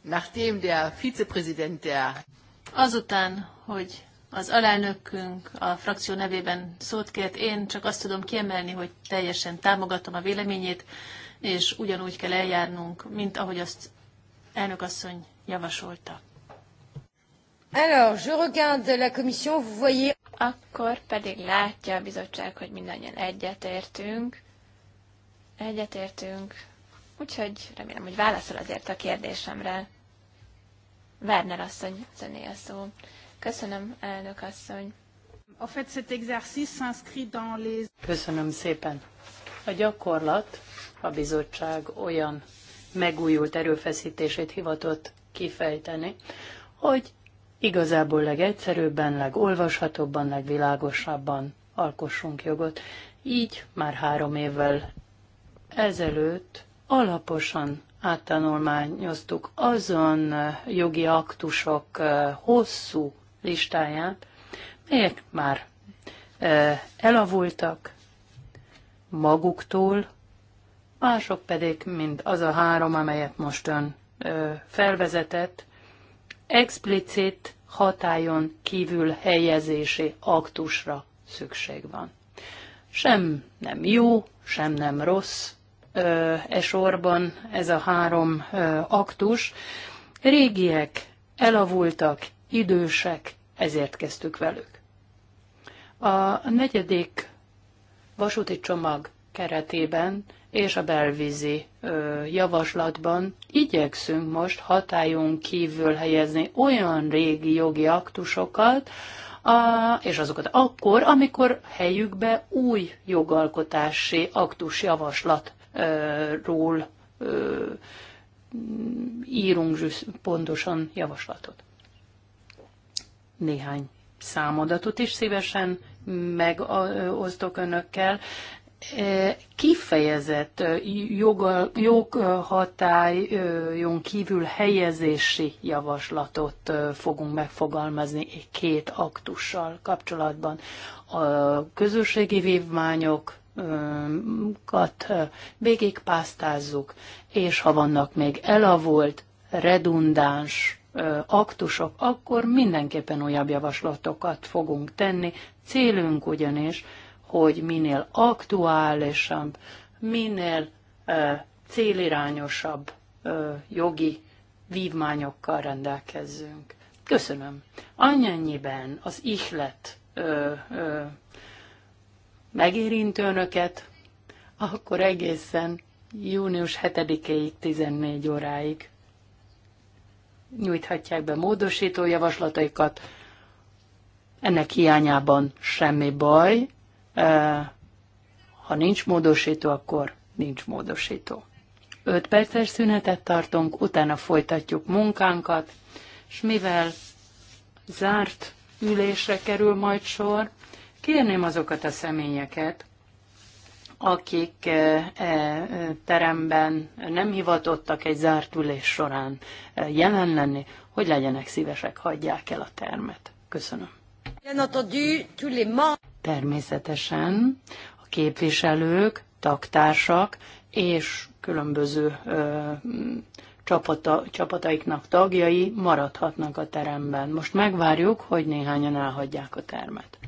nachdem der Vizepräsident der Azután, hogy az alelnökünk a frakció nevében szót kért, én csak azt tudom kiemelni, hogy teljesen támogatom a véleményét, és ugyanúgy kell eljárnunk, mint ahogy azt elnökasszony javasolta. Alors, je regarde la commission, vous voyez... Akkor pedig látja a bizottság, hogy mindannyian egyetértünk. Egyetértünk. Úgyhogy remélem, hogy válaszol azért a kérdésemre. Werner asszony, zené a szó. Köszönöm, elnök asszony. Köszönöm szépen. A gyakorlat a bizottság olyan megújult erőfeszítését hivatott kifejteni, hogy igazából legegyszerűbben, legolvashatóbban, legvilágosabban alkossunk jogot. Így már három évvel ezelőtt alaposan áttanulmányoztuk azon jogi aktusok eh, hosszú listáját, melyek már eh, elavultak maguktól, mások pedig, mint az a három, amelyet most ön eh, felvezetett, explicit hatájon kívül helyezési aktusra szükség van. Sem nem jó, sem nem rossz, e sorban ez a három aktus. Régiek, elavultak, idősek, ezért kezdtük velük. A negyedik vasúti csomag keretében és a belvízi ö, javaslatban igyekszünk most hatályon kívül helyezni olyan régi jogi aktusokat, a, és azokat akkor, amikor helyükbe új jogalkotási aktus javaslat ról írunk pontosan javaslatot. Néhány számadatot is szívesen megosztok önökkel. Kifejezett joghatályon kívül helyezési javaslatot fogunk megfogalmazni két aktussal kapcsolatban. A közösségi vívmányok kat végigpásztázzuk, és ha vannak még elavult, redundáns aktusok, akkor mindenképpen újabb javaslatokat fogunk tenni. Célunk ugyanis, hogy minél aktuálisabb, minél célirányosabb jogi vívmányokkal rendelkezzünk. Köszönöm. Annyiben az ihlet ö, ö, megérint önöket, akkor egészen június 7-ig 14 óráig nyújthatják be módosító javaslataikat. Ennek hiányában semmi baj. Ha nincs módosító, akkor nincs módosító. 5 perces szünetet tartunk, utána folytatjuk munkánkat, és mivel zárt ülésre kerül majd sor, Kérném azokat a személyeket, akik eh, eh, teremben nem hivatottak egy zárt ülés során eh, jelen lenni, hogy legyenek szívesek, hagyják el a termet. Köszönöm. Természetesen a képviselők, tagtársak és különböző ö, csapata, csapataiknak tagjai maradhatnak a teremben. Most megvárjuk, hogy néhányan elhagyják a termet.